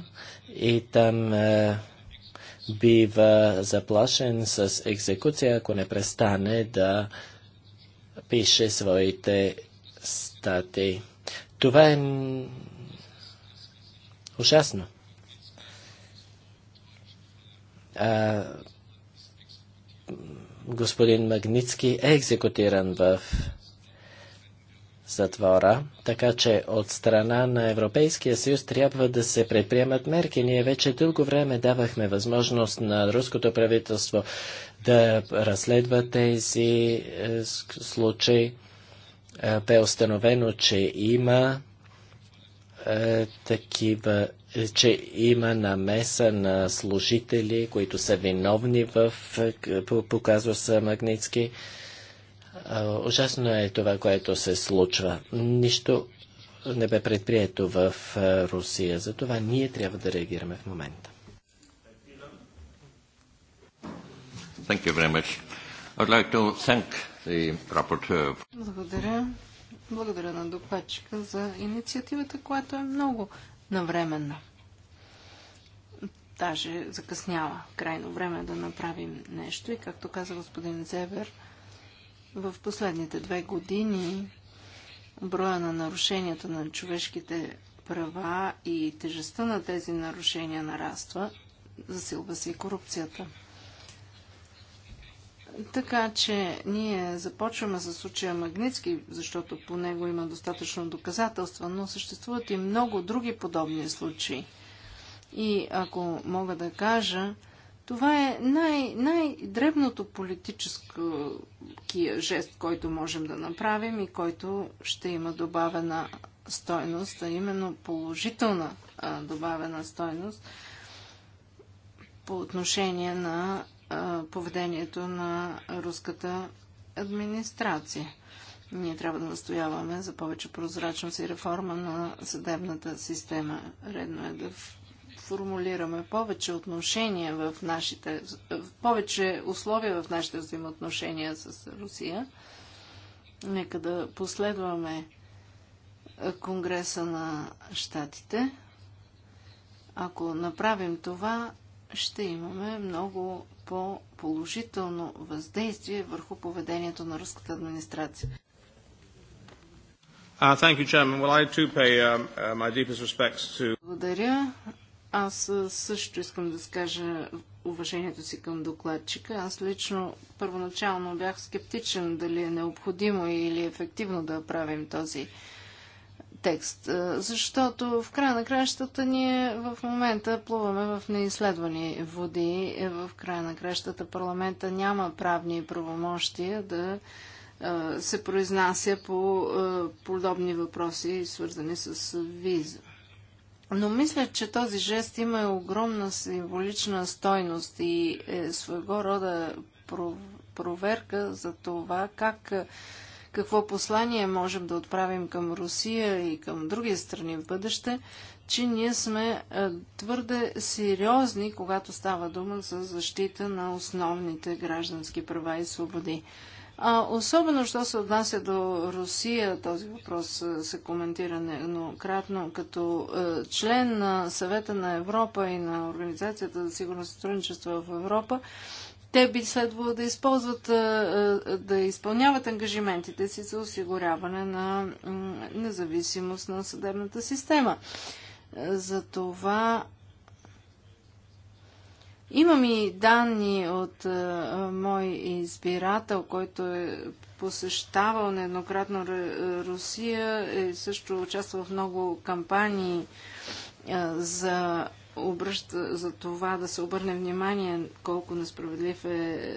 и там бива заплашен с екзекуция, ако не престане да пише своите статии. Това е ужасно. А, господин Магницки е екзекутиран в затвора, така че от страна на Европейския съюз трябва да се предприемат мерки. Ние вече дълго време давахме възможност на руското правителство да разследва тези е, случаи. Е, бе установено, че има е, такива, че има намеса на служители, които са виновни в показва са Магницки. Ужасно е това, което се случва. Нищо не бе предприето в Русия. Затова ние трябва да реагираме в момента. Thank you very much. I'd like to thank the rapporteur. Благодаря. Благодаря на докладчика за инициативата, която е много навременна. Даже закъснява крайно време е да направим нещо и както каза господин Зевер, в последните две години броя на нарушенията на човешките права и тежестта на тези нарушения нараства, засилва се и корупцията. Така че ние започваме с случая Магницки, защото по него има достатъчно доказателства, но съществуват и много други подобни случаи. И ако мога да кажа, това е най- най-дребното политическо жест, който можем да направим и който ще има добавена стойност, а именно положителна а, добавена стойност по отношение на а, поведението на руската администрация. Ние трябва да настояваме за повече прозрачност и реформа на съдебната система. Редно е да формулираме повече отношения в нашите, повече условия в нашите взаимоотношения с Русия. Нека да последваме Конгреса на Штатите. Ако направим това, ще имаме много по-положително въздействие върху поведението на руската администрация. Uh, you, well, pay, uh, uh to... Благодаря. Аз също искам да скажа уважението си към докладчика. Аз лично първоначално бях скептичен дали е необходимо или ефективно да правим този текст. Защото в края на кращата ние в момента плуваме в неизследвани води. Е, в края на кращата парламента няма правни правомощия да се произнася по подобни въпроси, свързани с виза. Но мисля, че този жест има огромна символична стойност и е своего рода проверка за това как какво послание можем да отправим към Русия и към други страни в бъдеще, че ние сме е, твърде сериозни, когато става дума за защита на основните граждански права и свободи. А, особено, що се отнася до Русия, този въпрос се коментира нееднократно като е, член на съвета на Европа и на Организацията за сигурно сътрудничество в Европа. Те би следвало да използват, е, да изпълняват ангажиментите си за осигуряване на независимост на съдебната система. За това Имам и данни от а, е, мой избирател, който е посещавал нееднократно Русия, е също участвал в много кампании а, е, за, обръща, за това да се обърне внимание колко несправедлив е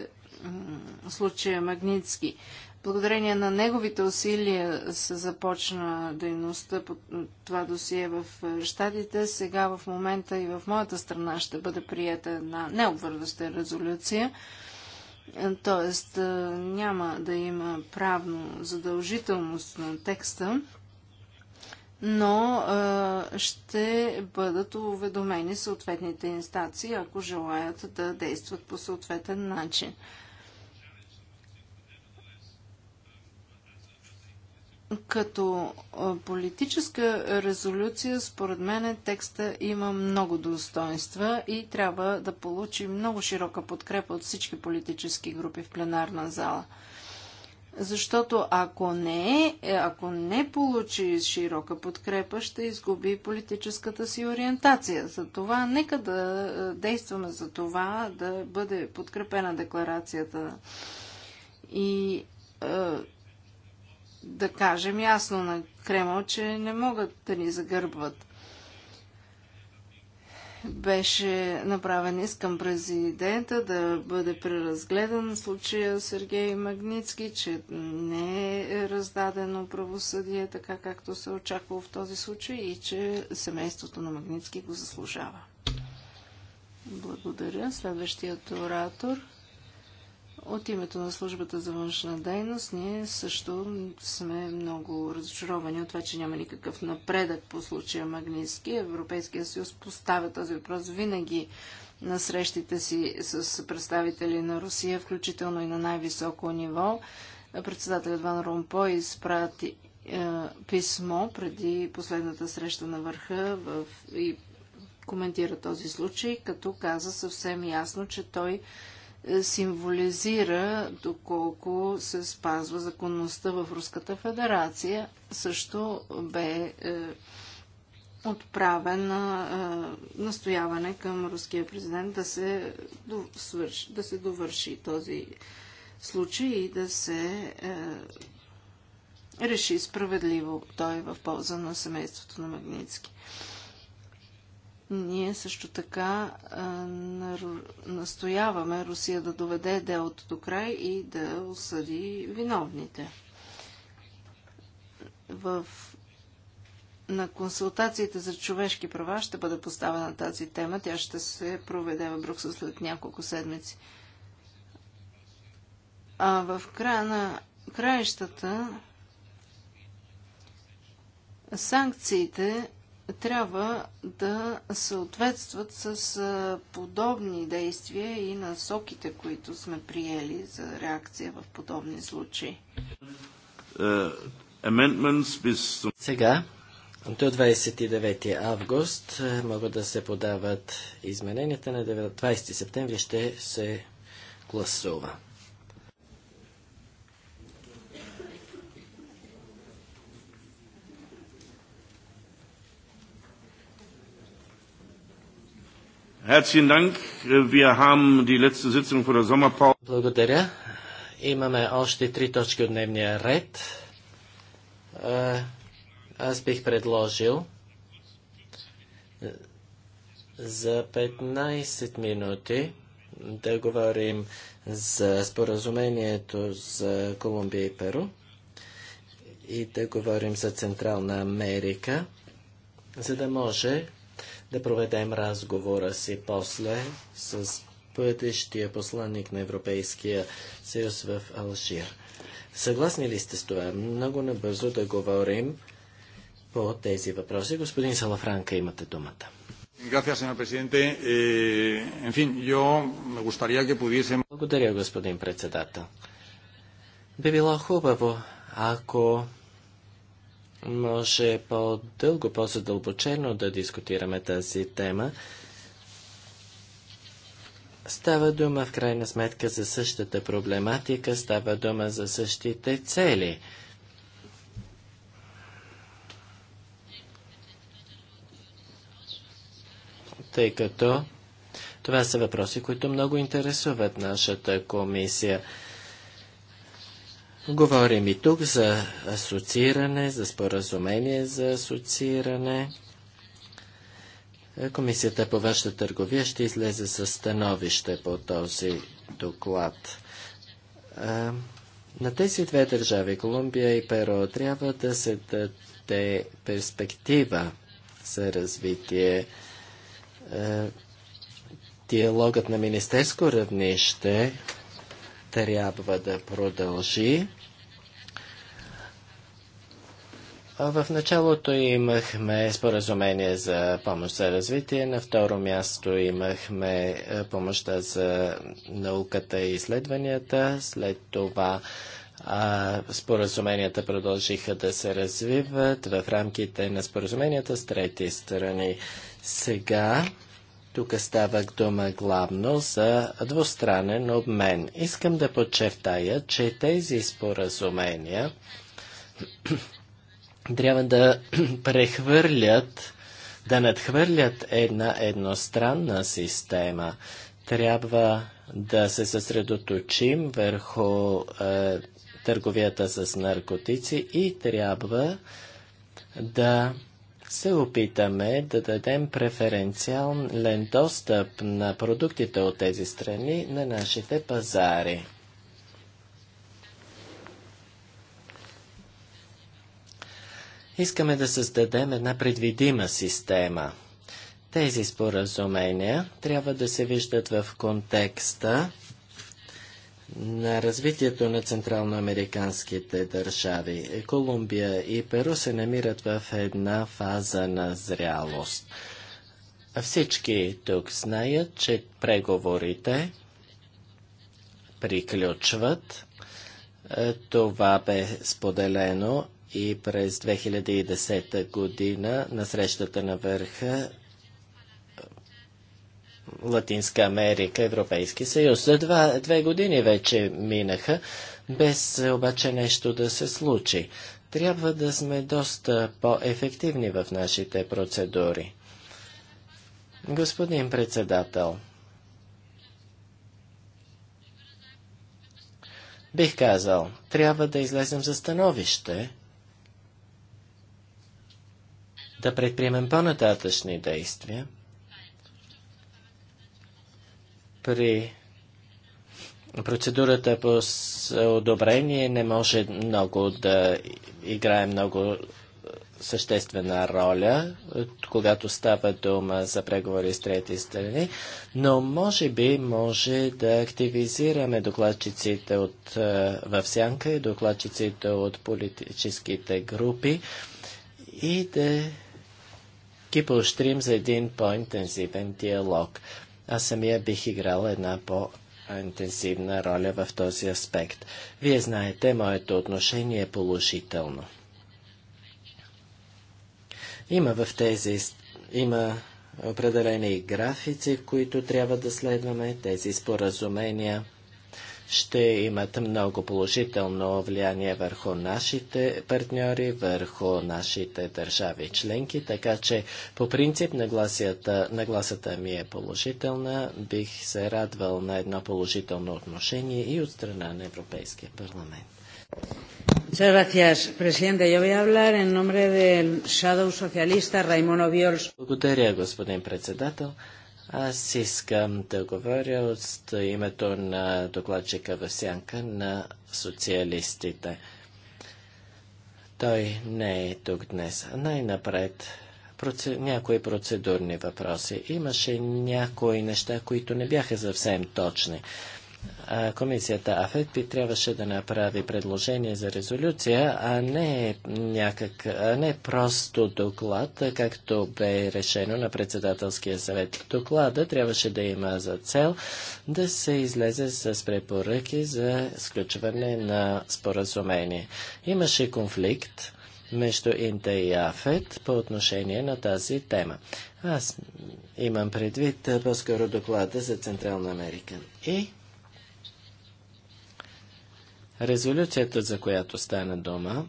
случая Магницки. Благодарение на неговите усилия се започна дейността по това досие в щатите. Е, Сега в момента и в моята страна ще бъде прията една необвързваща резолюция. Е, тоест е, няма да има правно задължителност на текста, но ще бъдат уведомени съответните инстанции, ако желаят да действат по съответен начин. Като политическа резолюция, според мен, текста има много достоинства и трябва да получи много широка подкрепа от всички политически групи в пленарна зала. Защото ако не, е, ако не получи широка подкрепа, ще изгуби политическата си ориентация. Затова нека да действаме за това да бъде подкрепена декларацията. И да кажем ясно на Кремъл, че не могат да ни загърбват. Беше направен искам президента да бъде преразгледан случая Сергей Магницки, че не е раздадено правосъдие така както се очаква в този случай и че семейството на Магницки го заслужава. Благодаря. Следващият оратор – от името на службата за външна дейност ние също сме много разочаровани от това, че няма никакъв напредък по случая Магниски. Европейския съюз поставя този въпрос винаги на срещите си с представители на Русия, включително и на най-високо ниво. Председателят Ван Ромпо изпрати е, писмо преди последната среща на върха в, и коментира този случай, като каза съвсем ясно, че той символизира доколко се спазва законността в Руската федерация. Също бе е, отправен е, настояване към руския президент да се, довърши, да се довърши този случай и да се е, реши справедливо той в полза на семейството на Магницки. Ние също така а, настояваме Русия да доведе делото до край и да осъди виновните. В... На консултациите за човешки права ще бъде поставена тази тема. Тя ще се проведе в Брюксел след няколко седмици. А в края на краищата санкциите трябва да съответстват с подобни действия и насоките, които сме приели за реакция в подобни случаи. Е, Сега до 29 август е, могат да се подават измененията. На 20 септември ще се гласува. Herzlichen Dank. Wir haben die letzte Sitzung vor der Sommerpause. Благодаря. Имаме още три точки от дневния ред. Е, аз бих предложил е, за 15 минути да говорим за споразумението за Колумбия и Перу и да говорим за Централна Америка, за да може да проведем разговора си после с пътещия посланник на Европейския съюз в Алжир. Съгласни ли сте с това? Много набързо да говорим по тези въпроси. Господин Салафранка, имате думата. Eh, Благодаря, господин председател. Би било хубаво, ако може по-дълго, по-задълбочено да дискутираме тази тема. Става дума в крайна сметка за същата проблематика, става дума за същите цели. Тъй като това са въпроси, които много интересуват нашата комисия. Говорим и тук за асоцииране, за споразумение за асоцииране. Комисията по външна търговия ще излезе със становище по този доклад. на тези две държави, Колумбия и Перо, трябва да се даде перспектива за развитие. диалогът на министерско равнище трябва да продължи. В началото имахме споразумение за помощ за развитие, на второ място имахме е, помощта за науката и изследванията, след това а, споразуменията продължиха да се развиват в рамките на споразуменията с трети страни. Сега тук става дума главно за двустранен обмен. Искам да подчертая, че тези споразумения <clears throat> трябва да <clears throat> прехвърлят, да надхвърлят една едностранна система. Трябва да се съсредоточим върху е, търговията с наркотици и трябва да се опитаме да дадем преференциален достъп на продуктите от тези страни на нашите пазари. Искаме да създадем една предвидима система. Тези споразумения трябва да се виждат в контекста на развитието на централноамериканските държави. Колумбия и Перу се намират в една фаза на зрялост. Всички тук знаят, че преговорите приключват. Е, това бе споделено и през 2010 година на срещата на върха Латинска Америка, Европейски съюз. За два, две години вече минаха, без обаче нещо да се случи. Трябва да сме доста по-ефективни в нашите процедури. Господин председател, бих казал, трябва да излезем за становище, да предприемем по-нататъчни действия – при процедурата по одобрение не може много да играе много съществена роля, когато става дума за преговори с трети страни, но може би може да активизираме докладчиците от, е, в сянка и докладчиците от политическите групи и да ги поощрим за един по-интензивен диалог аз самия бих играла една по- интенсивна роля в този аспект. Вие знаете, моето отношение е положително. Има в тези има определени графици, в които трябва да следваме тези споразумения ще имат много положително влияние върху нашите партньори, върху нашите държави членки, така че по принцип нагласията, нагласата ми е положителна. Бих се радвал на едно положително отношение и от страна на Европейския парламент. Muchas gracias, presidente. Yo voy a hablar en nombre del shadow socialista Raimon Obiols. Благодаря, господин председател. Аз искам да говоря от името на докладчика в сянка на социалистите. Той не е тук днес. Най-напред някои процедурни въпроси. Имаше някои неща, които не бяха съвсем точни комисията АФЕД би трябваше да направи предложение за резолюция, а не, някак, а не просто доклад, както бе решено на председателския съвет. Доклада трябваше да има за цел да се излезе с препоръки за сключване на споразумение. Имаше конфликт между Инта и Афет по отношение на тази тема. Аз имам предвид по-скоро доклада за Централна Америка. И Резолюцията, за която стана дома.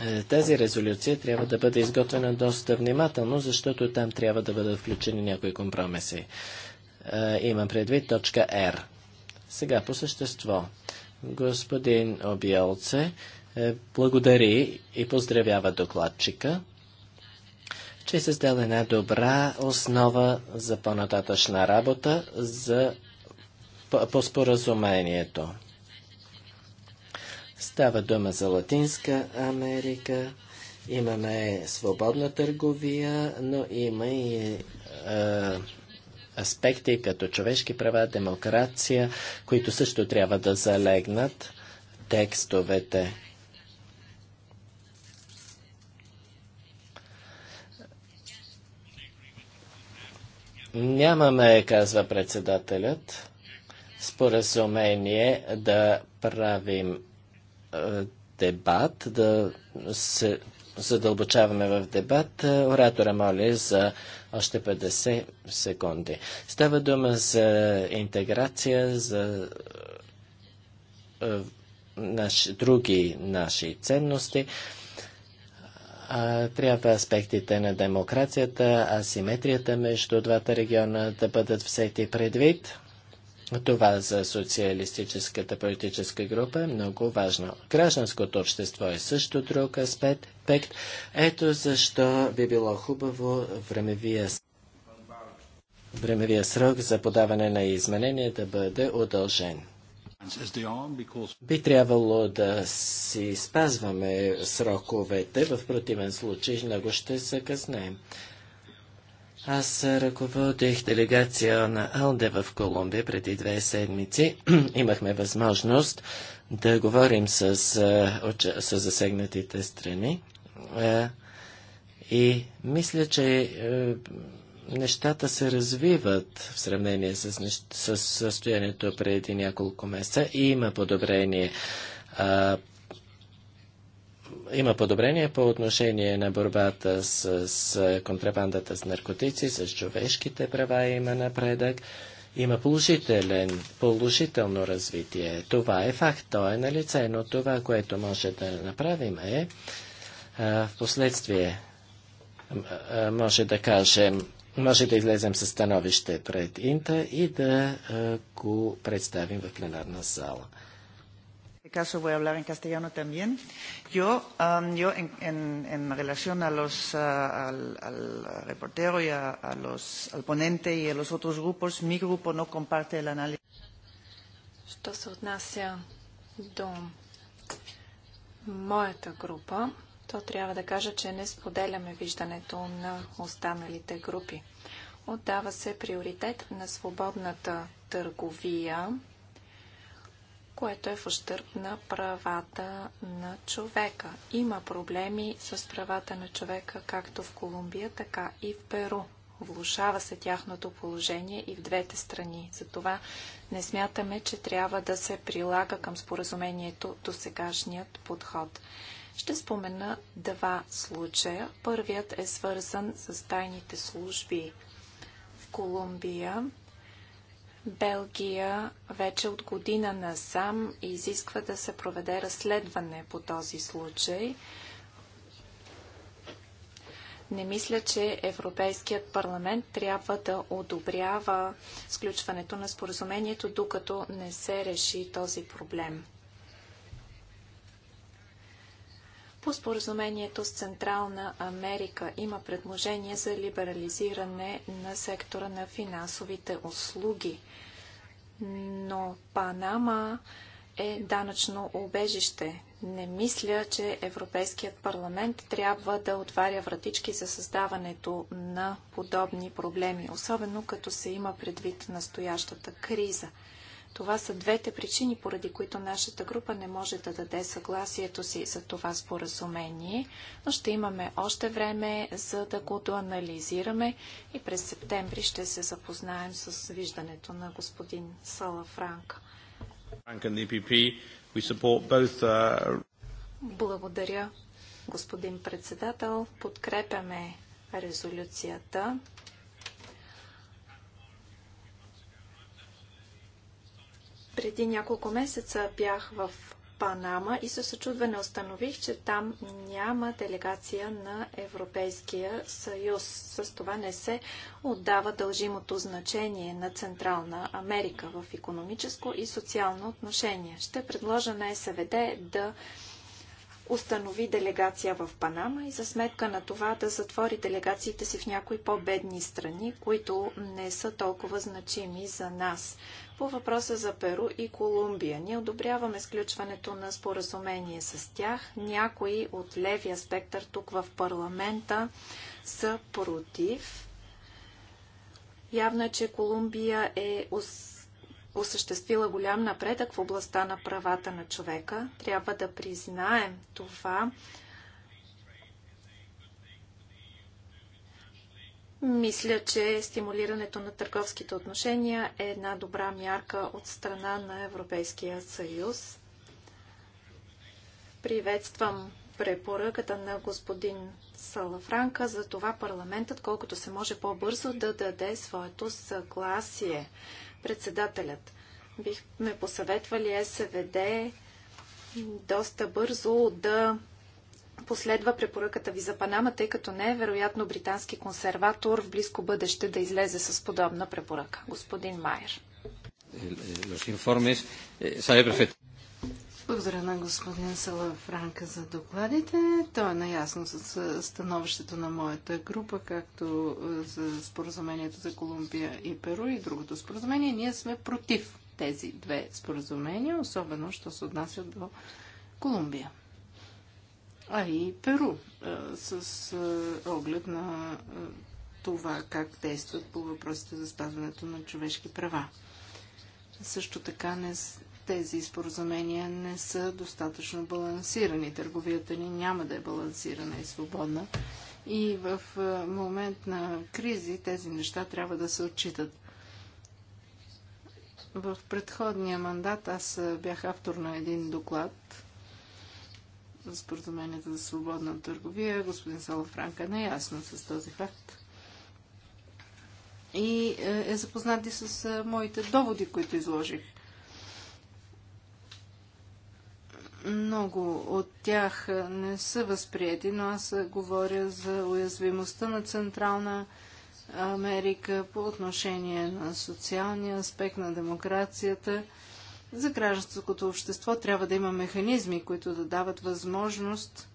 Е, тази резолюция трябва да бъде изготвена доста внимателно, защото там трябва да бъдат включени някои компромиси. Е, Има предвид точка R. Сега по същество. Господин Обиелце е, благодари и поздравява докладчика, че е създал една добра основа за по-нататъчна работа за по, споразумението. Става дума за Латинска Америка, имаме свободна търговия, но има и е, аспекти като човешки права, демокрация, които също трябва да залегнат текстовете. Нямаме, казва председателят споразумение да правим е, дебат, да се задълбочаваме в дебат. Оратора моля за още 50 секунди. Става дума за интеграция, за е, наш, други наши ценности а, трябва аспектите на демокрацията, асиметрията между двата региона да бъдат всети предвид. Това за социалистическата политическа група е много важно. Гражданското общество е също друг аспект. Ето защо би било хубаво времевия времевия срок за подаване на изменения да бъде удължен. Би трябвало да си спазваме сроковете, в противен случай много ще къснем. Аз ръководих делегация на Алде в Колумбия преди две седмици. <clears throat> Имахме възможност да говорим с, с засегнатите страни. И мисля, че нещата се развиват в сравнение с, нещ... с състоянието преди няколко месеца и има подобрение има подобрение по отношение на борбата с, с контрабандата с наркотици, с човешките права има напредък. Има положителен, положително развитие. Това е факт, то е на лице, но това, което може да направим е а, в последствие може да кажем, може да излезем със становище пред Инта и да а, го представим в пленарна зала este caso voy a hablar en castellano también. Yo, um, yo en, en, en relación a los, uh, al, al reportero y a, a los, al ponente y a los otros grupos, mi grupo no comparte el análisis. моята група, то трябва да кажа, че не споделяме виждането на останалите групи. Отдава се приоритет на свободната търговия което е в ущърп на правата на човека. Има проблеми с правата на човека както в Колумбия, така и в Перу. Влушава се тяхното положение и в двете страни. Затова не смятаме, че трябва да се прилага към споразумението до сегашният подход. Ще спомена два случая. Първият е свързан с тайните служби в Колумбия. Белгия вече от година насам изисква да се проведе разследване по този случай. Не мисля, че Европейският парламент трябва да одобрява сключването на споразумението, докато не се реши този проблем. По споразумението с Централна Америка има предложение за либерализиране на сектора на финансовите услуги, но Панама е данъчно обежище. Не мисля, че Европейският парламент трябва да отваря вратички за създаването на подобни проблеми, особено като се има предвид настоящата криза. Това са двете причини, поради които нашата група не може да даде съгласието си за това споразумение, но ще имаме още време за да го доанализираме и през септември ще се запознаем с виждането на господин Сала Франк. E uh, Благодаря, господин председател. Подкрепяме резолюцията. Преди няколко месеца бях в Панама и със съчудване установих, че там няма делегация на Европейския съюз. С това не се отдава дължимото значение на Централна Америка в економическо и социално отношение. Ще предложа на СВД да установи делегация в Панама и за сметка на това да затвори делегациите си в някои по-бедни страни, които не са толкова значими за нас. По въпроса за Перу и Колумбия. Ние одобряваме сключването на споразумение с тях. Някои от левия спектър тук в парламента са против. Явно е, че Колумбия е осъществила голям напредък в областта на правата на човека. Трябва да признаем това. Мисля, че стимулирането на търговските отношения е една добра мярка от страна на Европейския съюз. Приветствам препоръката на господин Салафранка за това парламентът колкото се може по-бързо да даде своето съгласие. Председателят бихме посъветвали СВД доста бързо да последва препоръката ви за Панама, тъй като не е вероятно британски консерватор в близко бъдеще да излезе с подобна препоръка. Господин Майер. Eh, Благодаря на господин Сала Франка за докладите. Той е наясно с становището на моята група, както е, за споразумението за Колумбия и Перу и другото споразумение. Ние сме против тези две споразумения, особено що се отнася до Колумбия а и Перу с оглед на това как действат по въпросите за спазването на човешки права. Също така не, тези споразумения не са достатъчно балансирани. Търговията ни няма да е балансирана и свободна. И в момент на кризи тези неща трябва да се отчитат. В предходния мандат аз бях автор на един доклад споразумението за свободна търговия. Господин Салафранка е ясно с този факт. И е, е запознат и с е, моите доводи, които изложих. Много от тях е, не са възприяти, но аз говоря за уязвимостта на Централна Америка по отношение на социалния аспект на демокрацията – за гражданското общество трябва да има механизми, които да дават възможност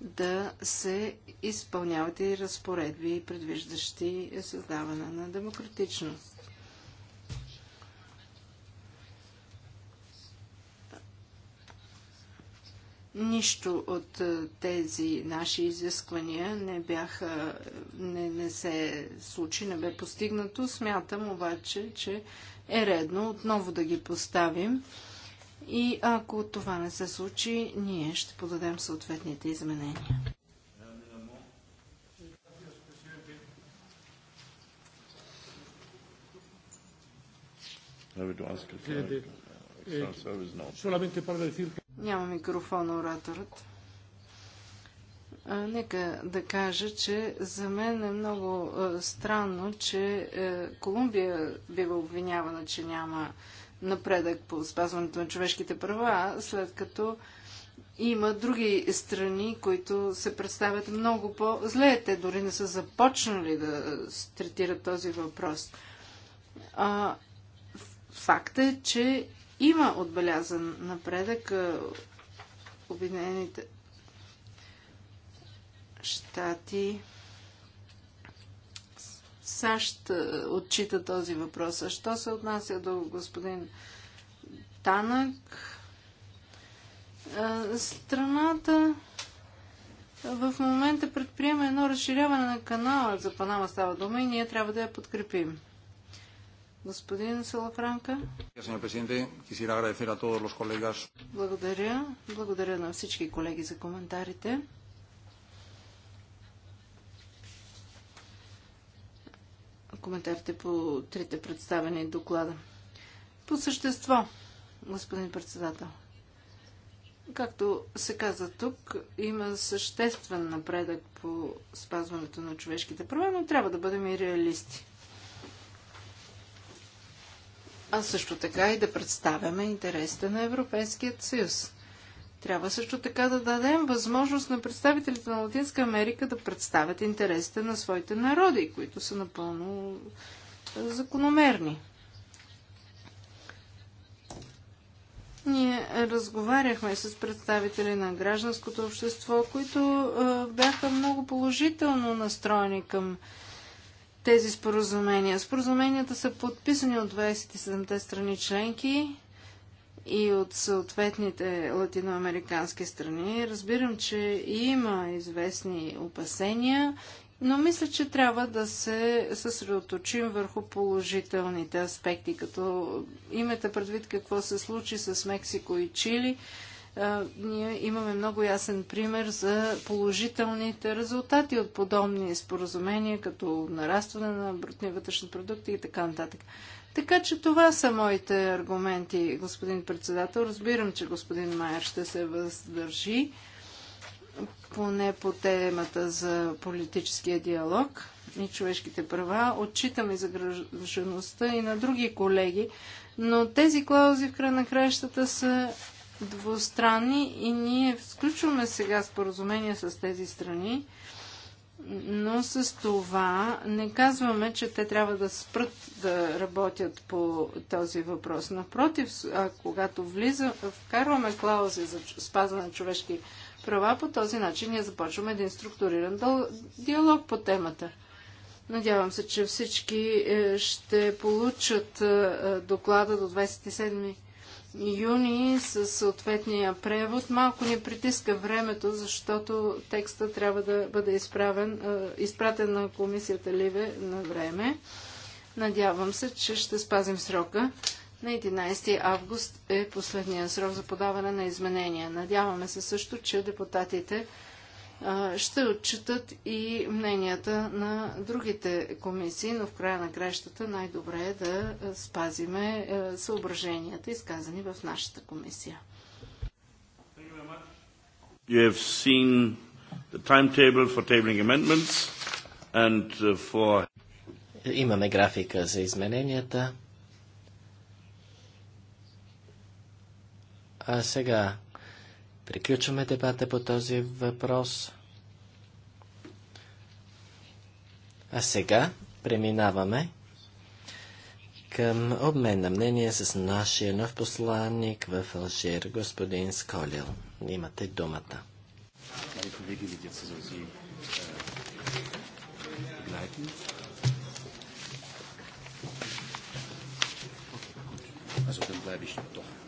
да се изпълняват и разпоредби, предвиждащи създаване на демократичност. Нищо от е, тези наши изисквания не, бяха, не, не се случи, не бе постигнато. Смятам обаче, че е редно отново да ги поставим. И ако това не се случи, ние ще подадем съответните изменения. Eh, Няма микрофона ораторът. Нека да кажа, че за мен е много странно, че е, Колумбия бива обвинявана, че няма напредък по спазването на човешките права, след като има други страни, които се представят много по-зле. Те дори не са започнали да третират този въпрос. А, факт е, че има отбелязан напредък. Обединените щати. САЩ е, отчита този въпрос. А що се отнася до господин Танък? Е, страната в момента предприема едно разширяване на канала за Панама става дума и ние трябва да я подкрепим. Господин Салафранка. Благодаря. Благодаря на всички колеги за коментарите. коментарите по трите представени доклада. По същество, господин председател. Както се каза тук, има съществен напредък по спазването на човешките права, но трябва да бъдем и реалисти. А също така и да представяме интересите на Европейският съюз. Трябва също така да дадем възможност на представителите на Латинска Америка да представят интересите на своите народи, които са напълно е, закономерни. Ние разговаряхме с представители на гражданското общество, които е, бяха много положително настроени към тези споразумения. Споразуменията са подписани от 27-те страни членки и от съответните латиноамерикански страни. Разбирам, че има известни опасения, но мисля, че трябва да се съсредоточим върху положителните аспекти, като имате предвид какво се случи с Мексико и Чили. Ние имаме много ясен пример за положителните резултати от подобни споразумения, като нарастване на брутния вътрешен продукт и така нататък. Така че това са моите аргументи, господин председател. Разбирам, че господин Майер ще се въздържи поне по темата за политическия диалог и човешките права. Отчитам и загрежеността и на други колеги, но тези клаузи в край на краищата са двустранни и ние включваме сега споразумения с тези страни но с това не казваме, че те трябва да спрат да работят по този въпрос. Напротив, а когато влиза, вкарваме клаузи за спазване на човешки права, по този начин ние започваме един структуриран диалог по темата. Надявам се, че всички е, ще получат е, е, доклада до 27 ми юни с съответния превод. Малко ни притиска времето, защото текста трябва да бъде изправен, изпратен на комисията Ливе на време. Надявам се, че ще спазим срока. На 11 август е последния срок за подаване на изменения. Надяваме се също, че депутатите ще отчитат и мненията на другите комисии, но в края на грещата най-добре е да спазиме съображенията, изказани в нашата комисия. You have seen the timetable for tabling amendments and uh, for... Имаме графика за измененията. А сега Приключваме дебата по този въпрос. А сега преминаваме към обмен на мнение с нашия нов посланник в Алжир, господин Сколил. Имате думата. Also dann bleibe ich doch.